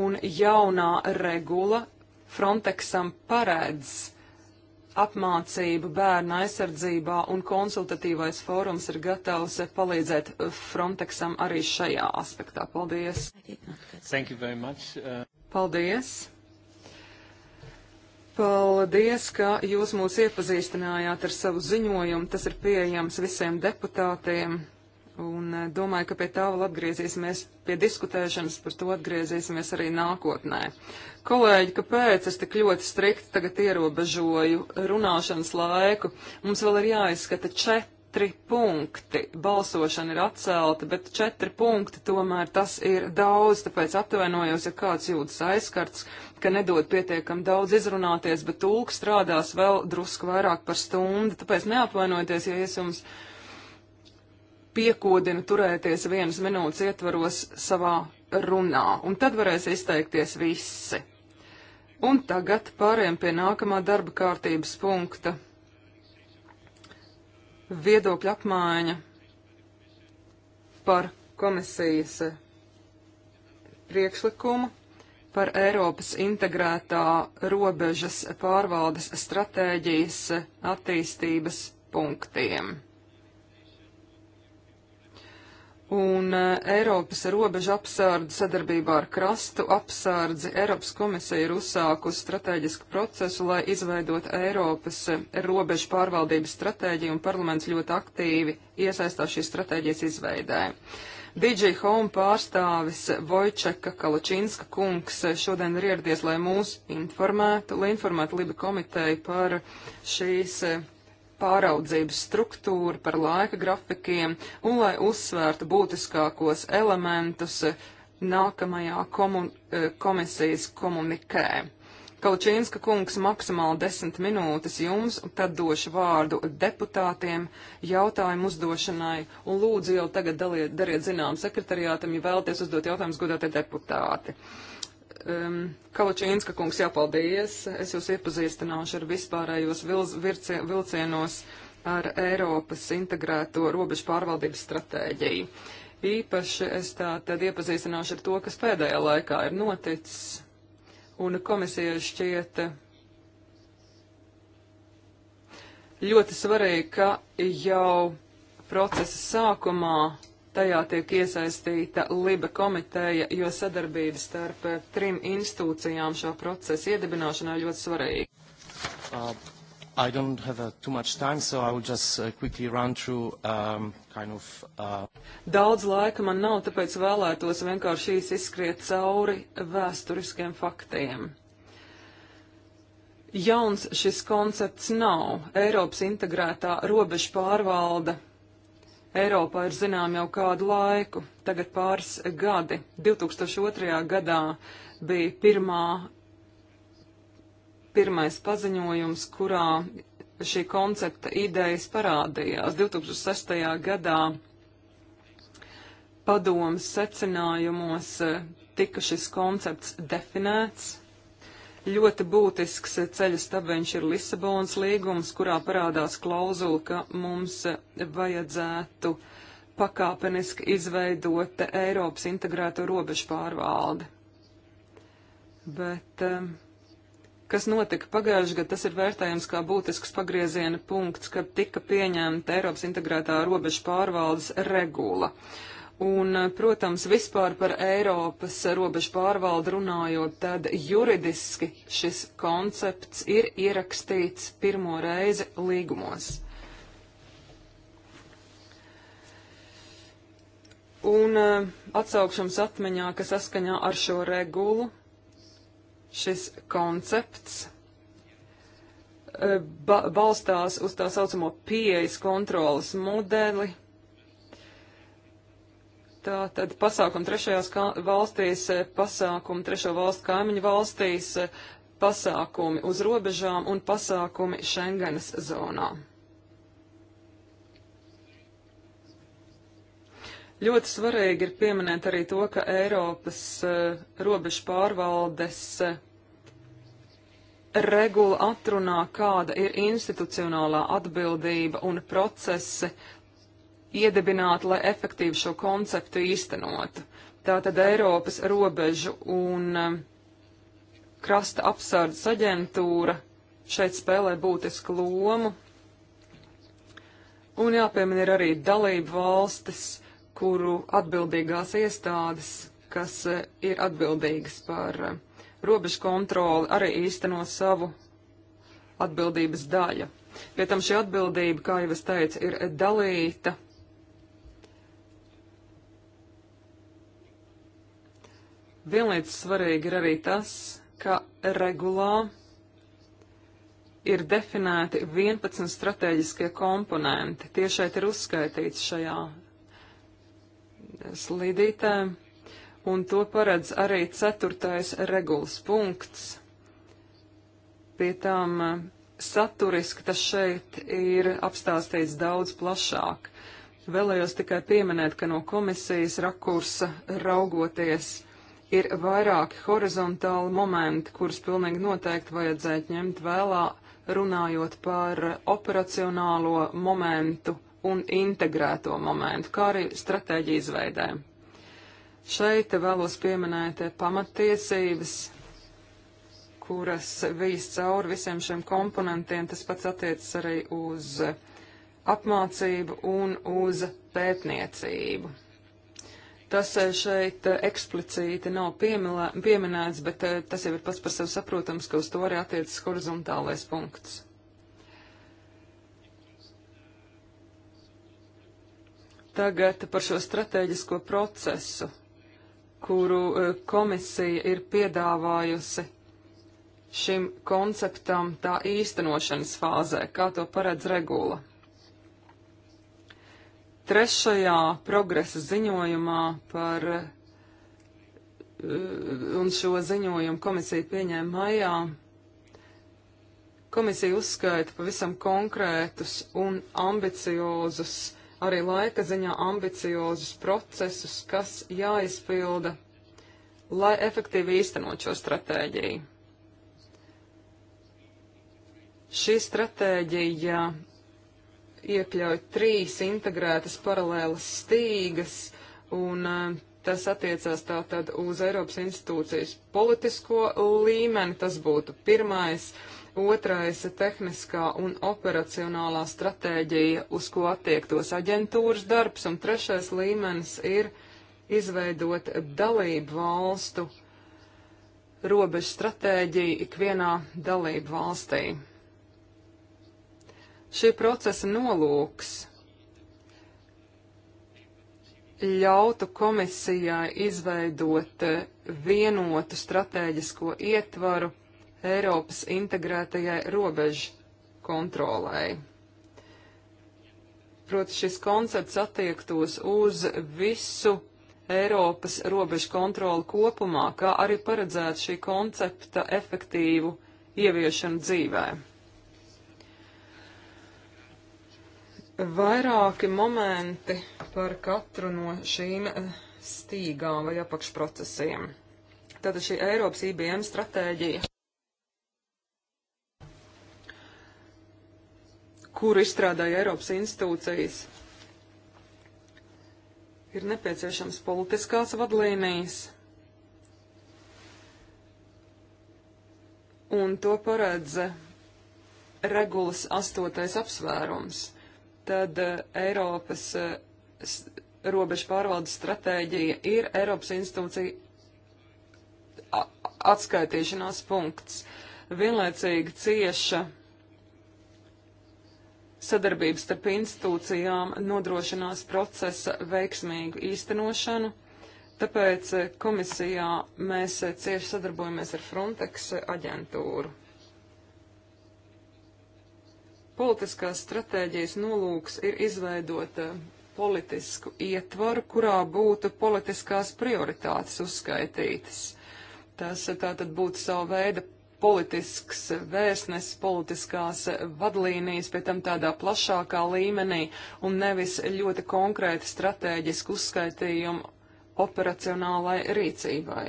Un jaunā regula Frontexam paredz apmācību bērnu aizsardzībā un konsultatīvais fórums ir gatavs palīdzēt Frontexam arī šajā aspektā. Paldies! Thank you very much. Uh... Paldies! Paldies, ka jūs mūs iepazīstinājāt ar savu ziņojumu. Tas ir pieejams visiem deputātiem. Un eh, domāju, ka pie tā vēl atgriezīsimies, pie diskutēšanas par to atgriezīsimies arī nākotnē. Kolēģi, kāpēc es tik ļoti strikti tagad ierobežoju runāšanas laiku? Mums vēl ir jāizskata četri punkti. Balsošana ir atcelta, bet četri punkti tomēr tas ir daudz, tāpēc atvainojos, ja kāds jūtas aizskarts, ka nedod pietiekam daudz izrunāties, bet tulks strādās vēl drusku vairāk par stundu, tāpēc neapvainojieties, ja es jums. Jums piekodina turēties vienas minūtes ietvaros savā runā, un tad varēs izteikties visi. Un tagad pāriem pie nākamā darba kārtības punkta. Viedokļa apmaiņa par komisijas priekšlikumu par Eiropas integrētā robežas pārvaldes stratēģijas attīstības punktiem un eh, Eiropas robeža apsārdzi sadarbībā ar krastu apsārdzi Eiropas komisija ir uzsākusi strateģisku procesu, lai izveidot Eiropas eh, robežu pārvaldības stratēģiju, un parlaments ļoti aktīvi iesaistās šīs stratēģijas izveidē. DJ Home pārstāvis Vojčeka Kalačinska kungs eh, šodien ir ieradies, lai mūs informētu, lai informētu Liba komiteju par šīs pāraudzības struktūru, par laika grafikiem un lai uzsvērtu būtiskākos elementus nākamajā komu eh, komisijas komunikē. Kalčīnska kungs maksimāli desmit minūtes jums, tad došu vārdu deputātiem jautājumu uzdošanai un lūdzu jau tagad daliet, dariet zinām sekretariātam, ja vēlaties uzdot jautājumus godātie deputāti. Uh, um, Kalačīnska kungs, jāpaldies. Es jūs iepazīstināšu ar vispārējos vilz, vircie, vilcienos ar Eiropas integrēto robežu pārvaldības stratēģiju. Īpaši es tā tad iepazīstināšu ar to, kas pēdējā laikā ir noticis, un komisija šķiet ļoti svarīgi, ka jau procesa sākumā Tajā tiek iesaistīta Liba komiteja, jo sadarbība starp eh, trim institūcijām šo procesu iedibināšanā ļoti svarīga. Uh, I don't have uh, too much time, so I will just uh, quickly run through um, kind of. Uh... Daudz laika man nav, tāpēc vēlētos vienkārši šīs izskriet cauri vēsturiskiem faktiem. Jauns šis koncepts nav. Eiropas integrētā robežu pārvalda Eiropā ir zinām jau kādu laiku, tagad pāris gadi. 2002. gadā bija pirmā, pirmais paziņojums, kurā šī koncepta idejas parādījās. 2006. gadā padomas secinājumos eh, tika šis koncepts definēts, Ļoti būtisks ceļu stabiņš ir Lisabonas līgums, kurā parādās klauzula, ka mums vajadzētu pakāpeniski izveidot Eiropas integrēto robežu pārvaldi. Bet um, kas notika pagājušajā gadā, tas ir vērtējams kā būtisks pagrieziena punkts, kad tika pieņemta Eiropas integrētā robeža pārvaldes regula. Uh, Un, protams, vispār par Eiropas robežu pārvaldu runājot, tad juridiski šis koncepts ir ierakstīts pirmo reizi līgumos. Un eh, atsaukšams atmiņā, ka saskaņā ar šo regulu šis koncepts eh, ba balstās uz tā saucamo pieejas kontrolas modeli, Tā tad pasākumi trešajās valstīs, eh, pasākumi trešo valstu kaimiņu valstīs, eh, pasākumi uz robežām un pasākumi Schengenas zonā. Ļoti svarīgi ir pieminēt arī to, ka Eiropas uh, robežu pārvaldes uh, regula atrunā, kāda ir institucionālā atbildība un procesi, iedibināta, lai efektīvi šo konceptu īstenotu. Tātad Eiropas robežu un um, krasta apsardzes aģentūra šeit spēlē būtisku lomu. Un jāpiemina ir arī dalību valstis, kuru atbildīgās iestādes, kas eh, ir atbildīgas par eh, robežu kontroli, arī īsteno savu atbildības daļu. Pie tam šī atbildība, kā jau es teicu, ir dalīta Vienlīdz svarīgi ir arī tas, ka regulā ir definēti 11 strateģiskie komponenti. Tie šeit ir uzskaitīts šajā slīdītē, un to paredz arī ceturtais regulas punkts. Pie tām eh, saturiski tas šeit ir apstāstīts daudz plašāk. Vēlējos tikai pieminēt, ka no komisijas rakursa raugoties ir vairāki horizontāli momenti, kurus pilnīgi noteikti vajadzētu ņemt vēlā, runājot par operacionālo momentu un integrēto momentu, kā arī stratēģiju izveidēm. Šeit vēlos pieminēt pamattiesības, kuras vijas cauri visiem šiem komponentiem. Tas pats attiecas arī uz apmācību un uz pētniecību. Tas eh, šeit eh, eksplicīti nav piemilā, pieminēts, bet eh, tas jau ir pats par sevi saprotams, ka uz to arī attiecas horizontālais punkts. Tagad par šo strateģisko procesu, kuru komisija ir piedāvājusi šim konceptam tā īstenošanas fāzē, kā to paredz regula trešajā progresa ziņojumā par, eh, un šo ziņojumu komisija pieņēma maijā, komisija uzskaita pavisam konkrētus un ambiciozus, arī laika ziņā ambiciozus procesus, kas jāizpilda, lai efektīvi īstenot šo stratēģiju. Šī stratēģija iekļauj trīs integrētas paralēlas stīgas, un eh, tas attiecās tātad uz Eiropas institūcijas politisko līmeni, tas būtu pirmais, otrais tehniskā un operacionālā stratēģija, uz ko attiektos aģentūras darbs, un trešais līmenis ir izveidot dalību valstu robežu stratēģiju ikvienā dalību valstī. Šī procesa nolūks ļautu komisijai izveidot eh, vienotu stratēģisko ietvaru Eiropas integrētajai robežu kontrolai. Proti šis koncepts attiektos uz visu Eiropas robežu kontroli kopumā, kā arī paredzēt šī koncepta efektīvu ieviešanu dzīvēm. vairāki momenti par katru no šīm eh, stīgām vai apakšprocesiem. Tātad šī Eiropas IBM stratēģija, kuru izstrādāja Eiropas institūcijas, ir nepieciešams politiskās vadlīnijas. Un to paredz regulas astotais apsvērums tad eh, Eiropas eh, robežu pārvaldes stratēģija ir Eiropas institūcija atskaitīšanās punkts. Vienlaicīgi cieša sadarbības starp institūcijām nodrošinās procesa veiksmīgu īstenošanu, tāpēc eh, komisijā mēs cieši sadarbojamies ar Frontex aģentūru politiskās stratēģijas nolūks ir izveidot eh, politisku ietvaru, kurā būtu politiskās prioritātes uzskaitītas. Tas eh, tā tad būtu savu veidu politisks vēstnes, politiskās vadlīnijas, pie tam tādā plašākā līmenī un nevis ļoti konkrēti strateģisku uzskaitījumu operacionālai rīcībai.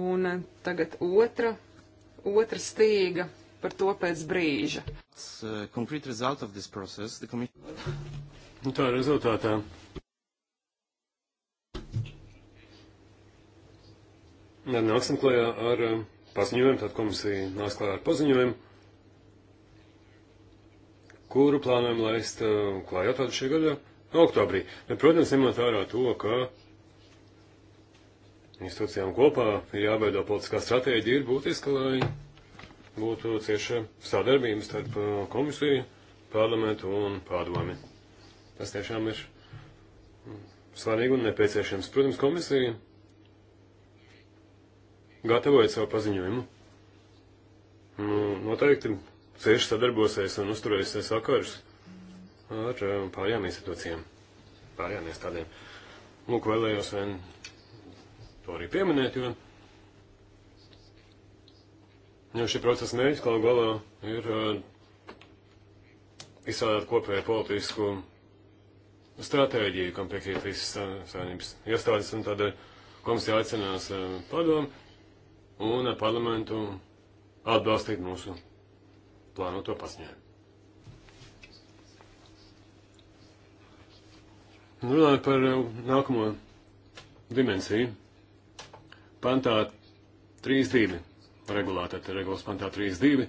Un eh, tagad otra, otra stīga par to pēc brīža. Uh, nu, tā rezultātā nāksim klajā ar um, paziņojumu, tad komisija nāks klajā ar paziņojumu, kuru plānojam laist um, klājā tādu šī gada oktobrī. Bet, protams, ņemot vērā to, ka institūcijām kopā ir jāveido politiskā stratēģija, ir būtiski, lai būtu cieša sadarbības starp uh, komisiju, parlamentu un pārdomi. Tas tiešām ir mm, svarīgi un nepieciešams. Protams, komisija gatavoja savu paziņojumu. Nu, noteikti cieši sadarbosies un uzturēs sakarus ar uh, pārējām institūcijām, pārējām iestādēm. Lūk, vēlējos vien to arī pieminēt, jo. Jo nu, šī procesa mērķis galu galā ir uh, izstrādāt kopēju politisku stratēģiju, kam piekrīt visas saimnības iestādes, un tādēļ uh, komisija aicinās uh, padomu un parlamentu atbalstīt mūsu plānoto pasņēmu. Runājot par nākamo dimensiju, pantā 3.2 regulā, tad regulas pantā 3.2.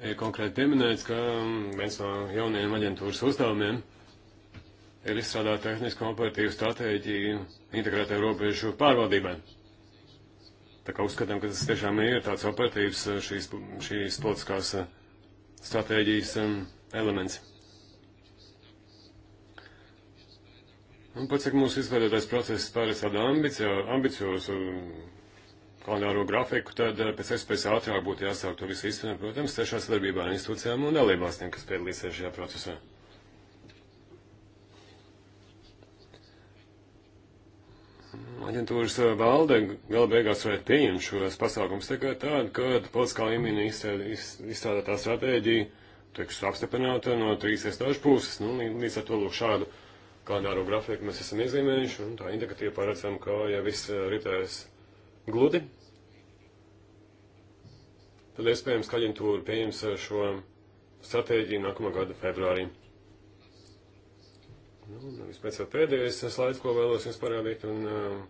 Ir konkrēti pieminēts, ka viens no jaunajiem aģentūras uzdevumiem ir izstrādāt tehnisko operatīvu stratēģiju integrētai robežu pārvaldībai. Tā kā uzskatām, ka tas tiešām ir tāds operatīvs eh, šīs, šīs politiskās eh, stratēģijas eh, elements. Un pats, cik mūsu izveidotais process pāris tādu ambiciozu kalendāro grafiku, tad eh, pēc iespējas ātrāk būtu jāsāk to visu īstenot, protams, tiešā sadarbībā ar institūcijām un dalībvalstīm, kas piedalīsies šajā procesā. Aģentūras eh, valde gala beigās varētu pieņemt šos pasākums tikai tādu, kad politiskā līmenī izstrādātā stratēģija tiks apstiprināta no trīs iestāžu puses. Nu, līdz ar to lūk šādu kalendāro grafiku mēs esam iezīmējuši un tā indikatīvi paredzam, ka ja viss eh, ritēs gludi, tad iespējams, ka aģentūra pieņems šo stratēģiju nākamā gada februārī. Nu, vispēc vēl pēdējais slaids, ko vēlos jums parādīt, un um,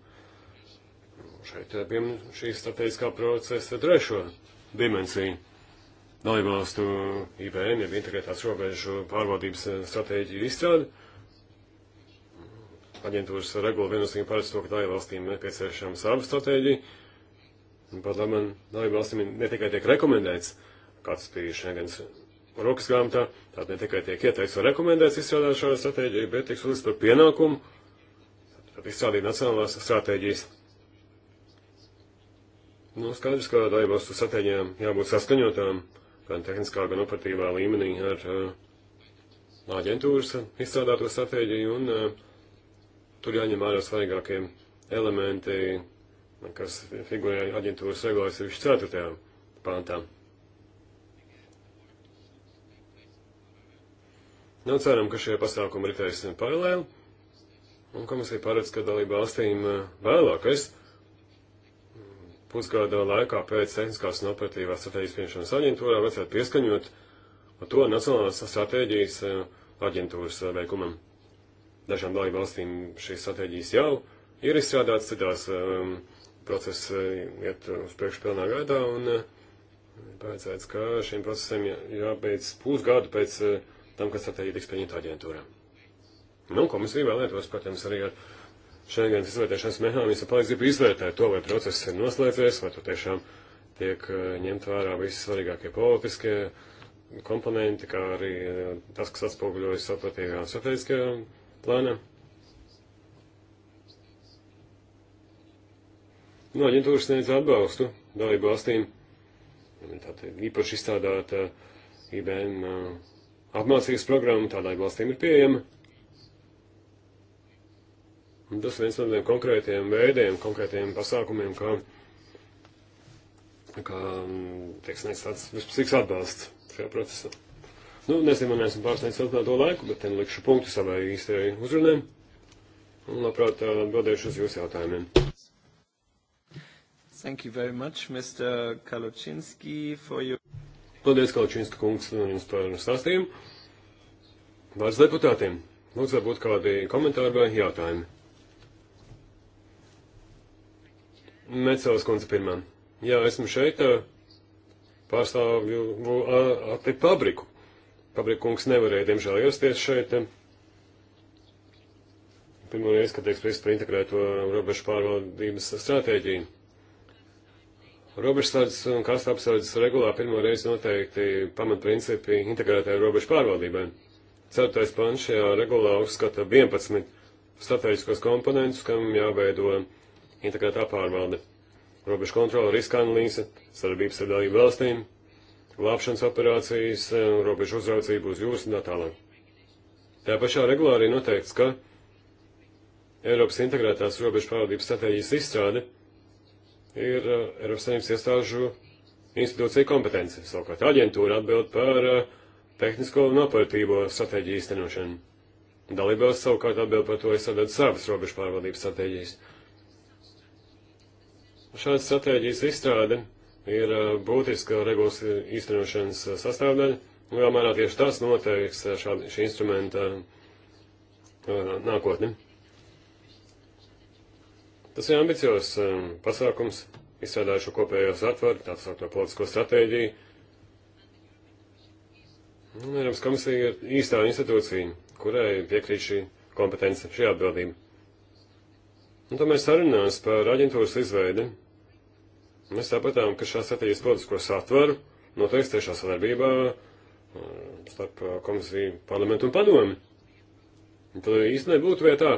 šeit piem šī strateģiskā procesa trešo dimensiju dalībvalstu IPN, jeb integrētās robežu pārvaldības uh, stratēģiju izstrādi aģentūras regula viennozīmīgi paredz to, ka dalībvalstīm nepieciešama sava stratēģija. Pat labi, man dalībvalstīm ne tikai tiek rekomendēts, kāds bija Schengens rokas grāmatā, tātad ne tikai tiek ieteikts un rekomendēts izstrādāt šādu stratēģiju, bet tiks uzlikt par pienākumu izstrādīt nacionālās stratēģijas. Nu, skaidrs, ka dalībvalstu stratēģijām jābūt saskaņotām gan tehniskā, gan operatīvā līmenī ar uh, aģentūras izstrādāto stratēģiju un uh, Tur jāņem vērā svarīgākie elementi, kas figurē aģentūras regulēs ir 4. pāntā. Nu, ceram, ka šie pasākumi ritēs paralēli, un komisija paredz, ka dalība valstīm eh, vēlākais pusgada laikā pēc tehniskās un operatīvās stratēģijas pieņemšanas aģentūrā vajadzētu pieskaņot to Nacionālās stratēģijas eh, aģentūras eh, veikumam. Dažām dalību valstīm šīs stratēģijas jau ir izstrādātas, citās um, process uh, iet uz priekšu pilnā gaidā, un uh, paredzēts, ka šiem procesiem jā, jābeidz pusgadu pēc uh, tam, kad stratēģija tiks pieņemta aģentūrā. Nu, komisija vēlētos, protams, arī ar Schengens izvērtēšanas mehānismu palīdzību izvērtēt to, vai process ir noslēdzies, vai tur tiešām tiek uh, ņemt vērā visi svarīgākie politiskie komponenti, kā arī uh, tas, kas atspoguļojas operatīvajā un strateģiskajā plānam. No nu, aģentūras sniedz atbalstu dalību valstīm. Tātad īpaši izstrādāta eh, IBM eh, apmācības programma tādai valstīm ir pieejama. Un tas viens no tiem konkrētiem veidiem, konkrētiem pasākumiem, kā, kā mm, tiek sniegts tāds vispasīgs atbalsts šajā procesā. Nu, nezinu, man esmu pārsniedzis atklāto laiku, bet ten likšu punktu savai īstajai uzrunai. Un labprāt atbildēšu uz jūsu jautājumiem. Thank you very much, Mr. Kalučinski, for your... Paldies, Kalučinska kungs, jums par stāstījumu. Vārds deputātiem. Lūdzu, varbūt kādi komentāri vai jautājumi. Mecels kundze pirmā. Jā, esmu šeit, pārstāvju Ati Pabriku. Pabrikungs nevarēja, diemžēl, ierasties šeit. Pirmo reizi, kad tiek spriest par integrēto robežu pārvaldības stratēģiju. Robežsardzes un kasta apsardzes regulā pirmo reizi noteikti pamatprincipi integrētajai robežu pārvaldībai. Ceturtais pants šajā regulā uzskata 11 strateģiskos komponentus, kam jāveido integrētā pārvalde. Robežu kontrola, riska analīze, sadarbības ar dalību valstīm, glābšanas operācijas, eh, robežu uzraudzību uz jūras un tā tālāk. Tā pašā regulārī noteikts, ka Eiropas integrētās robežu pārvaldības stratēģijas izstrāde ir eh, Eiropas saimnības iestāžu institūcija kompetence. Savukārt aģentūra atbild par eh, tehnisko un operatīvo stratēģiju īstenošanu. Dalībās savukārt atbild par to izstrādāt savas robežu pārvaldības stratēģijas. Šādas stratēģijas izstrāde ir eh, būtiska regulas īstenošanas eh, sastāvdaļa. Lielā mērā tieši tas noteiks eh, šādi, šī instrumenta nākotni. Tas ir ambiciozs pasākums, izstrādājušo kopējo satvaru, tā saucamo politisko stratēģiju. Un, Eiropas komisija ir īstā institūcija, kurai piekrīt šī kompetence, šī atbildība. Un tomēr sarunās par aģentūras izveidi Mēs sapratām, ka šā satīs politisko satvaru noteikti tiešā sadarbībā uh, starp uh, komisiju, parlamentu un padomi. Tad īstenībā būtu vietā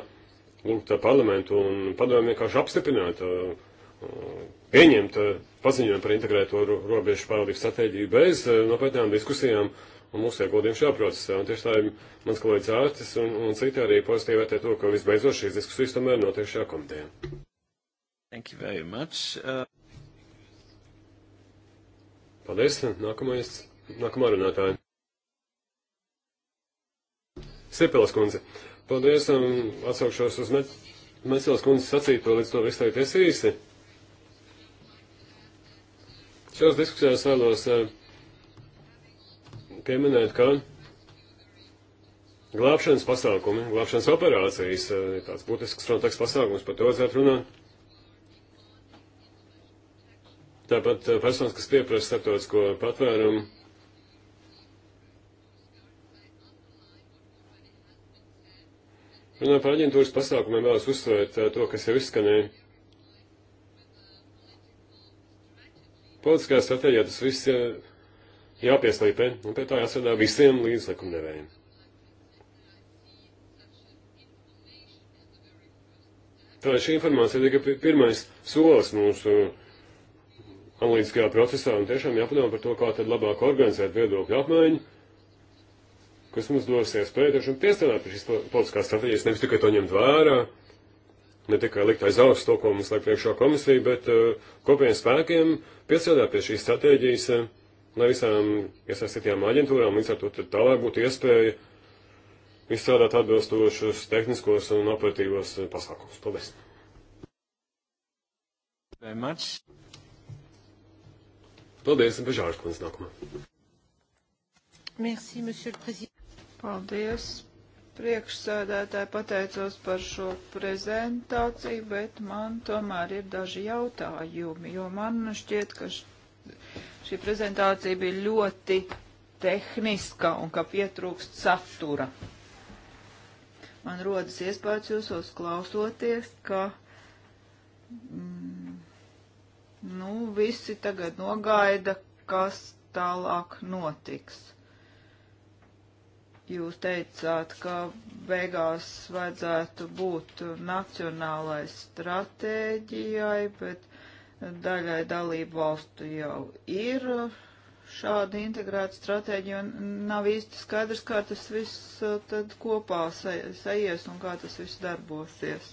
lūgt parlamentu un padomu vienkārši apstiprināt, uh, pieņemt paziņojumu par integrēto robežu pārvaldības stratēģiju bez nopietnām diskusijām un mūsu ieguldījumu šajā procesā. Un tieši tā ir mans kolēģis Ārtis un, un citi arī pozitīvi vērtē to, ka visbeidzot šīs diskusijas tomēr notiek šajā komitejā. Thank you very much. Uh... Paldies. Nākamais, nākamā runātāja. Siepelas kundze. Paldies, um, atsaukšos uz Mēselas kundzes sacīto, līdz to izteikties īsi. Šajās diskusijās vēlos uh, pieminēt, ka glābšanas pasākumi, glābšanas operācijas, uh, tāds būtisks Frontex pasākums, par to vajadzētu runāt. Tāpat eh, personas, kas pieprasa starptautisko patvērumu, Runājot par aģentūras pasākumiem, vēlas uzsvērt eh, to, kas jau izskanēja. Politiskajā stratēģijā tas viss eh, jāpieslīpē, un pie tā jāsadā visiem līdzlikumdevējiem. Tā šī informācija tikai pirmais solis mūsu analītiskajā procesā un tiešām jāpadomā par to, kā tad labāk organizēt viedokļu apmaiņu, kas mums dos iespēju tiešām piestrādāt pie šīs politiskās strateģijas, nevis tikai to ņemt vērā, ne tikai likt aiz augstu to, ko mums liek priekšā komisija, bet uh, eh, kopējiem spēkiem piestrādāt pie šīs strateģijas, uh, lai visām iesaistītajām aģentūrām līdz ar to tālāk būtu iespēja izstrādāt atbilstošus tehniskos un operatīvos eh, pasākumus. Paldies! Very much. Paldies, Bežārs kundze nākamā. Merci, monsieur le président. Paldies. Priekšsēdētāji pateicos par šo prezentāciju, bet man tomēr ir daži jautājumi, jo man šķiet, ka šī prezentācija bija ļoti tehniska un ka pietrūkst satura. Man rodas iespējas jūsos klausoties, ka Nu, visi tagad nogaida, kas tālāk notiks. Jūs teicāt, ka beigās vajadzētu būt nacionālai stratēģijai, bet daļai dalību valstu jau ir šāda integrēta stratēģija, un nav īsti skaidrs, kā tas viss uh, tad kopā sa saies un kā tas viss darbosies.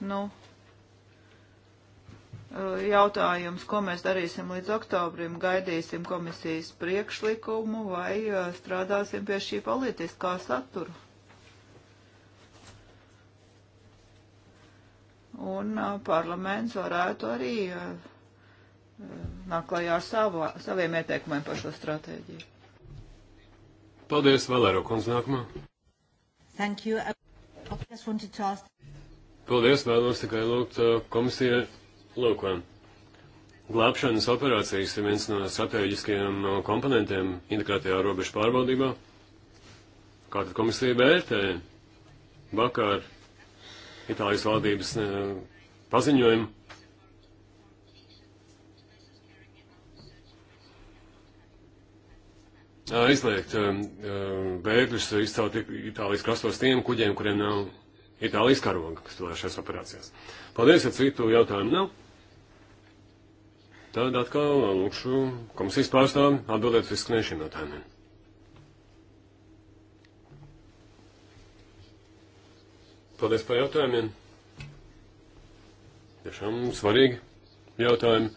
Nu, jautājums, ko mēs darīsim līdz oktobrim, gaidīsim komisijas priekšlikumu vai uh, strādāsim pie šī politiskā satura. Un uh, parlaments varētu arī uh, nāk klajā ar savu, saviem ieteikumiem par šo stratēģiju. Paldies, Valēro kundze, nākamā. Thank you. I just wanted to ask. Paldies, vēlos tikai lūgt komisijai Lūk, glābšanas operācijas ir viens no strateģiskajiem uh, komponentiem integrētajā robežu pārvaldībā. Kā tad komisija vērtē vakar Itālijas valdības uh, paziņojumu? Aizliegt uh, bēgļus izcelt Itālijas krastos tiem kuģiem, kuriem nav Itālijas karoga, kas tulējušās operācijās. Paldies, ja citu jautājumu nav. Tad atkal lūkšu komisijas pārstāvju atbildēt uz skanējušiem jautājumiem. Paldies par jautājumiem. Tiešām svarīgi jautājumi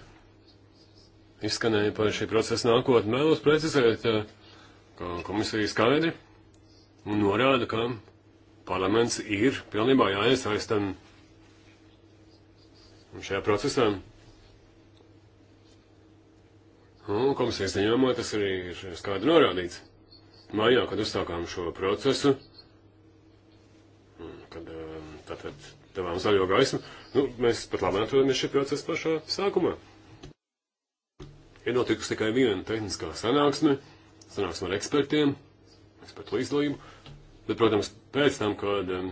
izskanēja par šī procesa nākotni. Vēlos precizēt, ka komisija skaidri un norāda, ka parlaments ir pilnībā jāiesaistam šajā procesā. Un komisijas ziņojumā tas arī ir skaidri norādīts. Mājā, kad uzsākām šo procesu, kad um, tātad devām zaļo gaismu, nu, mēs pat labi atrodamies šī procesa pašā sākumā. Ir notikusi tikai viena tehniskā sanāksme, sanāksme ar ekspertiem, ekspertu līdzdalību, bet, protams, pēc tam, kad um,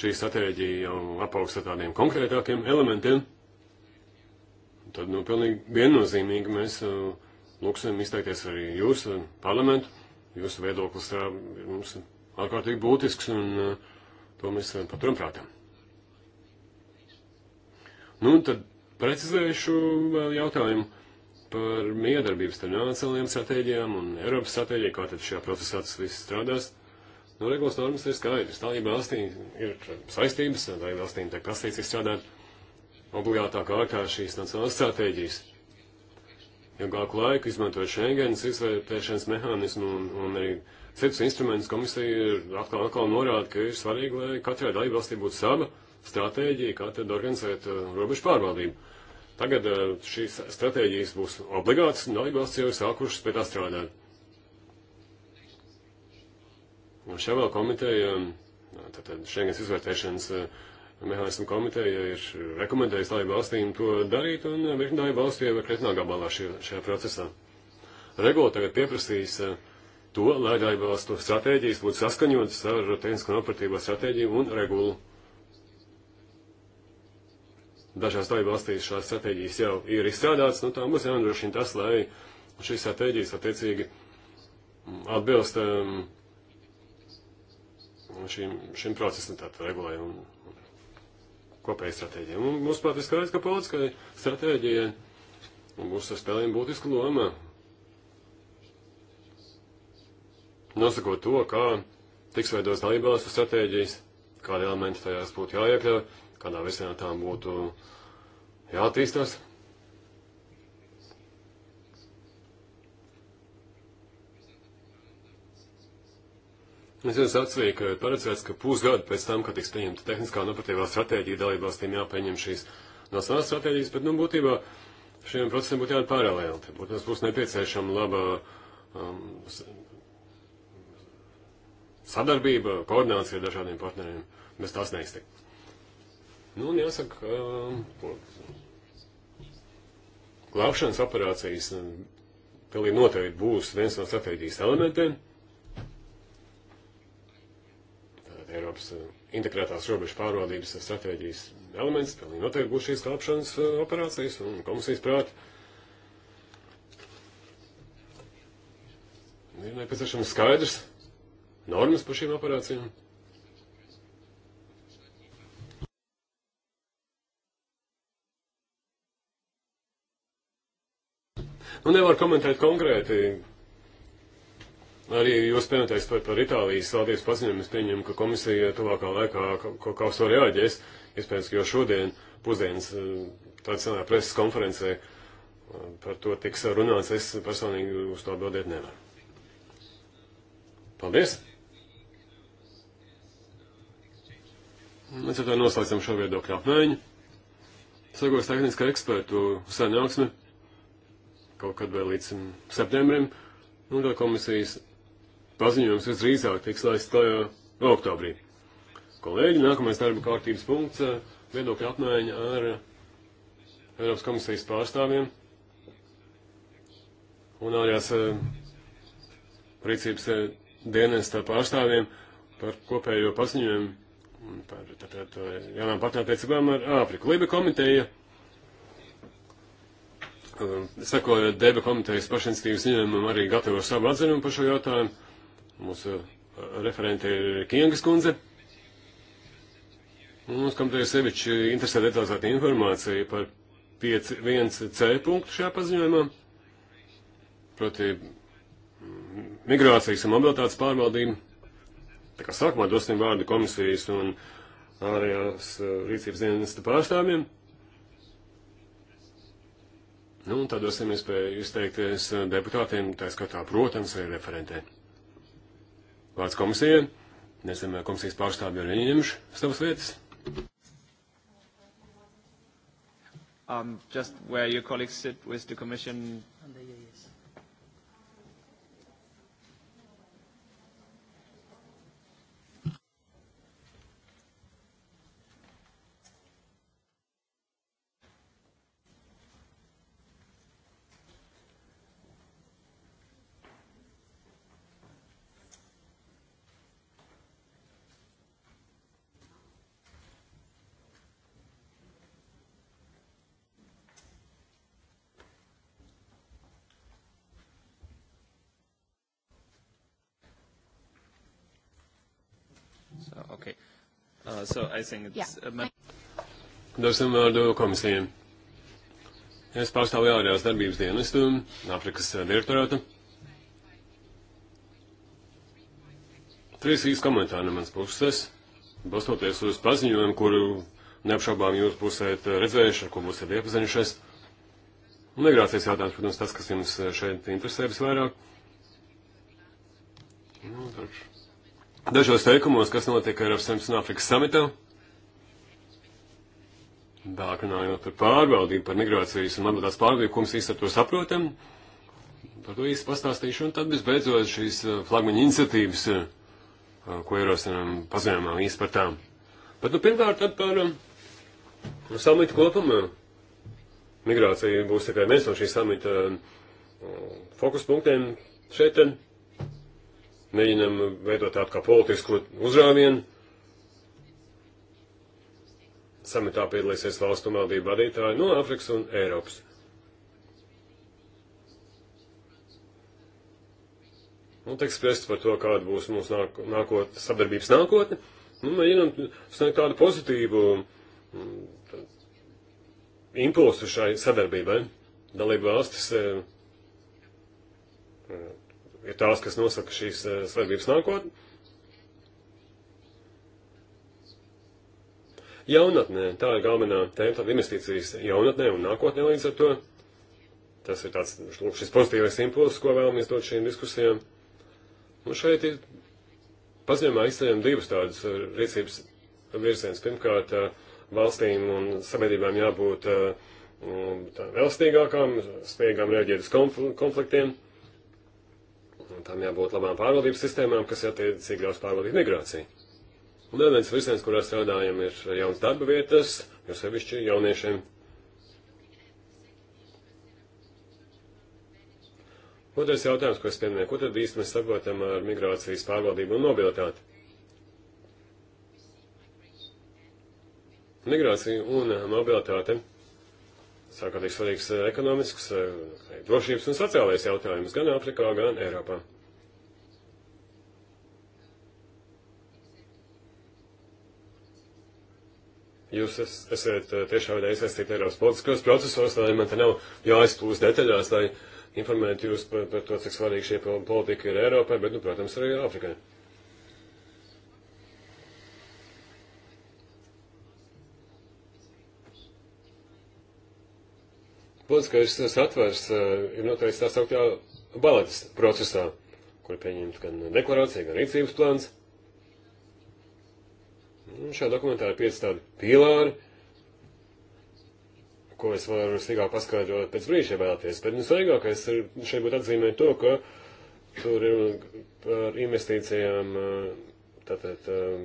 šī stratēģija jau apaugsta tādiem konkrētākiem elementiem, tad, nu, pilnīgi viennozīmīgi mēs uh, lūksim izteikties arī jūsu uh, parlamentu. Jūsu viedoklis ir mums ārkārtīgi būtisks, un uh, to mēs uh, paturam prātā. Nu, tad precizēšu vēl jautājumu par miedarbības starp nacionālajām stratēģijām un Eiropas stratēģiju, kā tad šajā procesā tas viss strādās. Nu, regulas normas ir skaidrs. Dalība valstī ir saistības, dalība valstīm tiek prasīts izstrādāt obligātā kārtā šīs nacionālās stratēģijas. Ilgāku laiku izmantojot Schengenas izvērtēšanas mehānismu un, un arī citus instrumentus, komisija ir atkal, atkal norāda, ka ir svarīgi, lai katrai dalībvalstī būtu sava stratēģija, kā tad organizēt uh, robežu pārvaldību. Tagad uh, šīs stratēģijas būs obligātas, un dalībvalsts jau ir sākušas pie tā strādāt. Un šajā vēl komiteja, um, tātad Schengens izvērtēšanas uh, mehānismu komiteja ir rekomendējusi dalību valstīm to darīt, un eh, virkni dalību valstu jau ir krietnā gabalā šajā, šajā procesā. Regula tagad pieprasīs eh, to, lai dalību valstu stratēģijas būtu saskaņotas ar tehnisko un operatīvo stratēģiju un regulu. Dažās dalību valstīs šādas stratēģijas jau ir izstrādātas, nu tā mums jānodrošina tas, lai šīs stratēģijas attiecīgi mm, atbilst um, ehm, šim, šim procesam, tātad regulējumu kopējai stratēģijai. Un mums pat ir skaidrs, ka politiskai stratēģijai būs ar spēlēm būtiska loma. Nosakot to, kā tiks veidos dalībvalstu stratēģijas, kādi elementi tajās būtu jāiekļauj, kādā virzienā tām būtu jātīstās. Es jau sacīju, ka paredzēts, ka pusgadu pēc tam, kad tiks pieņemta tehniskā un operatīvā stratēģija, dalībvalstīm jāpieņem šīs nacionālās stratēģijas, bet, nu, būtībā šiem procesiem būtu jābūt paralēli. Te, protams, būs nepieciešama laba um, sadarbība, koordinācija ar dažādiem partneriem. Mēs tās neiztikt. Nu, un jāsaka, um, glābšanas operācijas um, pilnīgi noteikti būs viens no stratēģijas elementiem. Eiropas eh, integrētās robežu pārvaldības stratēģijas elements, pilnīgi noteikti būs šīs glābšanas eh, operācijas un komisijas prāti. Ir nepieciešams skaidrs normas par šīm operācijām. Nu, nevar komentēt konkrēti Arī jūs pienoties par, par Itālijas valdības paziņojumu, es pieņemu, ka komisija tuvākā laikā kaut kā uz to reaģēs. Iespējams, ka jau šodien pusdienas eh, tādā senā preses konferencē eh, par to tiks runāts. Es personīgi uz to atbildēt nevaru. Paldies! Mēs ar to noslēdzam šo viedokļu apmaiņu. Sagos tehniskā ekspertu sanāksme kaut kad vēl līdz septembrim. Nu, tā komisijas paziņojums visdrīzāk tiks laists klajā oktobrī. Kolēģi, nākamais darba kārtības punkts eh, - viedokļa apmaiņa ar Eiropas komisijas pārstāvjiem un ārējās eh, rīcības eh, dienestā pārstāvjiem par kopējo paziņojumu un par tātad, jaunām partnertiecībām ar Āfriku. Liba komiteja, sakojot Deba komitejas pašinstīvas ziņojumam, arī gatavo savu atzinumu par šo jautājumu. Mūsu uh, referente ir Kiengas kundze. Mums, kam te sevišķi interesē detalizēta informācija par 5.1c punktu šajā paziņojumā, proti mm, migrācijas un mobilitātes pārvaldību. Tā kā sākumā dosim vārdu komisijas un ārējās uh, rīcības dienesta pārstāvjiem. Nu, un tad dosim iespēju izteikties uh, deputātiem, tā skatā, protams, arī referentēm. Vārds komisijai. Nezinu, vai eh, komisijas pārstāvji ir ieņemši savas vietas. Um, just where your colleagues sit with the commission. Under, yeah, yes. so I think it's... Yeah. Uh, Dosim vārdu komisijiem. Es pārstāvu ārējās darbības dienestu, Āfrikas uh, direktorātu. Trīs īsti komentāri no manas puses, balstoties uz paziņojumu, kuru neapšaubām jūs būsiet uh, redzējuši, ar ko būsiet iepazinušies. Migrācijas jautājums, protams, tas, kas jums uh, šeit interesē visvairāk. Nu, taču dažos teikumos, kas notika Eiropas Savienības un Afrikas samitā. Vēlāk runājot par pārvaldību, par migrācijas un atbildās pārvaldību, ko mēs īsti ar to saprotam. Par to īsti pastāstīšu. Un tad visbeidzot šīs uh, flagmaņa iniciatīvas, uh, uh, ko ierosinām paziņojumā īsti par tām. Bet nu pirmkārt tad par um, samitu kopumā. Migrācija būs tikai viens no šīs samita fokuspunktiem šeit. Tad mēģinam veidot tādu kā politisku uzrāvienu. Samitā piedalīsies valstu un valdību vadītāji no Āfrikas un Eiropas. Un nu, tiek spriest par to, kāda būs mūsu nāk, nākot, sadarbības nākotne. Nu, mēģinam sniegt tādu pozitīvu tā, mm, impulsu šai sadarbībai. Dalība valstis eh, eh, ir tās, kas nosaka šīs eh, svētības nākotni. Jaunatnē, tā ir galvenā tēma, tad investīcijas jaunatnē un nākotnē līdz ar to. Tas ir tāds, lūk, šis pozitīvais impulss, ko vēlamies dot šīm diskusijām. Un šeit ir paziņojumā izceļam divas tādas eh, rīcības virziens. Pirmkārt, eh, valstīm un sabiedrībām jābūt tā, elastīgākām, spējīgām rēģēt uz konfliktiem. Un tam jābūt labām pārvaldības sistēmām, kas attiecīgi ļaus pārvaldīt migrāciju. Un vēl viens virziens, kurā strādājam, ir jauns darba vietas, jo sevišķi jauniešiem. Otrais jautājums, ko es pieminēju, ko tad īsti mēs saprotam ar migrācijas pārvaldību un mobilitāti? Migrācija un mobilitāte sākotnīgi svarīgs eh, ekonomisks, eh, drošības un sociālais jautājums gan Āfrikā, gan Eiropā. Jūs esat eh, tiešā veidā iesaistīti Eiropas politiskos procesos, lai man te nav jāizplūst detaļās, lai informētu jūs par, par to, cik svarīgi šie politika ir Eiropai, bet, nu, protams, arī Āfrikai. Politiskais satvers eh, ir noteikts tā sauktā balatas procesā, kur pieņemta gan deklarācija, gan rīcības plāns. Un šajā dokumentā ir pieci tādi pīlāri, ko es varu sīkāk paskaidrot pēc brīža, ja vēlaties. Bet nu svarīgākais ir šeit būtu atzīmēt to, ka tur ir par investīcijām eh, tātad um,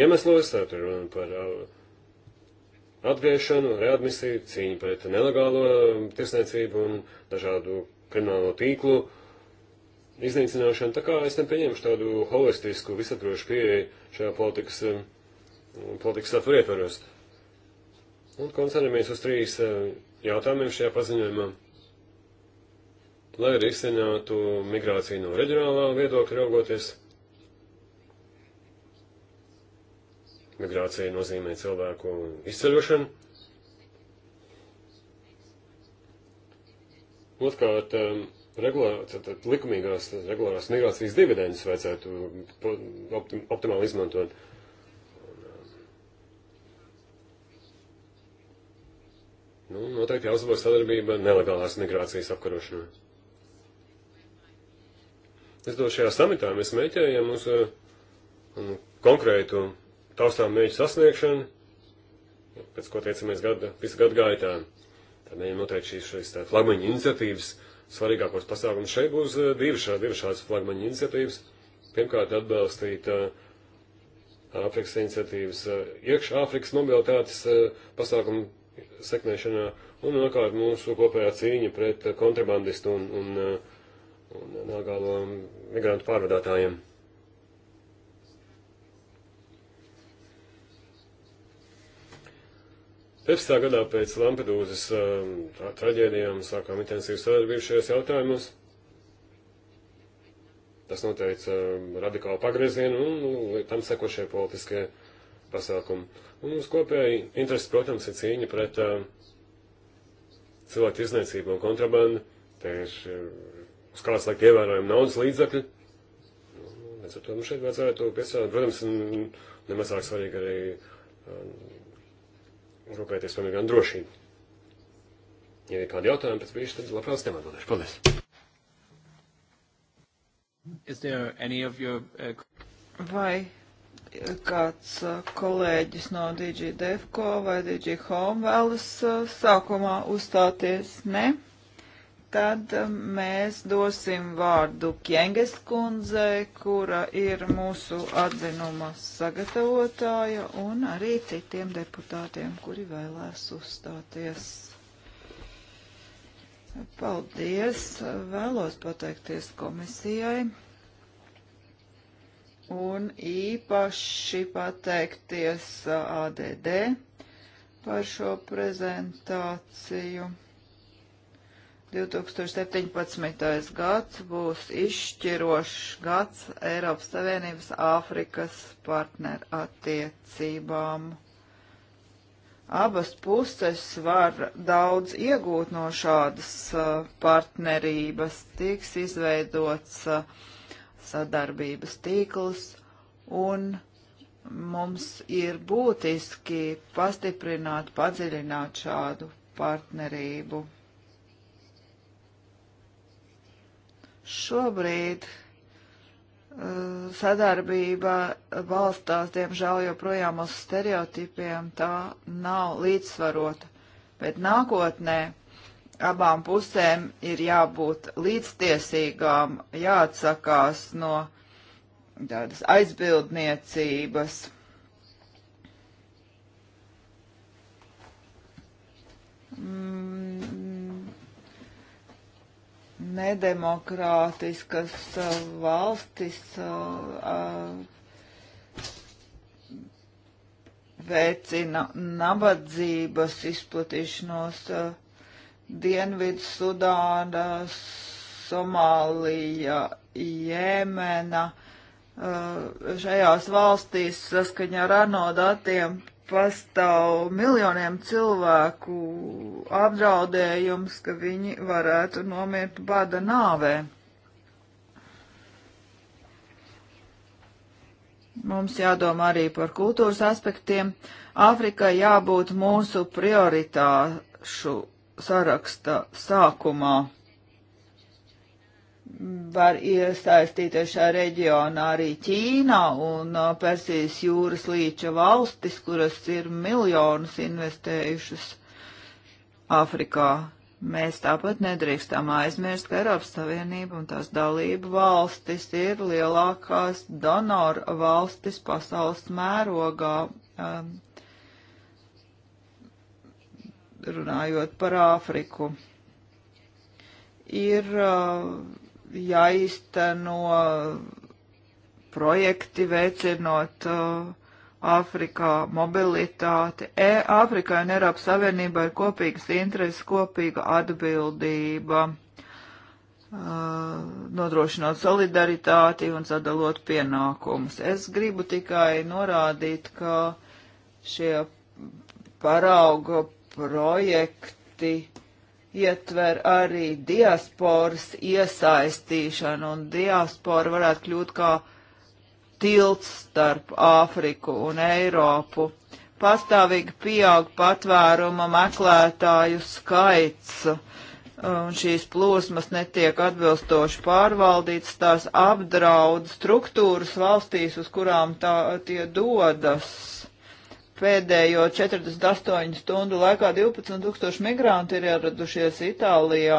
iemeslos, tur ir runa par. Uh, atgriešanu, readmisiju, cīņu pret nelegālo um, tirsniecību un dažādu kriminālo tīklu iznīcināšanu. Tā kā es nepieņemšu tādu holistisku, visaptrošu pieeju šajā politikas, um, politikas satura ietvaros. Un koncentramies uz trīs uh, jautājumiem šajā paziņojumā. Lai risinātu migrāciju no reģionālā viedokļa raugoties, Migrācija nozīmē cilvēku izceļošanu. Otkārt, um, regulārās, likumīgās regulārās migrācijas dividendus vajadzētu optim, optimāli izmantot. Um, nu, noteikti jāuzlabo sadarbība nelegālās migrācijas apkarošanā. Es domāju, šajā samitā mēs mēķējam uz uh, konkrētu taustām mērķu sasniegšanu, pēc ko tiecamies gada, visu gadu gaitā. Tad mēģinām noteikt šīs, šīs tā, flagmaņa iniciatīvas, svarīgākos pasākumus. Šeit būs eh, divas, šā, divas šādas flagmaņa iniciatīvas. Pirmkārt, atbalstīt eh, Āfrikas iniciatīvas eh, iekšā Āfrikas mobilitātes pasākumu sekmēšanā, un otrkārt mūsu kopējā cīņa pret kontrabandistu un, un, un nelegālo migrantu pārvadātājiem. 15. gadā pēc Lampedūzas um, tra traģēdijām sākām intensīvu sadarbību šajos jautājumos. Tas noteica um, radikālu pagriezienu un nu, tam sekošie politiskie pasākumi. Un mums kopēji interesi, protams, ir cīņa pret uh, cilvēku izniecību un kontrabandu. Te ir uh, uz kāds laik ievērojami naudas līdzakļi. Nu, līdz ar to mums šeit vajadzētu piestrādāt. Protams, nemazāk svarīgi arī uh, rūpēties par migrantu drošību. Ja ir kādi jautājumi pēc brīža, tad labprāt tiem atbildēšu. Paldies! Is there any of your... Uh... Vai kāds uh, kolēģis no DG Defco vai DG Home vēlas uh, sākumā uzstāties? Ne? Tad um, mēs dosim vārdu Kjenges kundzei, kura ir mūsu atzinuma sagatavotāja, un arī citiem deputātiem, kuri vēlēs uzstāties. Paldies! Vēlos pateikties komisijai un īpaši pateikties uh, ADD par šo prezentāciju. 2017. gads būs izšķirošs gads Eiropas Savienības Āfrikas partneru attiecībām. Abas puses var daudz iegūt no šādas uh, partnerības. Tiks izveidots uh, sadarbības tīkls un mums ir būtiski pastiprināt, padziļināt šādu partnerību. Šobrīd uh, sadarbība balstās, diemžēl, joprojām uz stereotipiem, tā nav līdzsvarota. Bet nākotnē abām pusēm ir jābūt līdztiesīgām, jāatsakās no tādas aizbildniecības. Mm, nedemokrātiskas uh, valstis uh, uh, veicina nabadzības izplatīšanos Dienvidu Sudāna, Somālija, Jēmena. Šajās valstīs saskaņā ar ANO datiem pastāv miljoniem cilvēku apdraudējums, ka viņi varētu nomirt bada nāvē. Mums jādomā arī par kultūras aspektiem. Āfrikai jābūt mūsu prioritāšu saraksta sākumā var iesaistīties šajā reģionā arī Ķīna un uh, Persijas jūras līča valstis, kuras ir miljonus investējušas Āfrikā. Mēs tāpat nedrīkstam aizmirst, ka Eiropas Savienība un tās dalību valstis ir lielākās donoru valstis pasaules mērogā. Um, runājot par Āfriku ir uh, jāīsteno projekti veicinot uh, Āfrikā uh, mobilitāti. E, Āfrikā un Eiropas Savienībā ir kopīgas intereses, kopīga atbildība, uh, nodrošinot solidaritāti un sadalot pienākumus. Es gribu tikai norādīt, ka šie parauga projekti ietver arī diasporas iesaistīšanu, un diaspora varētu kļūt kā tilts starp Āfriku un Eiropu. Pastāvīgi pieaug patvēruma meklētāju skaits, un šīs plūsmas netiek atbilstoši pārvaldīts, tās apdraud struktūras valstīs, uz kurām tā, tie dodas pēdējo 48 stundu laikā 12 tūkstoši migranti ir ieradušies Itālijā,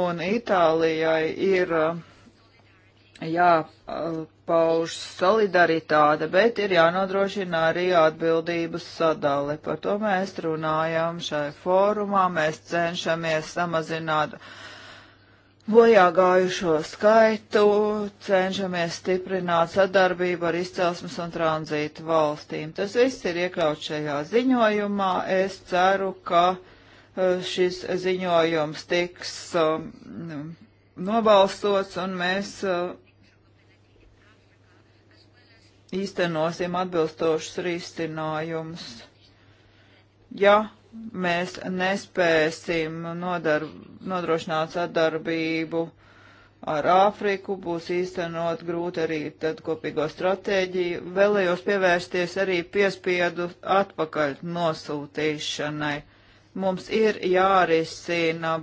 un Itālijai ir uh, jāpauž solidaritāte, bet ir jānodrošina arī atbildības sadale. Par to mēs runājam šai fórumā, mēs cenšamies samazināt uh, bojā gājušo skaitu, cenšamies stiprināt sadarbību ar izcelsmes un tranzītu valstīm. Tas viss ir iekļauts šajā ziņojumā. Es ceru, ka eh, šis ziņojums tiks um, nobalstots un mēs uh, īstenosim atbilstošus risinājumus. Ja mēs nespēsim nodar, nodrošināt sadarbību ar Āfriku, būs īstenot grūti arī tad kopīgo stratēģiju. Vēlējos pievērsties arī piespiedu atpakaļ nosūtīšanai. Mums ir jārisina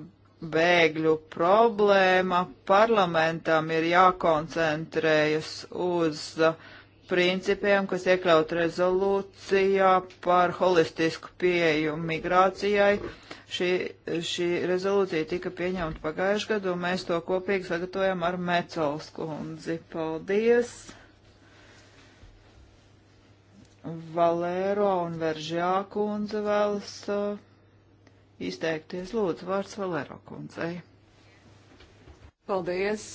bēgļu problēma, parlamentam ir jākoncentrējas uz uh, principiem, kas iekļaut rezolūcijā par holistisku pieeju migrācijai. Šī, šī rezolūcija tika pieņemta pagājušajā gadu, un mēs to kopīgi sagatavojam ar Mecels kundzi. Paldies! Valēro un Veržjā kundze vēlas uh, izteikties. Lūdzu, vārds Valēro kundzei. Paldies!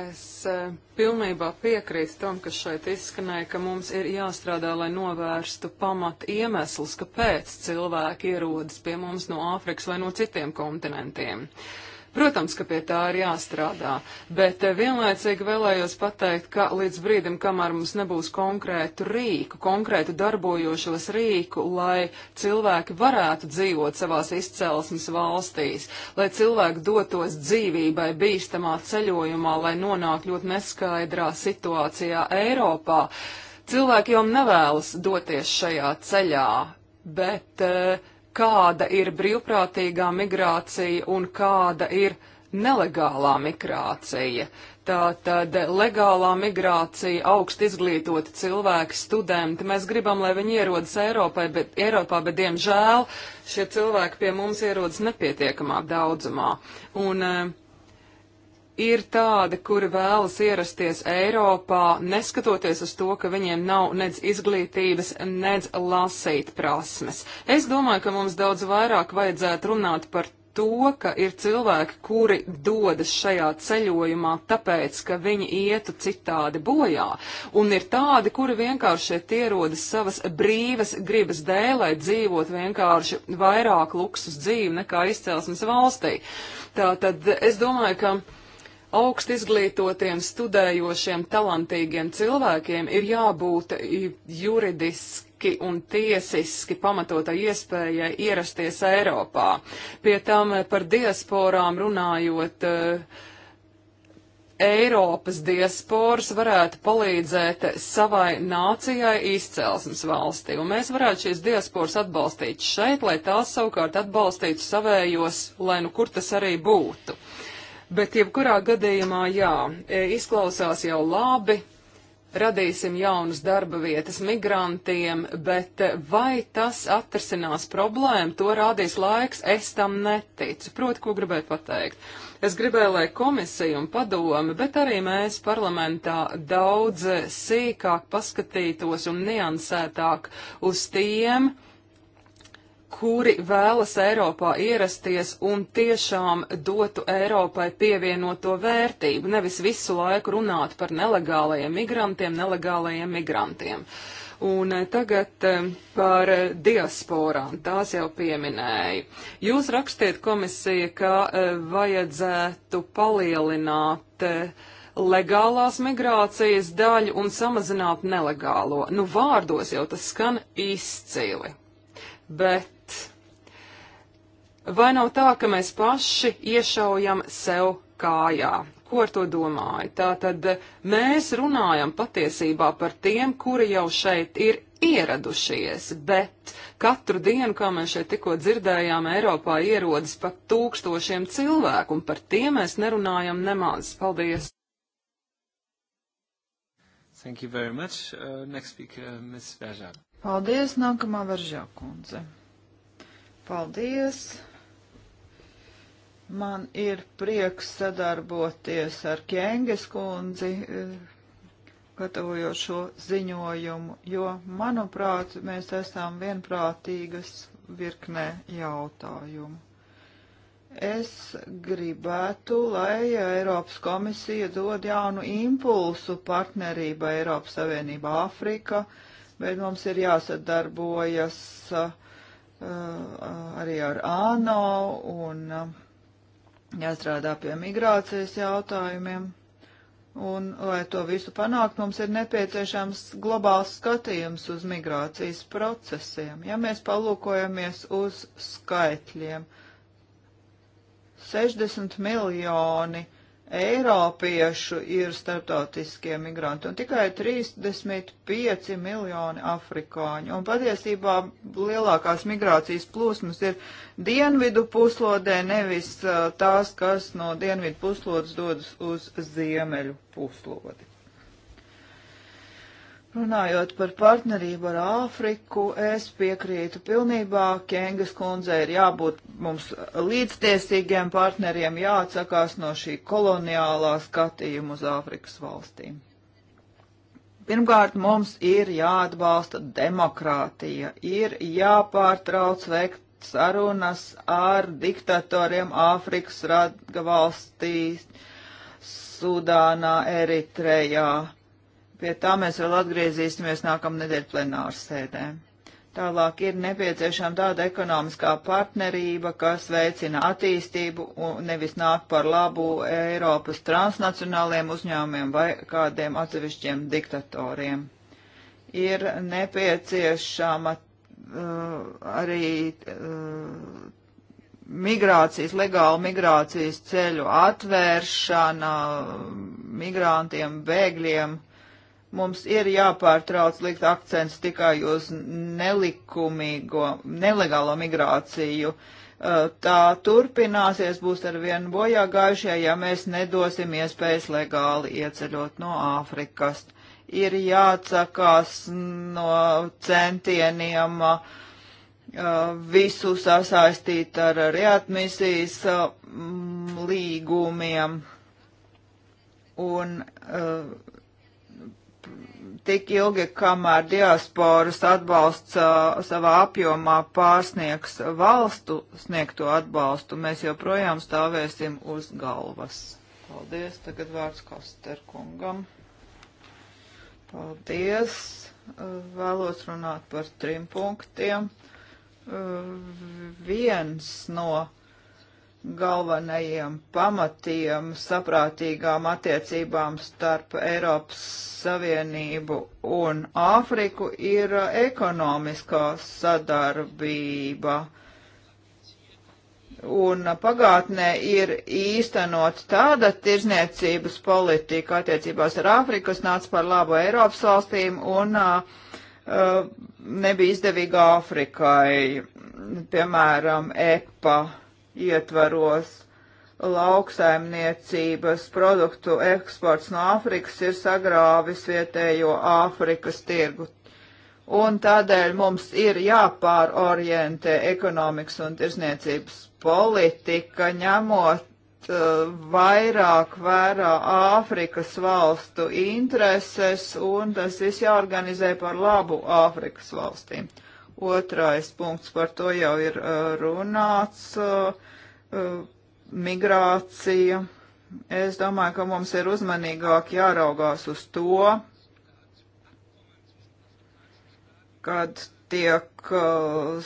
Es e, pilnībā piekrītu tam, kas šeit izskanēja, ka mums ir jāstrādā, lai novērstu pamat iemeslus, kāpēc cilvēki ierodas pie mums no Āfrikas vai no citiem kontinentiem. Uh, Protams, ka pie tā ir jāstrādā, bet eh, vienlaicīgi vēlējos pateikt, ka līdz brīdim, kamēr mums nebūs konkrētu rīku, konkrētu darbojošos rīku, lai cilvēki varētu dzīvot savās izcelsmes valstīs, lai cilvēki dotos dzīvībai bīstamā ceļojumā, lai nonāktu ļoti neskaidrā situācijā Eiropā, cilvēki jau nevēlas doties šajā ceļā, bet uh, kāda ir brīvprātīgā migrācija un kāda ir nelegālā migrācija. Tātad legālā migrācija, augst izglītoti cilvēki, studenti. Mēs gribam, lai viņi ierodas Eiropai, bet, Eiropā, bet diemžēl šie cilvēki pie mums ierodas nepietiekamā daudzumā. Un, uh, ir tādi, kuri vēlas ierasties Eiropā, neskatoties uz to, ka viņiem nav nec izglītības, nec lasīt prasmes. Es domāju, ka mums daudz vairāk vajadzētu runāt par to, ka ir cilvēki, kuri dodas šajā ceļojumā, tāpēc, ka viņi ietu citādi bojā, un ir tādi, kuri vienkārši šeit ierodas savas brīvas gribas dēļ, lai dzīvot vienkārši vairāk luksus dzīvi nekā izcelsmes valstī. Tātad es domāju, ka augst izglītotiem, studējošiem, talantīgiem cilvēkiem ir jābūt juridiski un tiesiski pamatotai iespējai ierasties Eiropā. Pie tam eh, par diasporām runājot. Eh, Eiropas diasporas varētu palīdzēt savai nācijai izcelsmes valstī, un mēs varētu šīs diasporas atbalstīt šeit, lai tās savukārt atbalstītu savējos, lai nu kur tas arī būtu. Bet jebkurā gadījumā, jā, e, izklausās jau labi, radīsim jaunas darba vietas migrantiem, bet vai tas atrasinās problēmu, to rādīs laiks, es tam neticu. Proti, ko gribēju pateikt. Es gribēju, lai komisija un padome, bet arī mēs parlamentā daudz sīkāk paskatītos un niansētāk uz tiem, uh, kuri vēlas Eiropā ierasties un tiešām dotu Eiropai pievienoto vērtību, nevis visu laiku runāt par nelegālajiem migrantiem, nelegālajiem migrantiem. Un eh, tagad eh, par diasporām, tās jau pieminēju. Jūs rakstiet komisija, ka eh, vajadzētu palielināt legālās migrācijas daļu un samazināt nelegālo. Nu, vārdos jau tas skan izcili. Bet Vai nav tā, ka mēs paši iešaujam sev kājā? Ko ar to domāju? Tātad mēs runājam patiesībā par tiem, kuri jau šeit ir ieradušies, bet katru dienu, kā mēs šeit tikko dzirdējām, Eiropā ierodas pat tūkstošiem cilvēku, un par tiem mēs nerunājam nemaz. Paldies! Thank you very much. Uh, next speaker, uh, Ms. Veržā. Paldies, nākamā Veržā kundze. Paldies. Man ir prieks sadarboties ar Kēnges kundzi, eh, gatavojot šo ziņojumu, jo, manuprāt, mēs esam vienprātīgas virknē jautājumu. Es gribētu, lai Eiropas komisija dod jaunu impulsu partnerība Eiropas Savienība Āfrika, bet mums ir jāsadarbojas uh, arī ar ANO un uh, jāstrādā pie migrācijas jautājumiem. Un, lai to visu panākt, mums ir nepieciešams globāls skatījums uz migrācijas procesiem. Ja mēs palūkojamies uz skaitļiem, 60 miljoni uh, Eiropiešu ir starptautiskie migranti un tikai 35 miljoni afrikāņu. Un patiesībā lielākās migrācijas plūsmas ir dienvidu puslodē, nevis uh, tās, kas no dienvidu puslodes dodas uz ziemeļu puslodi. Runājot par partnerību ar Āfriku, es piekrītu pilnībā, Kengas kundze ir jābūt mums līdztiesīgiem partneriem, jāatsakās no šī koloniālā skatījuma uz Āfrikas valstīm. Pirmkārt, mums ir jāatbalsta demokrātija, ir jāpārtrauc veikt sarunas ar diktatoriem Āfrikas radga valstīs, Sudānā, Eritrejā Pie tā mēs vēl atgriezīsimies nākamnedēļ plenāras sēdē. Tālāk ir nepieciešama tāda ekonomiskā partnerība, kas veicina attīstību un nevis nāk par labu Eiropas transnacionāliem uzņēmumiem vai kādiem atsevišķiem diktatoriem. Ir nepieciešama uh, arī uh, migrācijas, legāla migrācijas ceļu atvēršana migrantiem, bēgļiem mums ir jāpārtrauc likt akcents tikai uz nelikumīgo, nelegālo migrāciju. Uh, tā turpināsies, būs ar vienu bojā gājušie, ja mēs nedosim iespējas legāli ieceļot no Āfrikas. Ir jāatsakās no centieniem uh, visu sasaistīt ar readmisijas uh, līgumiem un uh, tik ilgi, kamēr diasporas atbalsts uh, savā apjomā pārsniegs valstu sniegto atbalstu, mēs joprojām stāvēsim uz galvas. Paldies, tagad vārds Kosterkungam. Paldies, uh, vēlos runāt par trim punktiem. Uh, viens no galvenajiem pamatiem saprātīgām attiecībām starp Eiropas Savienību un Āfriku ir uh, ekonomiskā sadarbība. Un uh, pagātnē ir īstenot tāda tirzniecības politika attiecībās ar Āfriku, kas nāca par labu Eiropas valstīm un uh, uh nebija izdevīga Āfrikai, piemēram, EPA ietvaros lauksaimniecības produktu eksports no Āfrikas ir sagrāvis vietējo Āfrikas tirgu. Un tādēļ mums ir jāpārorientē ekonomikas un tirzniecības politika, ņemot uh, vairāk vērā Āfrikas valstu intereses, un tas viss jāorganizē par labu Āfrikas valstīm. Uh, Otrais punkts par to jau ir uh, runāts uh, - uh, migrācija. Es domāju, ka mums ir uzmanīgāk jāraugās uz to, kad tiek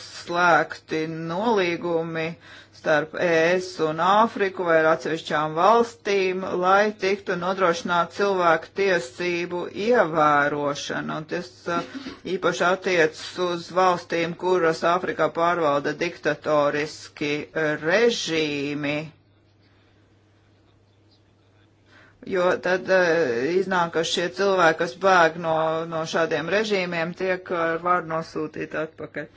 slēgti nolīgumi uh, starp ES un Āfriku vai ar atsevišķām valstīm, lai tiktu nodrošināt cilvēku tiesību ievērošanu. Un tas uh, īpaši attiecas uz valstīm, kuras Āfrikā pārvalda diktatoriski režīmi. Jo tad uh, iznāk, ka šie cilvēki, kas bēg no, no šādiem režīmiem, tiek uh, ar uh, vārdu nosūtīti atpakaļ.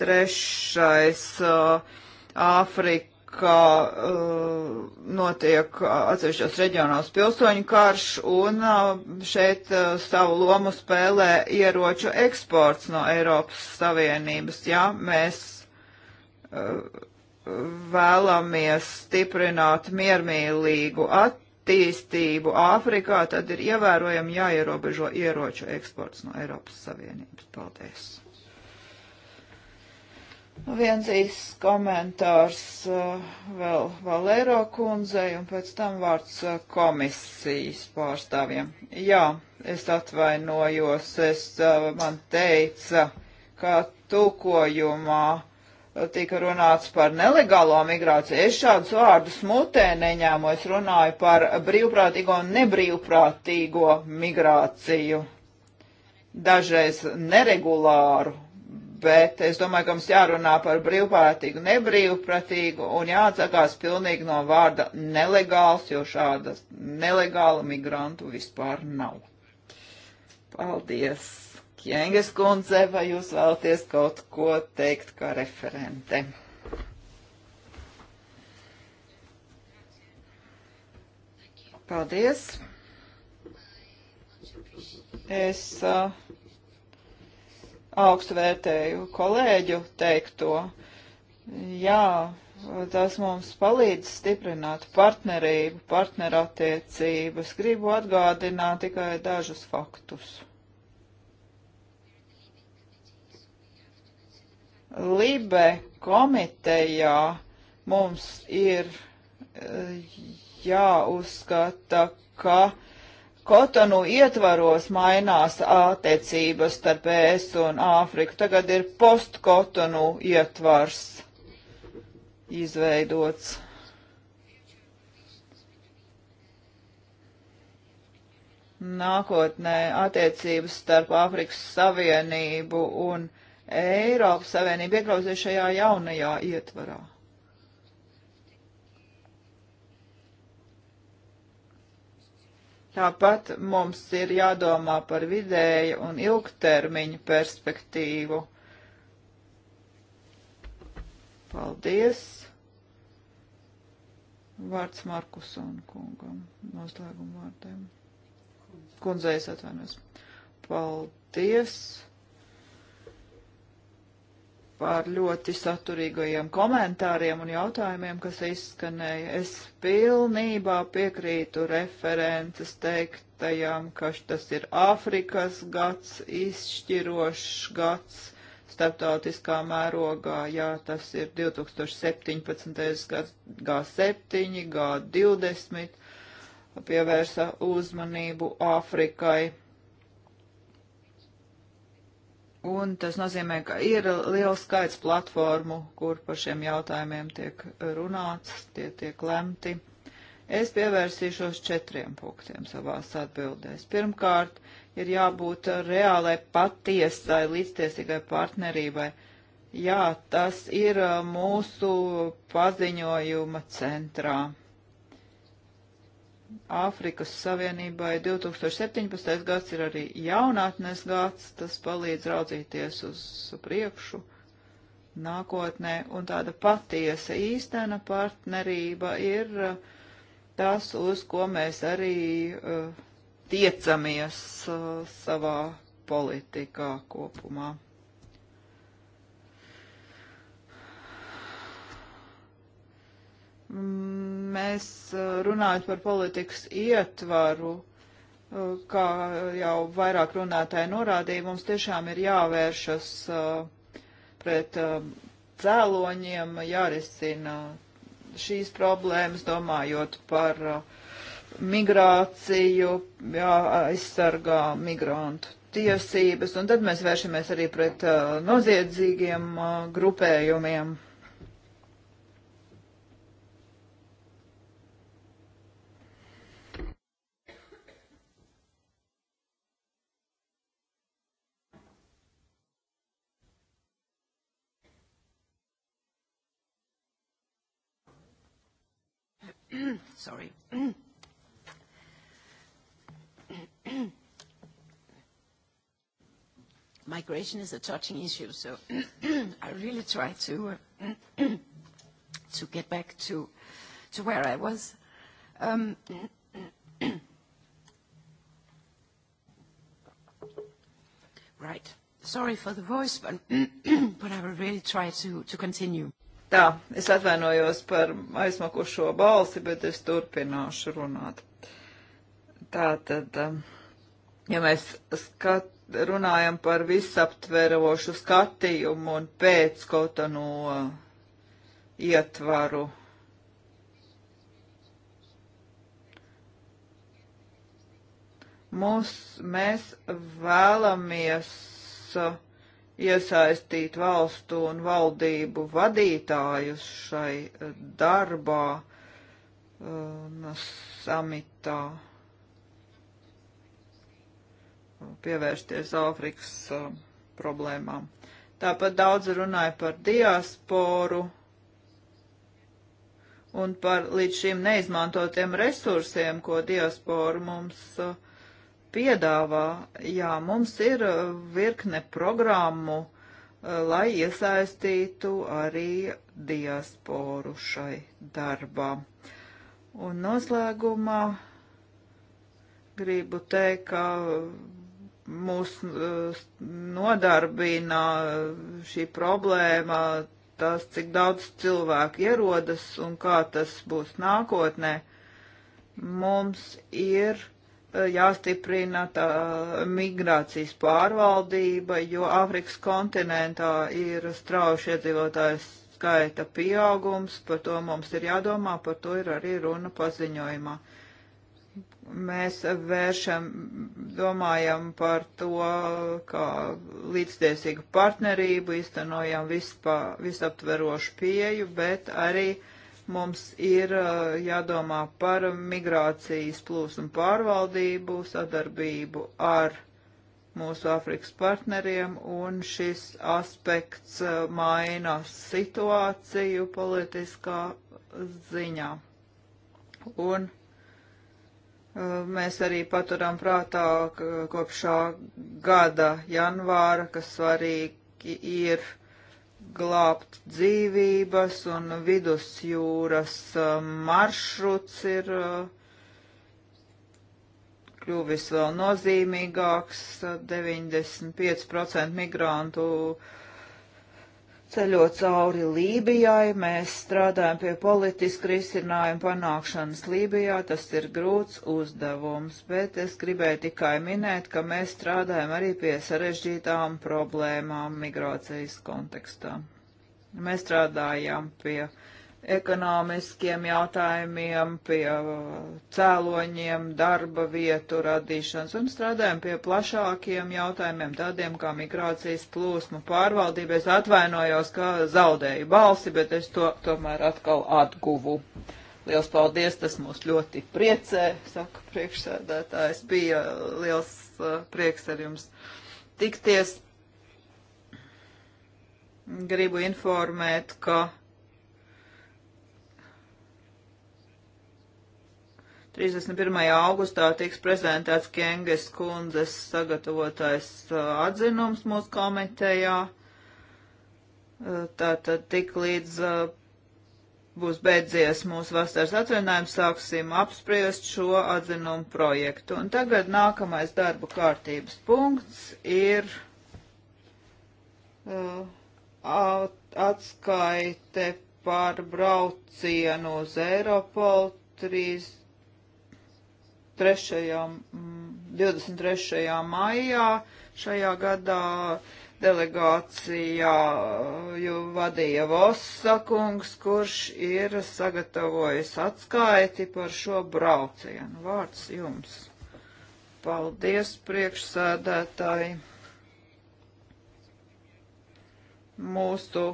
Trešais uh, Āfrikā uh, notiek atsevišķos reģionos pilsoņu karš, un uh, šeit uh, savu lomu spēlē ieroču eksports no Eiropas Savienības. Jā, mēs uh, vēlamies stiprināt miermīlīgu attīstību Āfrikā, tad ir ievērojami jāierobežo ieroču eksports no Eiropas Savienības. Paldies! Viens īsts komentārs uh, vēl Valēro kundzei un pēc tam vārds uh, komisijas pārstāvjiem. Jā, es atvainojos, es, uh, man teica, ka tulkojumā tika runāts par nelegālo migrāciju. Es šādus vārdus mutē neņēmu, es runāju par brīvprātīgo un nebrīvprātīgo migrāciju. Dažreiz neregulāru bet es domāju, ka mums jārunā par brīvprātīgu, nebrīvprātīgu un jāatsakās pilnīgi no vārda nelegāls, jo šādas nelegāla migrantu vispār nav. Paldies! Kienges kundze, vai jūs vēlaties kaut ko teikt kā referente? Paldies! Es uh, augstu vērtēju kolēģu teikto. Jā, tas mums palīdz stiprināt partnerību, partnerattiecības. Gribu atgādināt tikai dažus faktus. Libe komitejā mums ir eh, jāuzskata, ka Kotonu ietvaros mainās attiecības starp ES un Āfriku. Tagad ir postkotonu ietvars izveidots. Nākotnē attiecības starp Āfrikas Savienību un Eiropas Savienību ieklausīs šajā jaunajā ietvarā. Tāpat mums ir jādomā par vidēju un ilgtermiņu perspektīvu. Paldies! Vārds Markusona kungam, noslēguma vārdiem. Kundzei es atvainojos. Paldies! par ļoti saturīgajiem komentāriem un jautājumiem, kas izskanēja. Es pilnībā piekrītu referentes teiktajām, ka tas ir Āfrikas gads, izšķirošs gads starptautiskā mērogā. Jā, tas ir 2017. gads G7, G20 pievērsa uzmanību Āfrikai Un tas nozīmē, ka ir liels skaits platformu, kur par šiem jautājumiem tiek runāts, tie tiek lemti. Es pievērsīšos četriem punktiem savās atbildēs. Pirmkārt, ir jābūt reālai, patiesai, līdztiesīgai partnerībai. Jā, tas ir mūsu paziņojuma centrā. Āfrikas Savienībai 2017. gads ir arī jaunatnes gads, tas palīdz raudzīties uz priekšu nākotnē, un tāda patiesa īstena partnerība ir uh, tas, uz ko mēs arī uh, tiecamies uh, savā politikā kopumā. mēs runājot par politikas ietvaru, kā jau vairāk runātāji norādīja, mums tiešām ir jāvēršas pret cēloņiem, jārisina šīs problēmas, domājot par migrāciju, jāaizsargā migrantu tiesības, un tad mēs vēršamies arī pret noziedzīgiem grupējumiem [CLEARS THROAT] Sorry. [CLEARS THROAT] Migration is a touching issue, so [CLEARS THROAT] I really try to uh, to get back to to where I was. Um, right. Sorry for the voice, but, but I will really try to, to continue. Tā, es atvainojos par aizmakušo balsi, bet es turpināšu runāt. Tā tad, um, ja mēs skat, runājam par visaptverošu skatījumu un pēc kaut no ietvaru, mūs, mēs vēlamies uh, iesaistīt valstu un valdību vadītājus šai eh, darbā um, samitā, pievērsties Āfrikas um, problēmām. Tāpat daudz runāja par diasporu un par līdz šim neizmantotiem resursiem, ko diaspora mums uh, piedāvā, jā, mums ir uh, virkne programmu, uh, lai iesaistītu arī diasporu šai darbā. Un noslēgumā gribu teikt, ka uh, mūs nodarbina šī problēma, tas, cik daudz cilvēku ierodas un kā tas būs nākotnē. Mums ir jāstiprina tā migrācijas pārvaldība, jo Āfrikas kontinentā ir strauši iedzīvotājs skaita pieaugums, par to mums ir jādomā, par to ir arī runa paziņojumā. Mēs vēršam, domājam par to, kā līdztiesīgu partnerību, iztenojam vispā, visaptverošu pieju, bet arī uh, mums ir uh, jādomā par migrācijas plūsmu pārvaldību, sadarbību ar mūsu Afrikas partneriem, un šis aspekts uh, maina situāciju politiskā ziņā. Un uh, mēs arī paturam prātā kopš šā gada janvāra, ka svarīgi ir glābt dzīvības, un vidusjūras um, maršruts ir uh, kļuvis vēl nozīmīgāks. 95% migrantu uh, ceļot cauri Lībijai. Mēs strādājam pie politiska risinājuma panākšanas Lībijā. Tas ir grūts uzdevums, bet es gribēju tikai minēt, ka mēs strādājam arī pie sarežģītām problēmām migrācijas kontekstā. Mēs strādājam pie ekonomiskiem jautājumiem, pie uh, cēloņiem, darba vietu radīšanas un strādājam pie plašākiem jautājumiem, tādiem kā migrācijas plūsmu pārvaldība. Es atvainojos, ka zaudēju balsi, bet es to tomēr atkal atguvu. Liels paldies, tas mūs ļoti priecē, saka priekšsēdētājs. Bija liels uh, prieks ar jums tikties. Gribu informēt, ka 31. augustā tiks prezentēts Kenges kundzes sagatavotais uh, atzinums mūsu komitejā. Uh, Tātad tik līdz uh, būs beidzies mūsu vasaras atvinājums, sāksim apspriest šo atzinumu projektu. Un tagad nākamais darba kārtības punkts ir uh, atskaite par braucienu uz Eiropolu 3. 23. Mm, maijā šajā gadā delegācijā eh, vadīja Vossakungs, kurš ir sagatavojis atskaiti par šo braucienu. Vārds jums. Paldies, priekšsēdētāji. Mūsu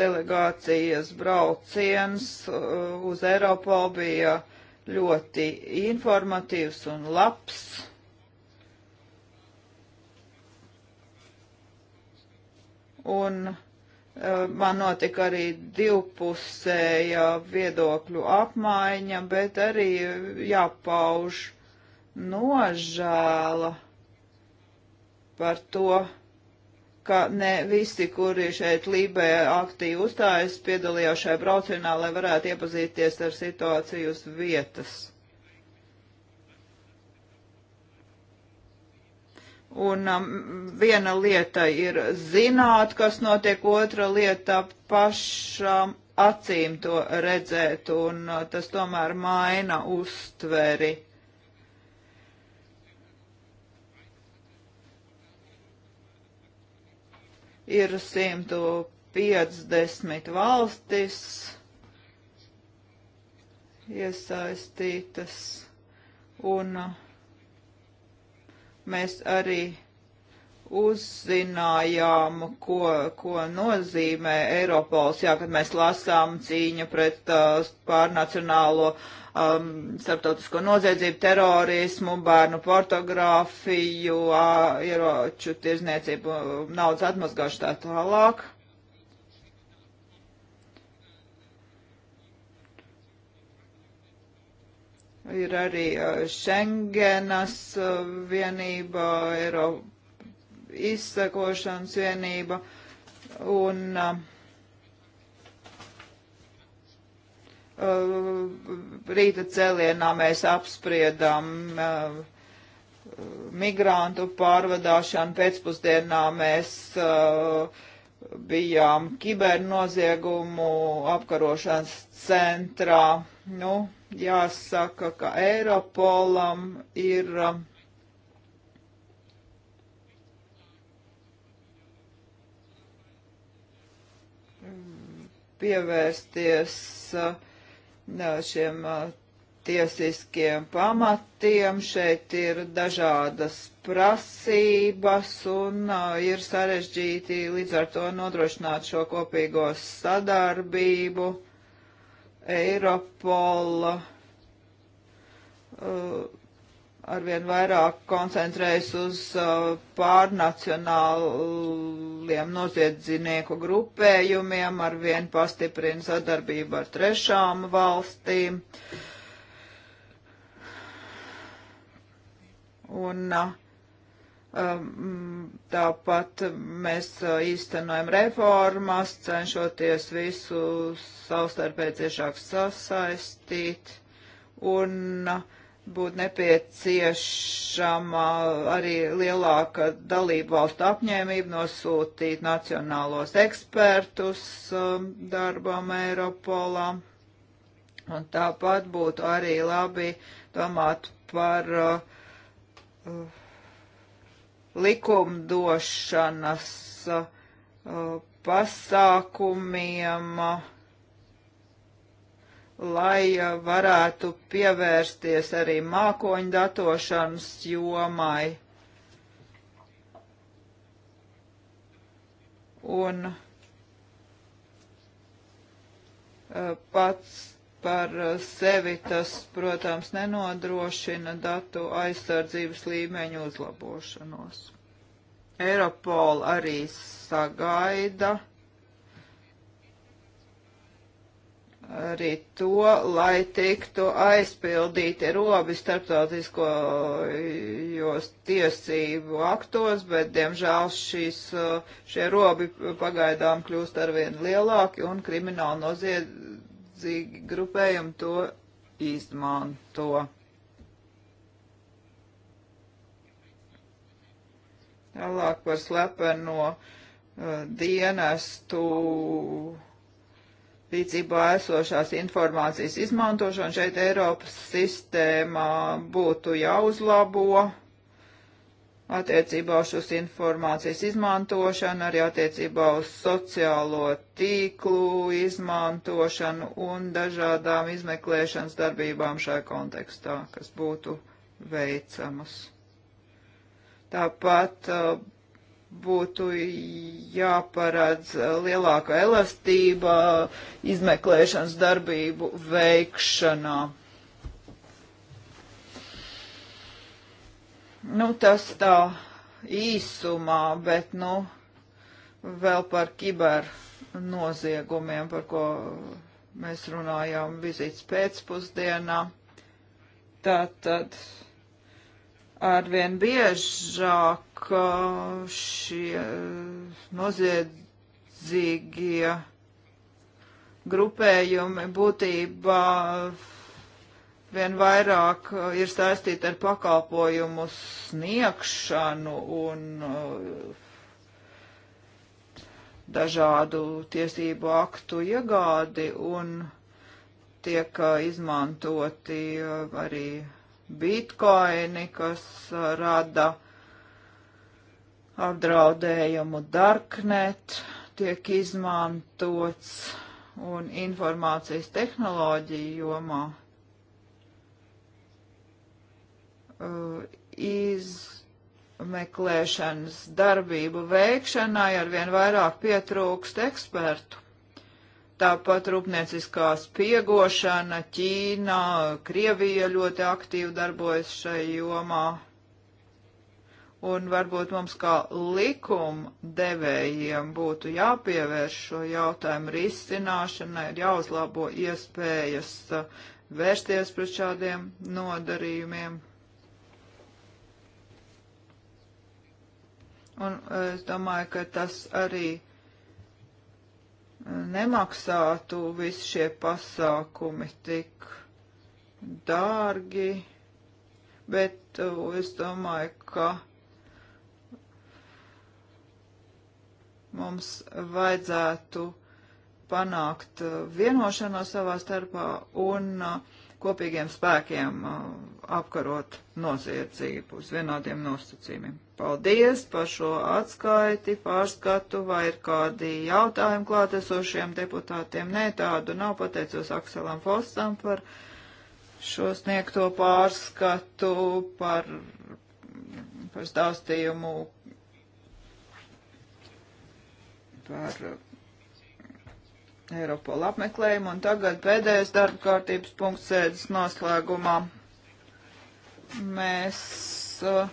delegācijas brauciens eh, uz Eiropā bija uh, ļoti informatīvs un labs. Un eh, man notika arī divpusēja viedokļu apmaiņa, bet arī jāpauž nožēla par to, ka ne visi, kuri šeit Lībē aktīvi uzstājas, piedalījās šajā braucienā, lai varētu iepazīties ar situāciju uz vietas. Un um, viena lieta ir zināt, kas notiek, otra lieta pašam acīm to redzēt, un uh, tas tomēr maina uztveri. ir 150 valstis iesaistītas, un mēs arī uzzinājām, ko, ko nozīmē Eiropols, jā, kad mēs lasām cīņu pret uh, pārnacionālo um, starptautisko noziedzību, terorismu, bērnu pornogrāfiju, uh, ieroču tirzniecību, naudas atmazgāšanu tā tālāk. Ir arī uh, Schengenas uh, vienība, Eiropa izsakošanas vienība un uh, rīta cēlienā mēs apspriedām uh, migrantu pārvadāšanu, pēcpusdienā mēs uh, bijām kibernoziegumu apkarošanas centrā. Nu, jāsaka, ka Eiropolam ir uh, pievērsties šiem tiesiskiem pamatiem. Šeit ir dažādas prasības un ir sarežģīti līdz ar to nodrošināt šo kopīgo sadarbību. Eiropola uh, arvien vairāk koncentrējas uz uh, pārnacionāliem noziedznieku grupējumiem, arvien pastiprina sadarbību ar trešām valstīm. Un uh, um, tāpat mēs uh, īstenojam reformas, cenšoties visu savstarpēji ciešāk sasaistīt. Un uh, būtu nepieciešama arī lielāka dalība valstu apņēmība nosūtīt nacionālos ekspertus um, darbam Eiropolā. Un tāpat būtu arī labi domāt par uh, uh likumdošanas uh, pasākumiem. Uh, lai uh, varētu pievērsties arī mākoņu datošanas jomai. Un uh, pats par uh, sevi tas, protams, nenodrošina datu aizsardzības līmeņu uzlabošanos. Eiropola arī sagaida arī to, lai tiktu aizpildīti robi starptautiskojos tiesību aktos, bet, diemžēl, šīs, šie robi pagaidām kļūst arvien lielāki un krimināli noziedzīgi grupējumi to izmanto. Tālāk par slepeno uh, dienestu rīcībā esošās informācijas izmantošana šeit Eiropas sistēmā būtu jāuzlabo attiecībā uz šos informācijas izmantošanu, arī attiecībā uz sociālo tīklu izmantošanu un dažādām izmeklēšanas darbībām šajā kontekstā, kas būtu veicamas. Tāpat uh, būtu jāparedz lielāka elastība izmeklēšanas darbību veikšanā. Nu, tas tā īsumā, bet, nu, vēl par kiber noziegumiem, par ko mēs runājām vizītes pēcpusdienā. Tātad arvien biežāk ka šie eh, noziedzīgie grupējumi būtībā vien vairāk eh, ir saistīti ar pakalpojumu sniegšanu un eh, dažādu tiesību aktu iegādi un tiek izmantoti arī bitkoini, kas rada uh, apdraudējumu darknet tiek izmantots un informācijas tehnoloģiju jomā uh, izmeklēšanas darbību veikšanai arvien vairāk pietrūkst ekspertu. Tāpat rūpnieciskā spiegošana, Ķīna, Krievija ļoti aktīvi darbojas šai jomā. Un varbūt mums kā likuma devējiem būtu jāpievērš šo jautājumu risināšanai, ir jāuzlabo iespējas uh, vērsties pret šādiem nodarījumiem. Un uh, es domāju, ka tas arī uh, nemaksātu visi šie pasākumi tik dārgi, bet es domāju, ka Mums vajadzētu panākt uh, vienošanos savā starpā un uh, kopīgiem spēkiem uh, apkarot noziedzību uz vienādiem nosacījumiem. Paldies par šo atskaiti, pārskatu, vai ir kādi jautājumi klātesošiem deputātiem? Nē, tādu nav, pateicos Akselam Fostam par šo sniegto pārskatu, par, par stāstījumu, par eh, Eiropola apmeklējumu. Un tagad pēdējais darba kārtības punkts sēdes noslēgumā. Mēs uh,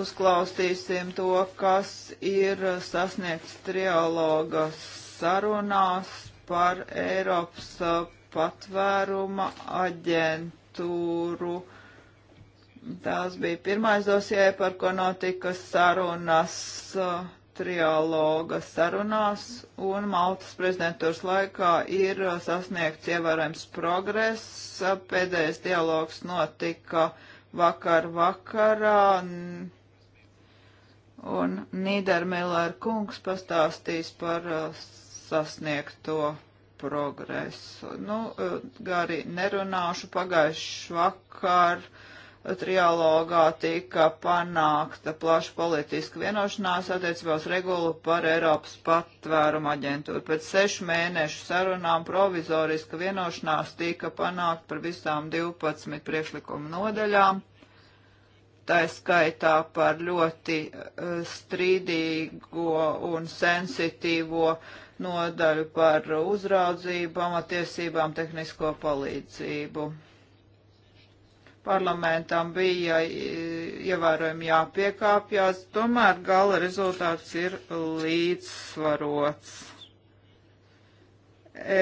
uzklausīsim to, kas ir sasniegts trialoga sarunās par Eiropas uh, patvēruma aģentūru. Tās bija pirmais dosie, par ko notika sarunas. Uh, trialoga sarunās, un Maltas prezidentūras laikā ir uh, sasniegts ievērojams progress. Uh, pēdējais dialogs notika vakar vakarā, un Nīdermiller kungs pastāstīs par uh, sasniegto progresu. Nu, gari nerunāšu pagājuši vakar trialogā tika panākta plaša politiska vienošanās attiecībā uz regulu par Eiropas patvērumu aģentūru. Pēc sešu mēnešu sarunām provizoriska vienošanās tika panākta par visām 12 priekšlikumu nodaļām, tā skaitā par ļoti eh, strīdīgo un sensitīvo nodaļu par uzraudzību, pamatiesībām, tehnisko palīdzību parlamentam bija eh, ievērojami jāpiekāpjas, tomēr gala rezultāts ir līdzsvarots. E,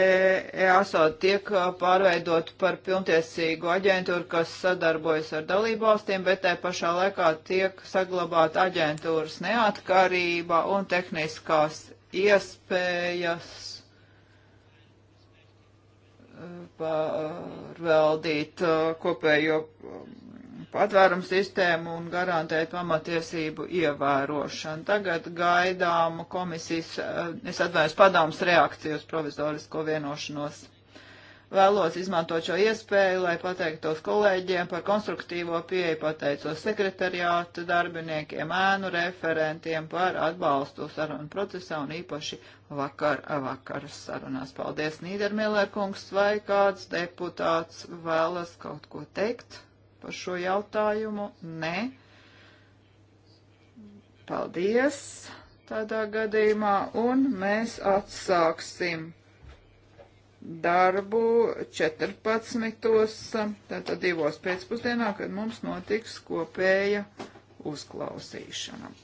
EASO tiek eh, pārveidot par pilntiesīgu aģentūru, kas sadarbojas ar dalībvalstīm, bet tai pašā laikā tiek saglabāta aģentūras neatkarība un tehniskās iespējas pārvaldīt uh, kopējo um, patvērumu sistēmu un garantēt pamatiesību ievērošanu. Tagad gaidām komisijas, uh, es atvainojos, padoms reakciju uz provizorisko vienošanos. Vēlos izmantot šo iespēju, lai pateiktos kolēģiem par konstruktīvo pieeju, pateicos sekretariātu darbiniekiem, ēnu referentiem par atbalstu sarunu procesā un īpaši vakar, vakaras sarunās. Paldies, Nīdermiller kungs, vai kāds deputāts vēlas kaut ko teikt par šo jautājumu? Nē. Paldies tādā gadījumā, un mēs atsāksim darbu 14. tātad divos pēcpusdienā, kad mums notiks kopēja uzklausīšana.